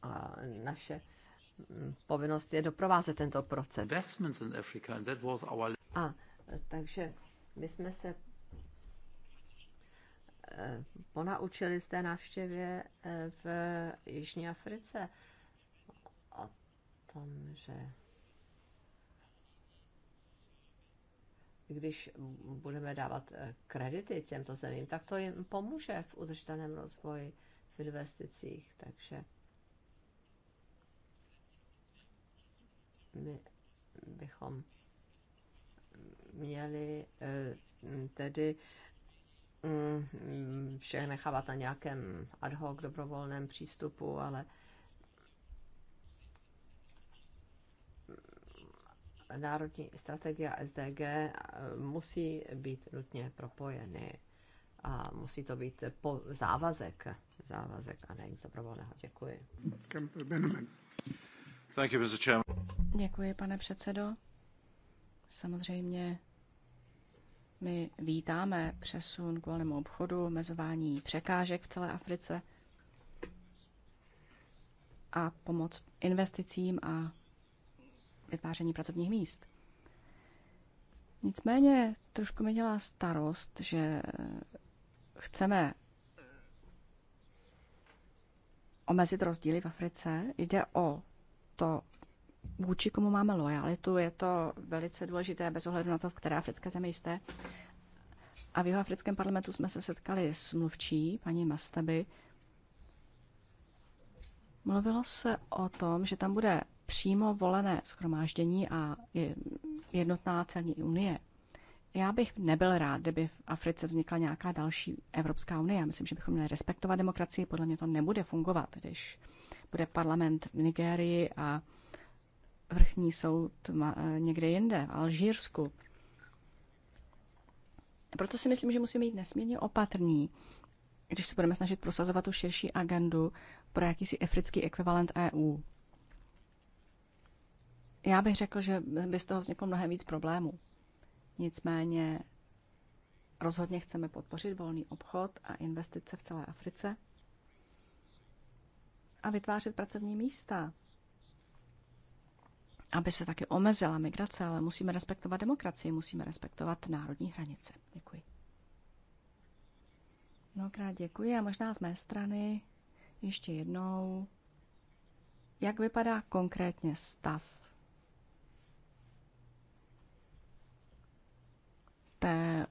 A naše mm, povinnost je doprovázet tento proces. A takže my jsme se eh, ponaučili z té návštěvě eh, v Jižní Africe o tom, že když budeme dávat eh, kredity těmto zemím, tak to jim pomůže v udržitelném rozvoji, v investicích. Takže my bychom měli eh, tedy mm, vše nechávat na nějakém ad hoc dobrovolném přístupu, ale národní strategie a SDG eh, musí být nutně propojeny a musí to být po závazek, závazek a ne nic dobrovolného. Děkuji. Děkuji, pane předsedo. Samozřejmě my vítáme přesun k volnému obchodu, mezování překážek v celé Africe a pomoc investicím a vytváření pracovních míst. Nicméně trošku mi dělá starost, že chceme omezit rozdíly v Africe. Jde o to vůči komu máme lojalitu, je to velice důležité bez ohledu na to, v které africké zemi jste. A v jeho africkém parlamentu jsme se setkali s mluvčí, paní Mastaby. Mluvilo se o tom, že tam bude přímo volené schromáždění a jednotná celní unie. Já bych nebyl rád, kdyby v Africe vznikla nějaká další Evropská unie. Já myslím, že bychom měli respektovat demokracii. Podle mě to nebude fungovat, když bude parlament v Nigérii a vrchní soud eh, někde jinde, v Alžírsku. Proto si myslím, že musíme být nesmírně opatrní, když se budeme snažit prosazovat tu širší agendu pro jakýsi africký ekvivalent EU. Já bych řekl, že by z toho vzniklo mnohem víc problémů. Nicméně rozhodně chceme podpořit volný obchod a investice v celé Africe a vytvářet pracovní místa aby se taky omezila migrace, ale musíme respektovat demokracii, musíme respektovat národní hranice. Děkuji. Mnohokrát děkuji a možná z mé strany ještě jednou. Jak vypadá konkrétně stav té,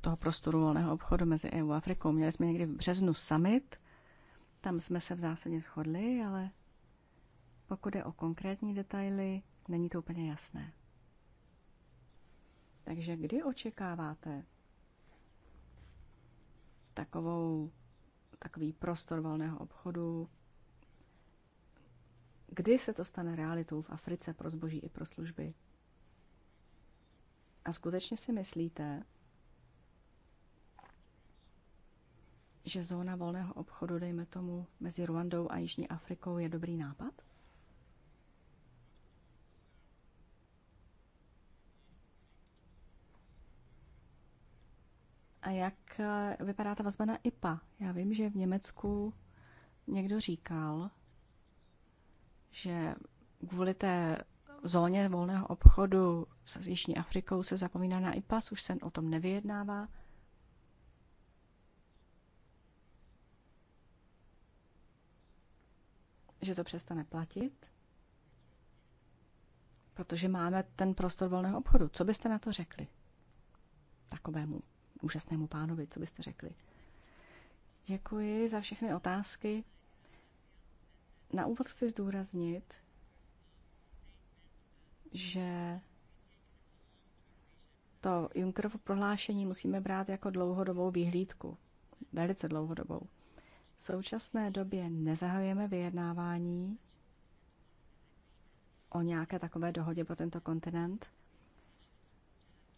toho prostoru volného obchodu mezi EU a Afrikou? Měli jsme někdy v březnu summit, tam jsme se v zásadě shodli, ale pokud je o konkrétní detaily, Není to úplně jasné. Takže kdy očekáváte takovou, takový prostor volného obchodu? Kdy se to stane realitou v Africe pro zboží i pro služby? A skutečně si myslíte, že zóna volného obchodu, dejme tomu, mezi Ruandou a Jižní Afrikou je dobrý nápad? A jak eh, vypadá ta vazba na IPA? Já vím, že v Německu někdo říkal, že kvůli té zóně volného obchodu s Jižní Afrikou se zapomíná na IPAS, už se o tom nevyjednává. Že to přestane platit, protože máme ten prostor volného obchodu. Co byste na to řekli? Takovému úžasnému pánovi. Co byste řekli? Děkuji za všechny otázky. Na úvod chci zdůraznit, že to Junckerovo prohlášení musíme brát jako dlouhodobou výhlídku. Velice dlouhodobou. V současné době nezahajujeme vyjednávání o nějaké takové dohodě pro tento kontinent –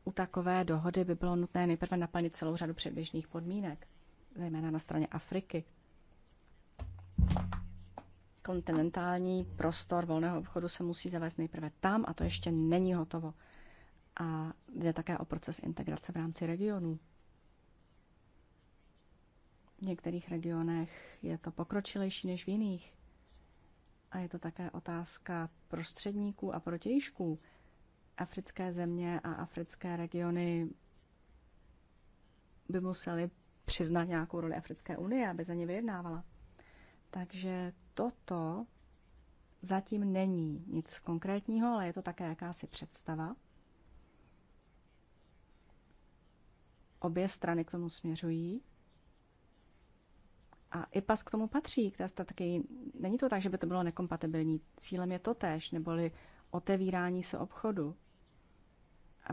u takové dohody by bylo nutné nejprve naplnit celou řadu předběžných podmínek, zejména na straně Afriky. Kontinentální prostor volného obchodu se musí zavést nejprve tam a to ještě není hotovo. A jde také o proces integrace v rámci regionů. V některých regionech je to pokročilejší než v jiných. A je to také otázka prostředníků a protějšků africké země a africké regiony by museli přiznat nějakou roli Africké unie, aby za ně vyjednávala. Takže toto zatím není nic konkrétního, ale je to také jakási představa. Obě strany k tomu směřují. A i pas, k tomu patří, k té strategii. Není to tak, že by to bylo nekompatibilní. Cílem je to tež, neboli otevírání se obchodu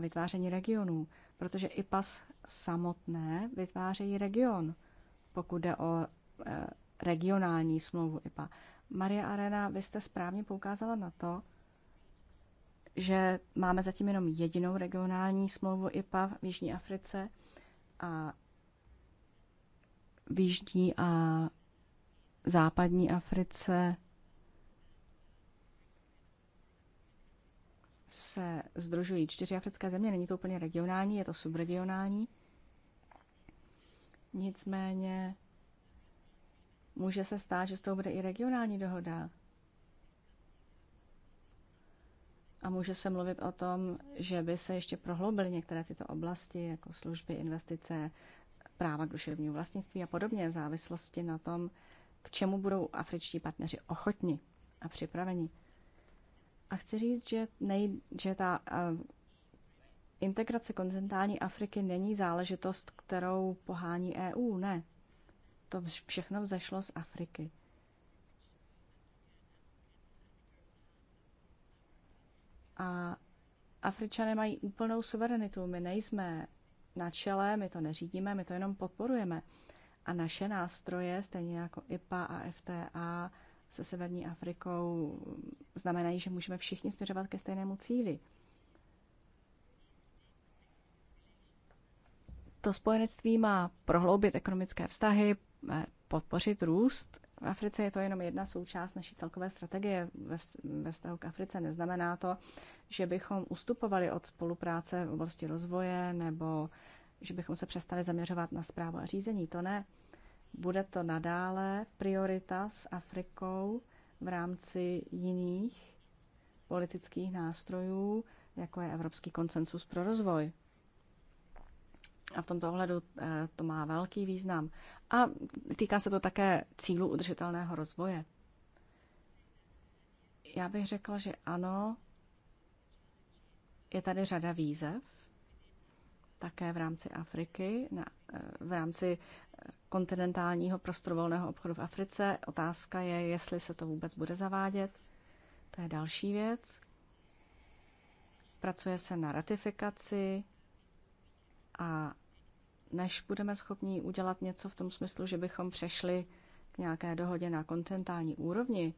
a vytváření regionů, protože i pas samotné vytvářejí region, pokud jde o e, regionální smlouvu IPA. Maria Arena, vy jste správně poukázala na to, že máme zatím jenom jedinou regionální smlouvu IPA v Jižní Africe a v Jižní a Západní Africe se združují čtyři africké země, není to úplně regionální, je to subregionální. Nicméně může se stát, že z toho bude i regionální dohoda. A může se mluvit o tom, že by se ještě prohloubily některé tyto oblasti, jako služby, investice, práva k duševnímu vlastnictví a podobně, v závislosti na tom, k čemu budou afričtí partneři ochotni a připraveni. A chci říct, že, nej, že ta uh, integrace kontinentální Afriky není záležitost, kterou pohání EU, ne. To všechno vzešlo z Afriky. A Afričané mají úplnou suverenitu. My nejsme na čele, my to neřídíme, my to jenom podporujeme. A naše nástroje, stejně jako IPA a FTA, se Severní Afrikou znamenají, že můžeme všichni směřovat ke stejnému cíli. To spojenectví má prohloubit ekonomické vztahy, eh, podpořit růst. V Africe je to jenom jedna součást naší celkové strategie ve vztahu k Africe. Neznamená to, že bychom ustupovali od spolupráce v oblasti rozvoje nebo že bychom se přestali zaměřovat na zprávu a řízení. To ne. Bude to nadále priorita s Afrikou v rámci jiných politických nástrojů, jako je Evropský konsensus pro rozvoj. A v tomto ohledu eh, to má velký význam. A týká se to také cílu udržitelného rozvoje. Já bych řekla, že ano, je tady řada výzev, také v rámci Afriky, na, eh, v rámci eh, kontinentálního prostoru volného obchodu v Africe. Otázka je, jestli se to vůbec bude zavádět. To je další věc. Pracuje se na ratifikaci a než budeme schopni udělat něco v tom smyslu, že bychom přešli k nějaké dohodě na kontinentální úrovni,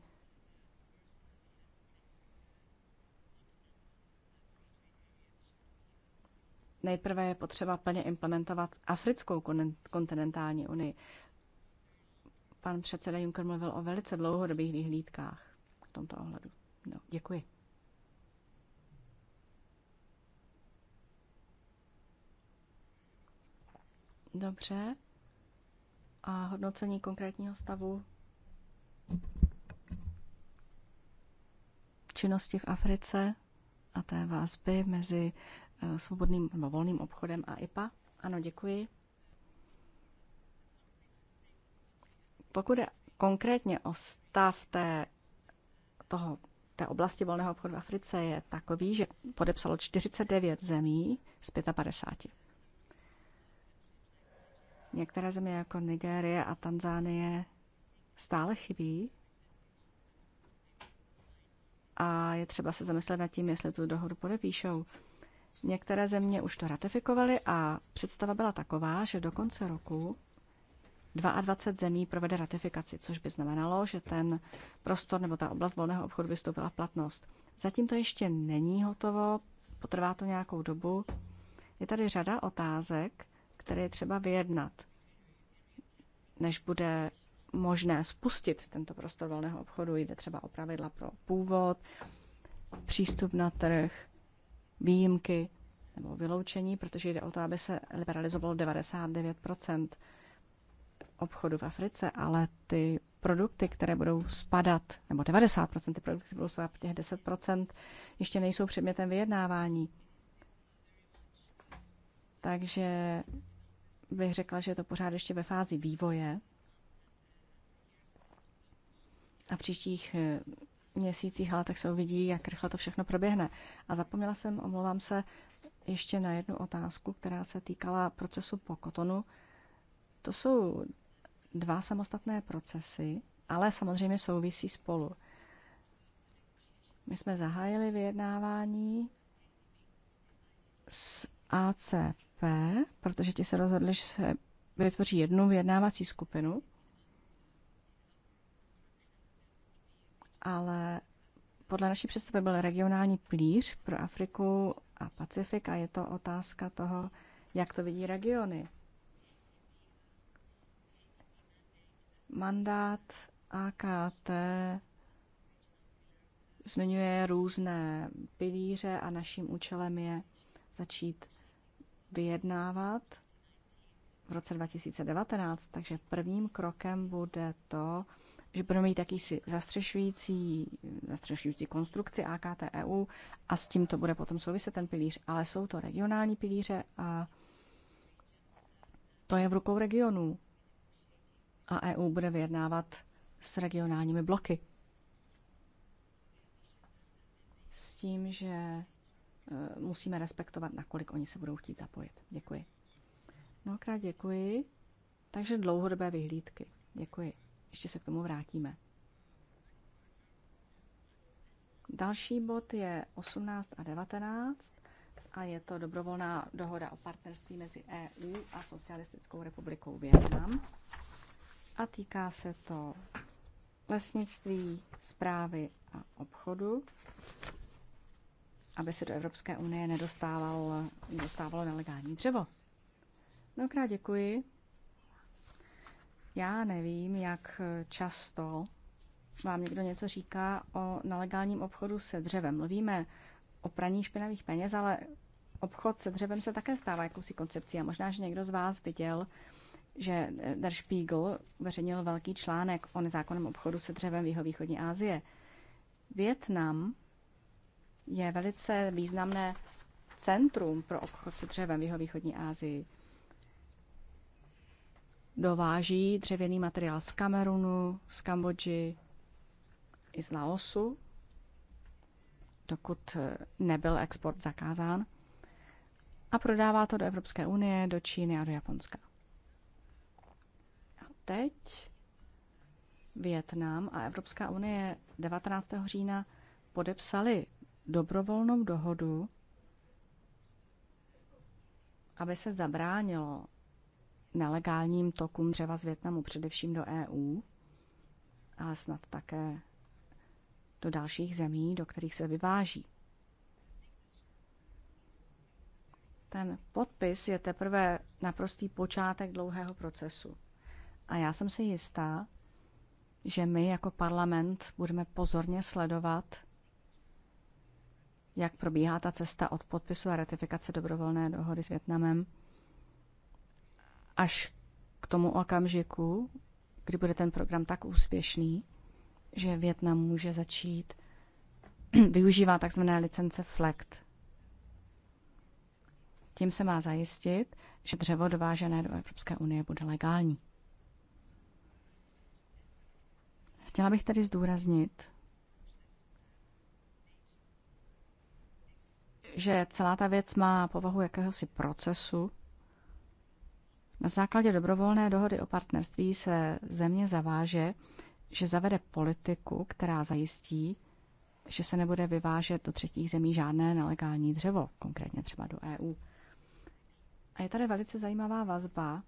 Nejprve je potřeba plně implementovat Africkou kontinentální unii. Pan předseda Juncker mluvil o velice dlouhodobých vyhlídkách v tomto ohledu. No, děkuji. Dobře. A hodnocení konkrétního stavu činnosti v Africe a té vazby mezi Eh, svobodným nebo volným obchodem a IPA. Ano, děkuji. Pokud je konkrétně o stav té, toho, té oblasti volného obchodu v Africe, je takový, že podepsalo 49 zemí z 55. Některé země jako Nigérie a Tanzánie stále chybí. A je třeba se zamyslet nad tím, jestli tu dohodu podepíšou. Některé země už to ratifikovaly a představa byla taková, že do konce roku 22 zemí provede ratifikaci, což by znamenalo, že ten prostor nebo ta oblast volného obchodu vystoupila v platnost. Zatím to ještě není hotovo, potrvá to nějakou dobu. Je tady řada otázek, které je třeba vyjednat, než bude možné spustit tento prostor volného obchodu. Jde třeba o pravidla pro původ, přístup na trh, výjimky nebo vyloučení, protože jde o to, aby se liberalizovalo 99 obchodu v Africe, ale ty produkty, které budou spadat, nebo 90% ty produkty, které budou spadat, těch 10% ještě nejsou předmětem vyjednávání. Takže bych řekla, že je to pořád ještě ve fázi vývoje. A v příštích měsících ale tak se uvidí, jak rychle to všechno proběhne. A zapomněla jsem, omlouvám se, ještě na jednu otázku, která se týkala procesu po kotonu. To jsou dva samostatné procesy, ale samozřejmě souvisí spolu. My jsme zahájili vyjednávání s ACP, protože ti se rozhodli, že se vytvoří jednu vyjednávací skupinu ale podle naší představy byl regionální plíř pro Afriku a Pacifik a je to otázka toho, jak to vidí regiony. Mandát AKT zmiňuje různé pilíře a naším účelem je začít vyjednávat v roce 2019, takže prvním krokem bude to, že budeme mít jakýsi zastřešující, zastřešující konstrukci AKT EU a s tím to bude potom souviset ten pilíř, ale jsou to regionální pilíře a to je v rukou regionů. A EU bude vyjednávat s regionálními bloky. S tím, že e, musíme respektovat, nakolik oni se budou chtít zapojit. Děkuji. Mnohokrát děkuji. Takže dlouhodobé vyhlídky. Děkuji. Ještě se k tomu vrátíme. Další bod je 18 a 19 a je to dobrovolná dohoda o partnerství mezi EU a Socialistickou republikou Větnam. A týká se to lesnictví, zprávy a obchodu, aby se do Evropské unie nedostávalo, nedostávalo nelegální dřevo. Mnohokrát děkuji. Já nevím, jak eh, často vám někdo něco říká o nelegálním obchodu se dřevem. Mluvíme o praní špinavých peněz, ale obchod se dřevem se také stává jakousi koncepcí. A možná, že někdo z vás viděl, že eh, Der Spiegel uveřejnil velký článek o nezákonném obchodu se dřevem v jihovýchodní Asie. Větnam je velice významné centrum pro obchod se dřevem v jihovýchodní Asii dováží dřevěný materiál z Kamerunu, z Kambodži i z Laosu, dokud eh, nebyl export zakázán, a prodává to do Evropské unie, do Číny a do Japonska. A teď Větnam a Evropská unie 19. října podepsali dobrovolnou dohodu, aby se zabránilo nelegálním tokům dřeva z Větnamu, především do EU a snad také do dalších zemí, do kterých se vyváží. Ten podpis je teprve naprostý počátek dlouhého procesu. A já jsem si jistá, že my jako parlament budeme pozorně sledovat, jak probíhá ta cesta od podpisu a ratifikace dobrovolné dohody s Větnamem až k tomu okamžiku, kdy bude ten program tak úspěšný, že Větnam může začít využívat takzvané licence FLECT. Tím se má zajistit, že dřevo dovážené do Evropské unie bude legální. Chtěla bych tady zdůraznit, že celá ta věc má povahu jakéhosi procesu, na základě dobrovolné dohody o partnerství se země zaváže, že zavede politiku, která zajistí, že se nebude vyvážet do třetích zemí žádné nelegální dřevo, konkrétně třeba do EU. A je tady velice zajímavá vazba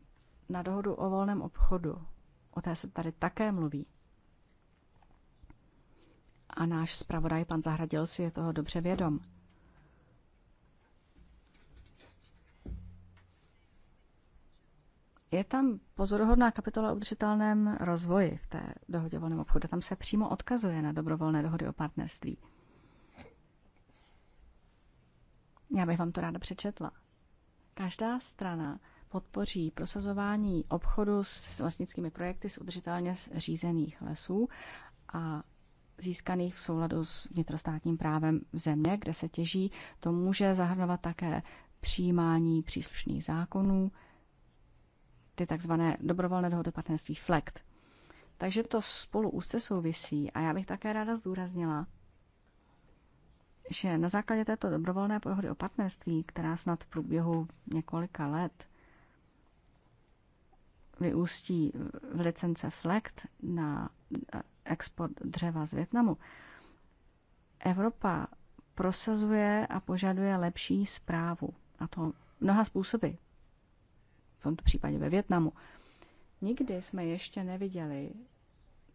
na dohodu o volném obchodu. O té se tady také mluví. A náš zpravodaj pan Zahradil si je toho dobře vědom. Je tam pozoruhodná kapitola o udržitelném rozvoji v té dohodě o volném obchodu. Tam se přímo odkazuje na dobrovolné dohody o partnerství. Já bych vám to ráda přečetla. Každá strana podpoří prosazování obchodu s lesnickými projekty z udržitelně řízených lesů a získaných v souladu s vnitrostátním právem země, kde se těží. To může zahrnovat také přijímání příslušných zákonů, ty takzvané dobrovolné dohody partnerství FLECT. Takže to spolu úzce souvisí a já bych také ráda zdůraznila, že na základě této dobrovolné dohody o partnerství, která snad v průběhu několika let vyústí v licence FLECT na export dřeva z Větnamu, Evropa prosazuje a požaduje lepší zprávu. A to mnoha způsoby, tomto případě ve Větnamu. Nikdy jsme ještě neviděli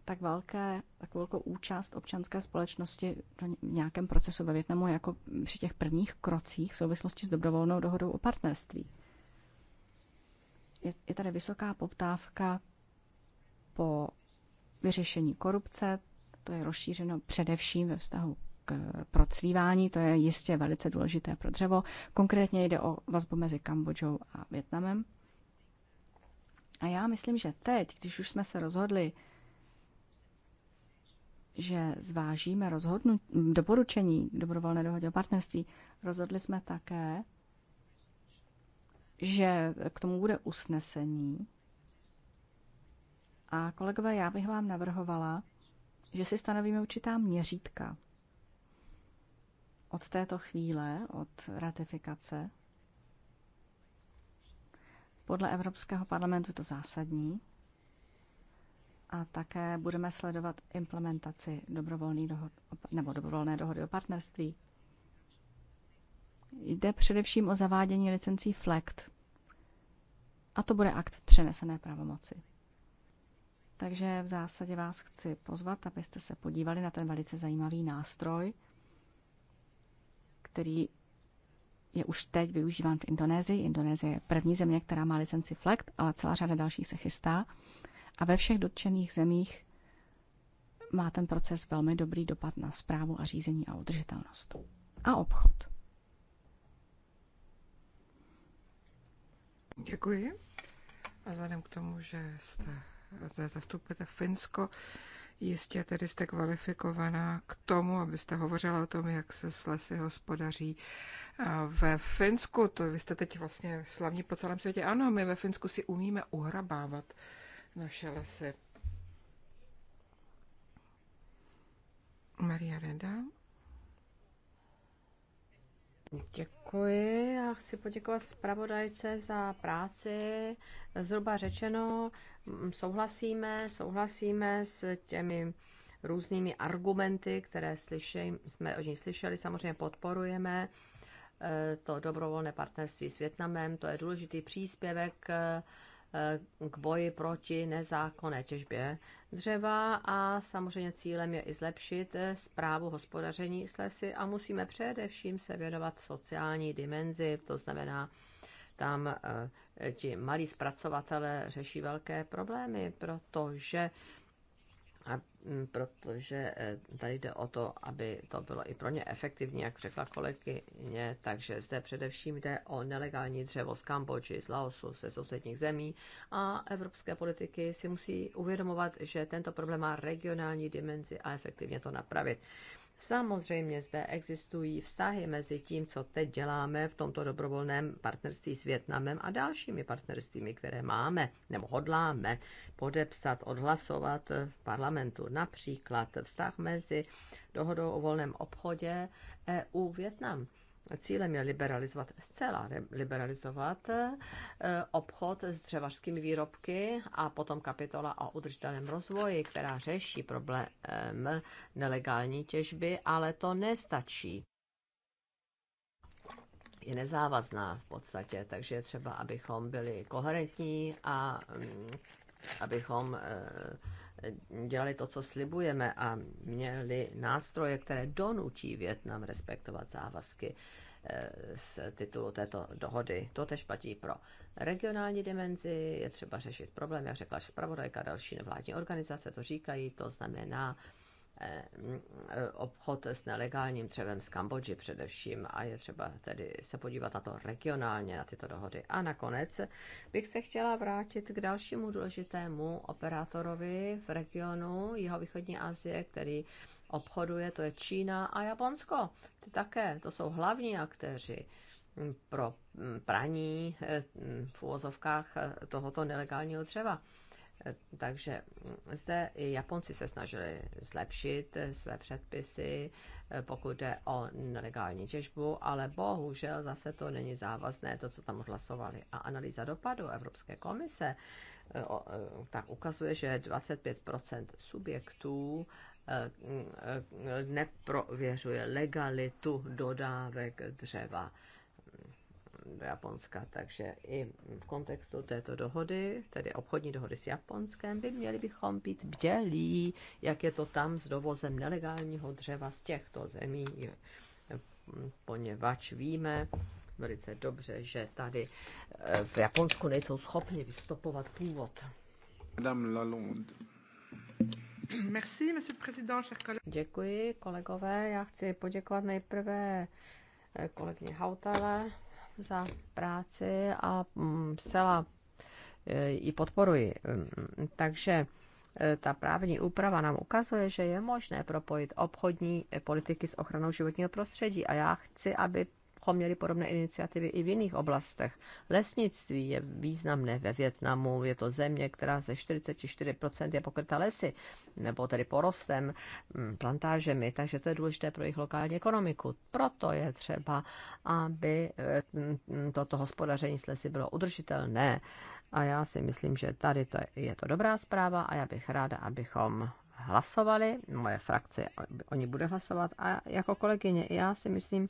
tak, velké, tak velkou účast občanské společnosti v nějakém procesu ve Větnamu jako při těch prvních krocích v souvislosti s dobrovolnou dohodou o partnerství. Je, je tady vysoká poptávka po vyřešení korupce, to je rozšířeno především ve vztahu k procvívání, to je jistě velice důležité pro dřevo. Konkrétně jde o vazbu mezi Kambodžou a Větnamem. A já myslím, že teď, když už jsme se rozhodli, že zvážíme rozhodnu, doporučení k dobrovolné dohodě o partnerství, rozhodli jsme také, že k tomu bude usnesení. A kolegové, já bych vám navrhovala, že si stanovíme určitá měřítka od této chvíle, od ratifikace, podle Evropského parlamentu je to zásadní. A také budeme sledovat implementaci dobrovolný dohod, nebo dobrovolné dohody o partnerství. Jde především o zavádění licencí FLECT. A to bude akt v přenesené pravomoci. Takže v zásadě vás chci pozvat, abyste se podívali na ten velice zajímavý nástroj, který je už teď využíván v Indonésii. Indonésie je první země, která má licenci FLECT, ale celá řada dalších se chystá. A ve všech dotčených zemích má ten proces velmi dobrý dopad na zprávu a řízení a udržitelnost. A obchod. Děkuji. A vzhledem k tomu, že jste zastupujete Finsko, Jistě tedy jste kvalifikovaná k tomu, abyste hovořila o tom, jak se s lesy hospodaří eh, ve Finsku. To vy jste teď vlastně slavní po celém světě. Ano, my ve Finsku si umíme uhrabávat naše lesy. Maria Reda. Děkuji. Děkuji a chci poděkovat zpravodajce za práci. Zhruba řečeno, mm, souhlasíme, souhlasíme s těmi různými argumenty, které slyši, jsme od ní slyšeli, samozřejmě podporujeme eh, to dobrovolné partnerství s Větnamem, to je důležitý příspěvek eh, k boji proti nezákonné těžbě dřeva a samozřejmě cílem je i zlepšit zprávu hospodaření s lesy a musíme především se věnovat sociální dimenzi, to znamená tam eh, ti malí zpracovatele řeší velké problémy, protože a mm, protože e, tady jde o to, aby to bylo i pro ně efektivní, jak řekla kolegyně, takže zde především jde o nelegální dřevo z Kambodži, z Laosu, ze sousedních zemí a evropské politiky si musí uvědomovat, že tento problém má regionální dimenzi a efektivně to napravit. Samozřejmě zde existují vztahy mezi tím, co teď děláme v tomto dobrovolném partnerství s Větnamem a dalšími partnerstvími, které máme nebo hodláme podepsat, odhlasovat v parlamentu. Například vztah mezi dohodou o volném obchodě EU-Větnam. Cílem je liberalizovat, zcela liberalizovat eh, obchod s dřevařskými výrobky a potom kapitola o udržitelném rozvoji, která řeší problém nelegální těžby, ale to nestačí. Je nezávazná v podstatě, takže je třeba, abychom byli koherentní a mm, abychom eh, dělali to, co slibujeme a měli nástroje, které donutí Větnam respektovat závazky eh, z titulu této dohody. To tež platí pro regionální dimenzi, je třeba řešit problém, jak řekla zpravodajka, další nevládní organizace to říkají, to znamená Eh, obchod s nelegálním dřevem z Kambodži především a je třeba tedy se podívat na to regionálně, na tyto dohody. A nakonec bych se chtěla vrátit k dalšímu důležitému operátorovi v regionu Jihovýchodní Asie, který obchoduje, to je Čína a Japonsko. Ty také, to jsou hlavní aktéři pro praní eh, v úvozovkách eh, tohoto nelegálního dřeva. Takže zde i Japonci se snažili zlepšit své předpisy, pokud jde o nelegální těžbu, ale bohužel zase to není závazné, to, co tam hlasovali. A analýza dopadu Evropské komise eh, eh, tak ukazuje, že 25 subjektů eh, neprověřuje legalitu dodávek dřeva do Japonska. Takže i v kontextu této dohody, tedy obchodní dohody s Japonskem, by měli bychom být bdělí, jak je to tam s dovozem nelegálního dřeva z těchto zemí, poněvadž víme velice dobře, že tady eh, v Japonsku nejsou schopni vystopovat původ. Madame Lalonde. Merci, monsieur le président, chers collègues. Děkuji, kolegové. Já chci poděkovat nejprve eh, kolegyně Hautale za práci a mm, zcela e, ji podporuji. Mm, takže e, ta právní úprava nám ukazuje, že je možné propojit obchodní politiky s ochranou životního prostředí a já chci, aby bychom měli podobné iniciativy i v jiných oblastech. Lesnictví je významné ve Větnamu, je to země, která ze 44% je pokryta lesy, nebo tedy porostem, mm, plantážemi, takže to je důležité pro jejich lokální ekonomiku. Proto je třeba, aby eh, mm, toto hospodaření s lesy bylo udržitelné. A já si myslím, že tady to je, je to dobrá zpráva a já bych ráda, abychom hlasovali, moje frakce o ní bude hlasovat a jako kolegyně já si myslím,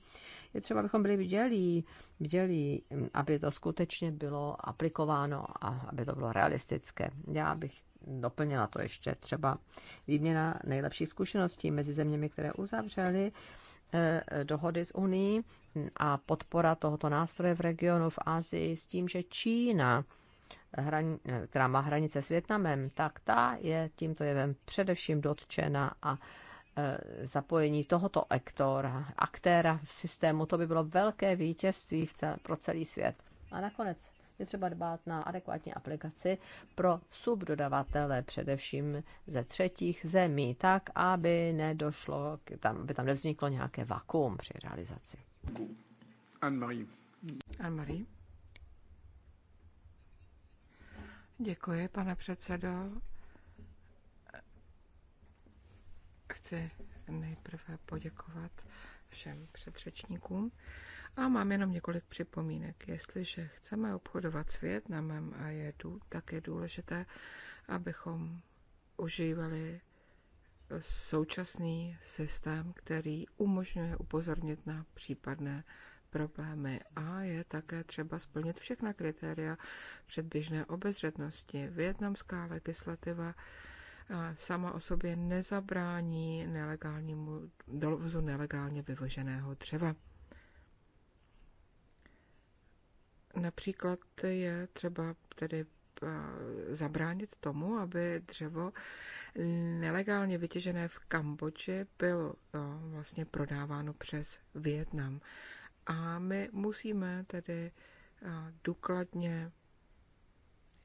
je třeba, abychom byli vdělí, vdělí, aby to skutečně bylo aplikováno a aby to bylo realistické. Já bych doplnila to ještě třeba výměna nejlepších zkušeností mezi zeměmi, které uzavřely eh, dohody s Unii a podpora tohoto nástroje v regionu v Asii s tím, že Čína hran, která má hranice s Větnamem, tak ta je tímto jevem především dotčena a e, zapojení tohoto aktora, aktéra v systému, to by bylo velké vítězství v cel, pro celý svět. A nakonec je třeba dbát na adekvátní aplikaci pro subdodavatele, především ze třetích zemí, tak, aby nedošlo, tam, aby tam nevzniklo nějaké vakuum při realizaci. Anne-Marie. Anne-Marie. Děkuji, pane předsedo. Chci nejprve poděkovat všem předřečníkům a mám jenom několik připomínek. Jestliže chceme obchodovat s Větnamem a jedu, tak je důležité, abychom užívali současný systém, který umožňuje upozornit na případné problémy a je také třeba splnit všechna kritéria předběžné obezřetnosti. Větnamská legislativa eh, sama o sobě nezabrání nelegálnímu dovozu nelegálně vyvoženého dřeva. Například je třeba tedy eh, zabránit tomu, aby dřevo nelegálně vytěžené v Kambodži bylo eh, vlastně prodáváno přes Vietnam. A my musíme tedy důkladně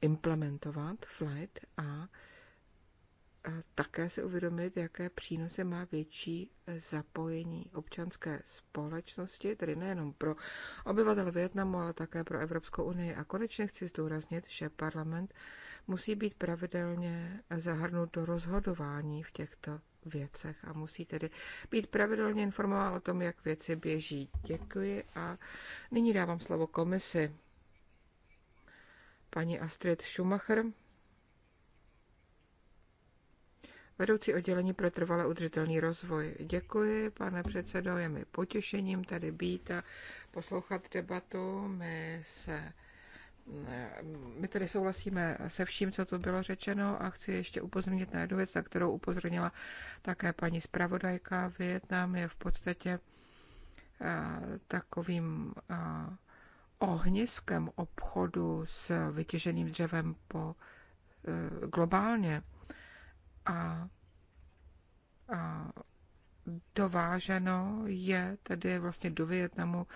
implementovat flight a také si uvědomit, jaké přínosy má větší zapojení občanské společnosti, tedy nejenom pro obyvatele Větnamu, ale také pro Evropskou unii. A konečně chci zdůraznit, že parlament musí být pravidelně zahrnut do rozhodování v těchto věcech a musí tedy být pravidelně informován o tom, jak věci běží. Děkuji a nyní dávám slovo komisi. Paní Astrid Schumacher, vedoucí oddělení pro trvalé udržitelný rozvoj. Děkuji, pane předsedo, je mi potěšením tady být a poslouchat debatu. My se my tedy souhlasíme se vším, co tu bylo řečeno a chci ještě upozornit na jednu věc, na kterou upozornila také paní zpravodajka. Větnam je v podstatě eh, takovým eh, ohniskem obchodu s vytěženým dřevem po, eh, globálně. A, a dováženo je tedy vlastně do Větnamu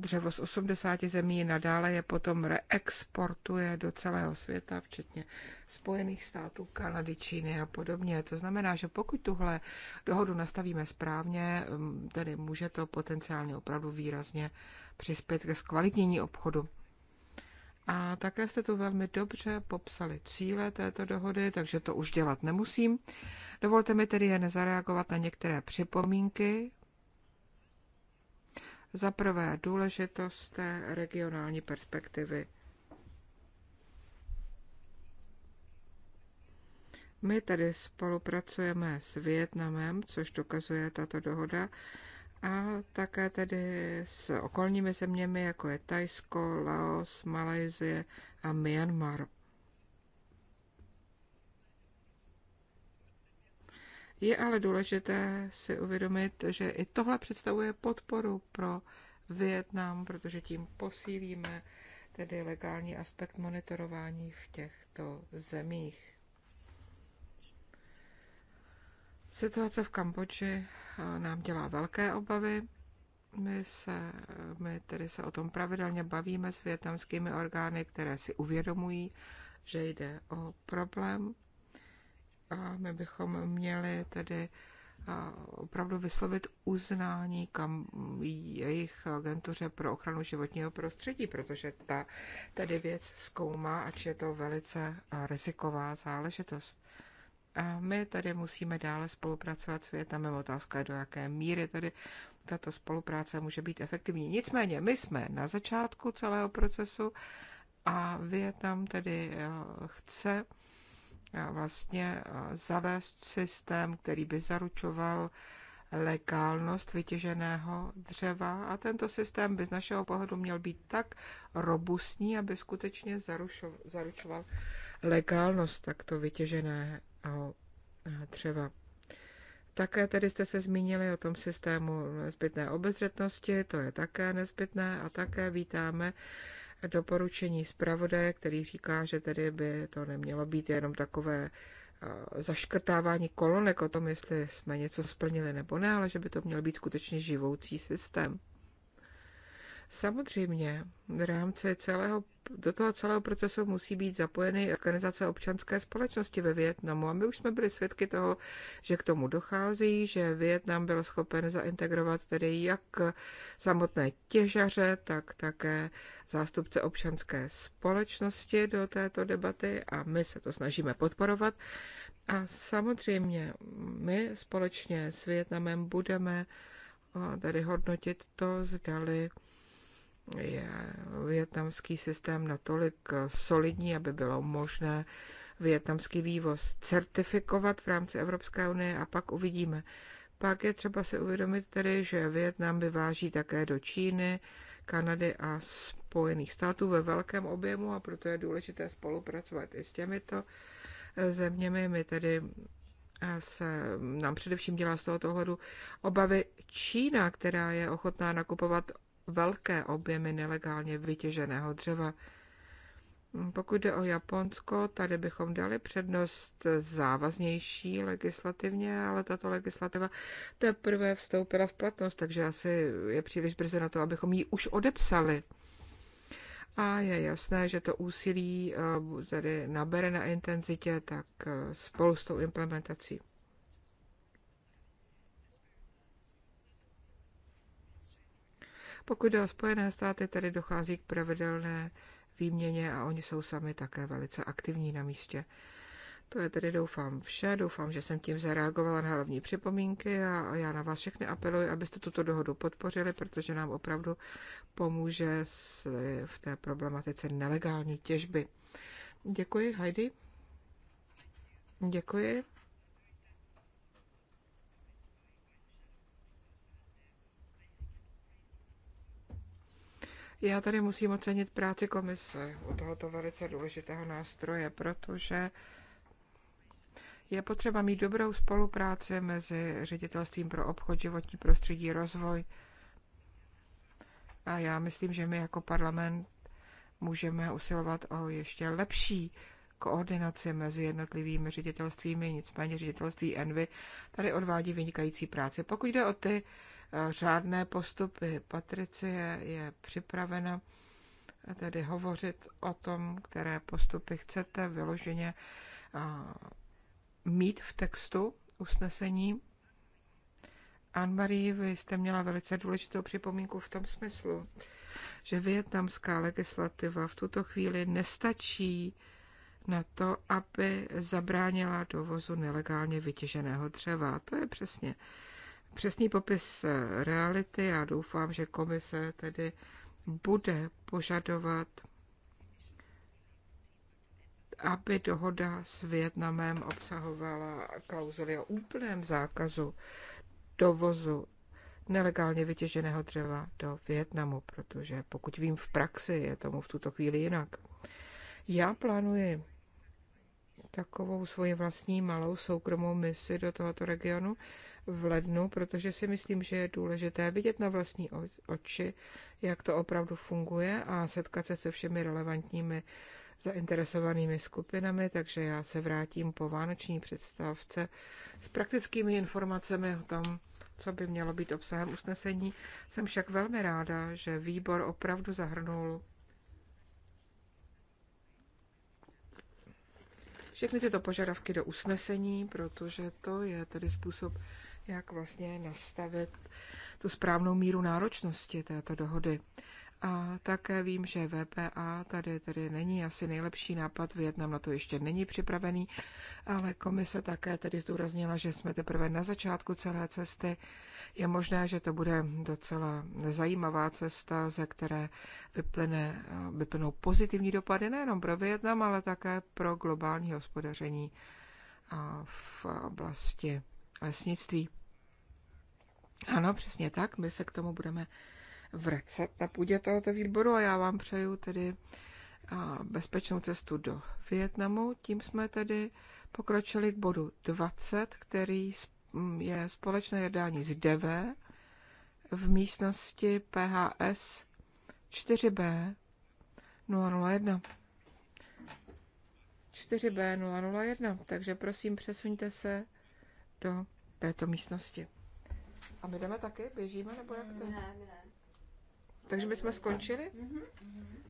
Dřevo z 80 zemí nadále je potom reexportuje do celého světa, včetně Spojených států, Kanady, Číny a podobně. To znamená, že pokud tuhle dohodu nastavíme správně, mm, tedy může to potenciálně opravdu výrazně přispět ke zkvalitnění obchodu. A také jste tu velmi dobře popsali cíle této dohody, takže to už dělat nemusím. Dovolte mi tedy jen zareagovat na některé připomínky za prvé důležitost té regionální perspektivy. My tady spolupracujeme s Vietnamem, což dokazuje tato dohoda, a také tedy s okolními zeměmi, jako je Tajsko, Laos, Malajzie a Myanmar. Je ale důležité si uvědomit, že i tohle představuje podporu pro Vietnam, protože tím posílíme tedy legální aspekt monitorování v těchto zemích. Situace v Kambodži eh, nám dělá velké obavy. My, se, my tedy se o tom pravidelně bavíme s větnamskými orgány, které si uvědomují, že jde o problém a my bychom měli tedy opravdu vyslovit uznání kam jejich agentuře pro ochranu životního prostředí, protože ta tedy věc zkoumá, ač je to velice riziková záležitost. A my tady musíme dále spolupracovat s Větnamem. Otázka je, do jaké míry tady tato spolupráce může být efektivní. Nicméně, my jsme na začátku celého procesu a Větnam tedy chce vlastně zavést systém, který by zaručoval legálnost vytěženého dřeva a tento systém by z našeho pohledu měl být tak robustní, aby skutečně zarušo, zaručoval legálnost takto vytěženého eh, dřeva. Také tedy jste se zmínili o tom systému nezbytné obezřetnosti, to je také nezbytné a také vítáme doporučení zpravodaje, který říká, že tedy by to nemělo být jenom takové eh, zaškrtávání kolonek o tom, jestli jsme něco splnili nebo ne, ale že by to měl být skutečně živoucí systém. Samozřejmě v rámci celého, do toho celého procesu musí být zapojeny organizace občanské společnosti ve Větnamu. A my už jsme byli svědky toho, že k tomu dochází, že Větnam byl schopen zaintegrovat tedy jak samotné těžaře, tak také zástupce občanské společnosti do této debaty a my se to snažíme podporovat. A samozřejmě my společně s Větnamem budeme tady hodnotit to, zdali je větnamský systém natolik solidní, aby bylo možné větnamský vývoz certifikovat v rámci Evropské unie a pak uvidíme. Pak je třeba si uvědomit tedy, že Větnam vyváží také do Číny, Kanady a Spojených států ve velkém objemu a proto je důležité spolupracovat i s těmito zeměmi. My tedy se nám především dělá z tohoto hledu obavy Čína, která je ochotná nakupovat velké objemy nelegálně vytěženého dřeva. Pokud jde o Japonsko, tady bychom dali přednost závaznější legislativně, ale tato legislativa teprve vstoupila v platnost, takže asi je příliš brzy na to, abychom ji už odepsali. A je jasné, že to úsilí eh, tedy nabere na intenzitě, tak eh, spolu s tou implementací. Pokud jde o Spojené státy, tady dochází k pravidelné výměně a oni jsou sami také velice aktivní na místě. To je tedy doufám vše, doufám, že jsem tím zareagovala na hlavní připomínky a já na vás všechny apeluji, abyste tuto dohodu podpořili, protože nám opravdu pomůže v té problematice nelegální těžby. Děkuji, Heidi. Děkuji. Já tady musím ocenit práci komise u tohoto velice důležitého nástroje, protože je potřeba mít dobrou spolupráci mezi ředitelstvím pro obchod, životní prostředí, rozvoj. A já myslím, že my jako parlament můžeme usilovat o ještě lepší koordinaci mezi jednotlivými ředitelstvími, nicméně ředitelství Envy tady odvádí vynikající práci. Pokud jde o ty řádné postupy. Patricie je připravena tedy hovořit o tom, které postupy chcete vyloženě mít v textu usnesení. Anne-Marie, vy jste měla velice důležitou připomínku v tom smyslu, že větnamská legislativa v tuto chvíli nestačí na to, aby zabránila dovozu nelegálně vytěženého dřeva. To je přesně přesný popis eh, reality. Já doufám, že komise tedy bude požadovat, aby dohoda s Větnamem obsahovala klauzuly o úplném zákazu dovozu nelegálně vytěženého dřeva do Větnamu, protože pokud vím v praxi, je tomu v tuto chvíli jinak. Já plánuji takovou svoji vlastní malou soukromou misi do tohoto regionu v lednu, protože si myslím, že je důležité vidět na vlastní oči, jak to opravdu funguje a setkat se se všemi relevantními zainteresovanými skupinami, takže já se vrátím po vánoční představce s praktickými informacemi o tom, co by mělo být obsahem usnesení. Jsem však velmi ráda, že výbor opravdu zahrnul všechny tyto požadavky do usnesení, protože to je tedy způsob, jak vlastně nastavit tu správnou míru náročnosti této dohody. A také vím, že VPA tady tedy není asi nejlepší nápad, Větnam na to ještě není připravený, ale komise také tedy zdůraznila, že jsme teprve na začátku celé cesty. Je možné, že to bude docela zajímavá cesta, ze které vyplne, vyplnou pozitivní dopady nejenom pro Větnam, ale také pro globální hospodaření v oblasti lesnictví. Ano, přesně tak. My se k tomu budeme vracet na půdě tohoto výboru a já vám přeju tedy bezpečnou cestu do Vietnamu. Tím jsme tedy pokročili k bodu 20, který mm, je společné jednání z DV v místnosti PHS 4B 001. 4B 001, takže prosím přesuňte se do této místnosti. A my jdeme taky? Běžíme nebo jak to? Ne, my ne. Takže bychom skončili? Mm-hmm.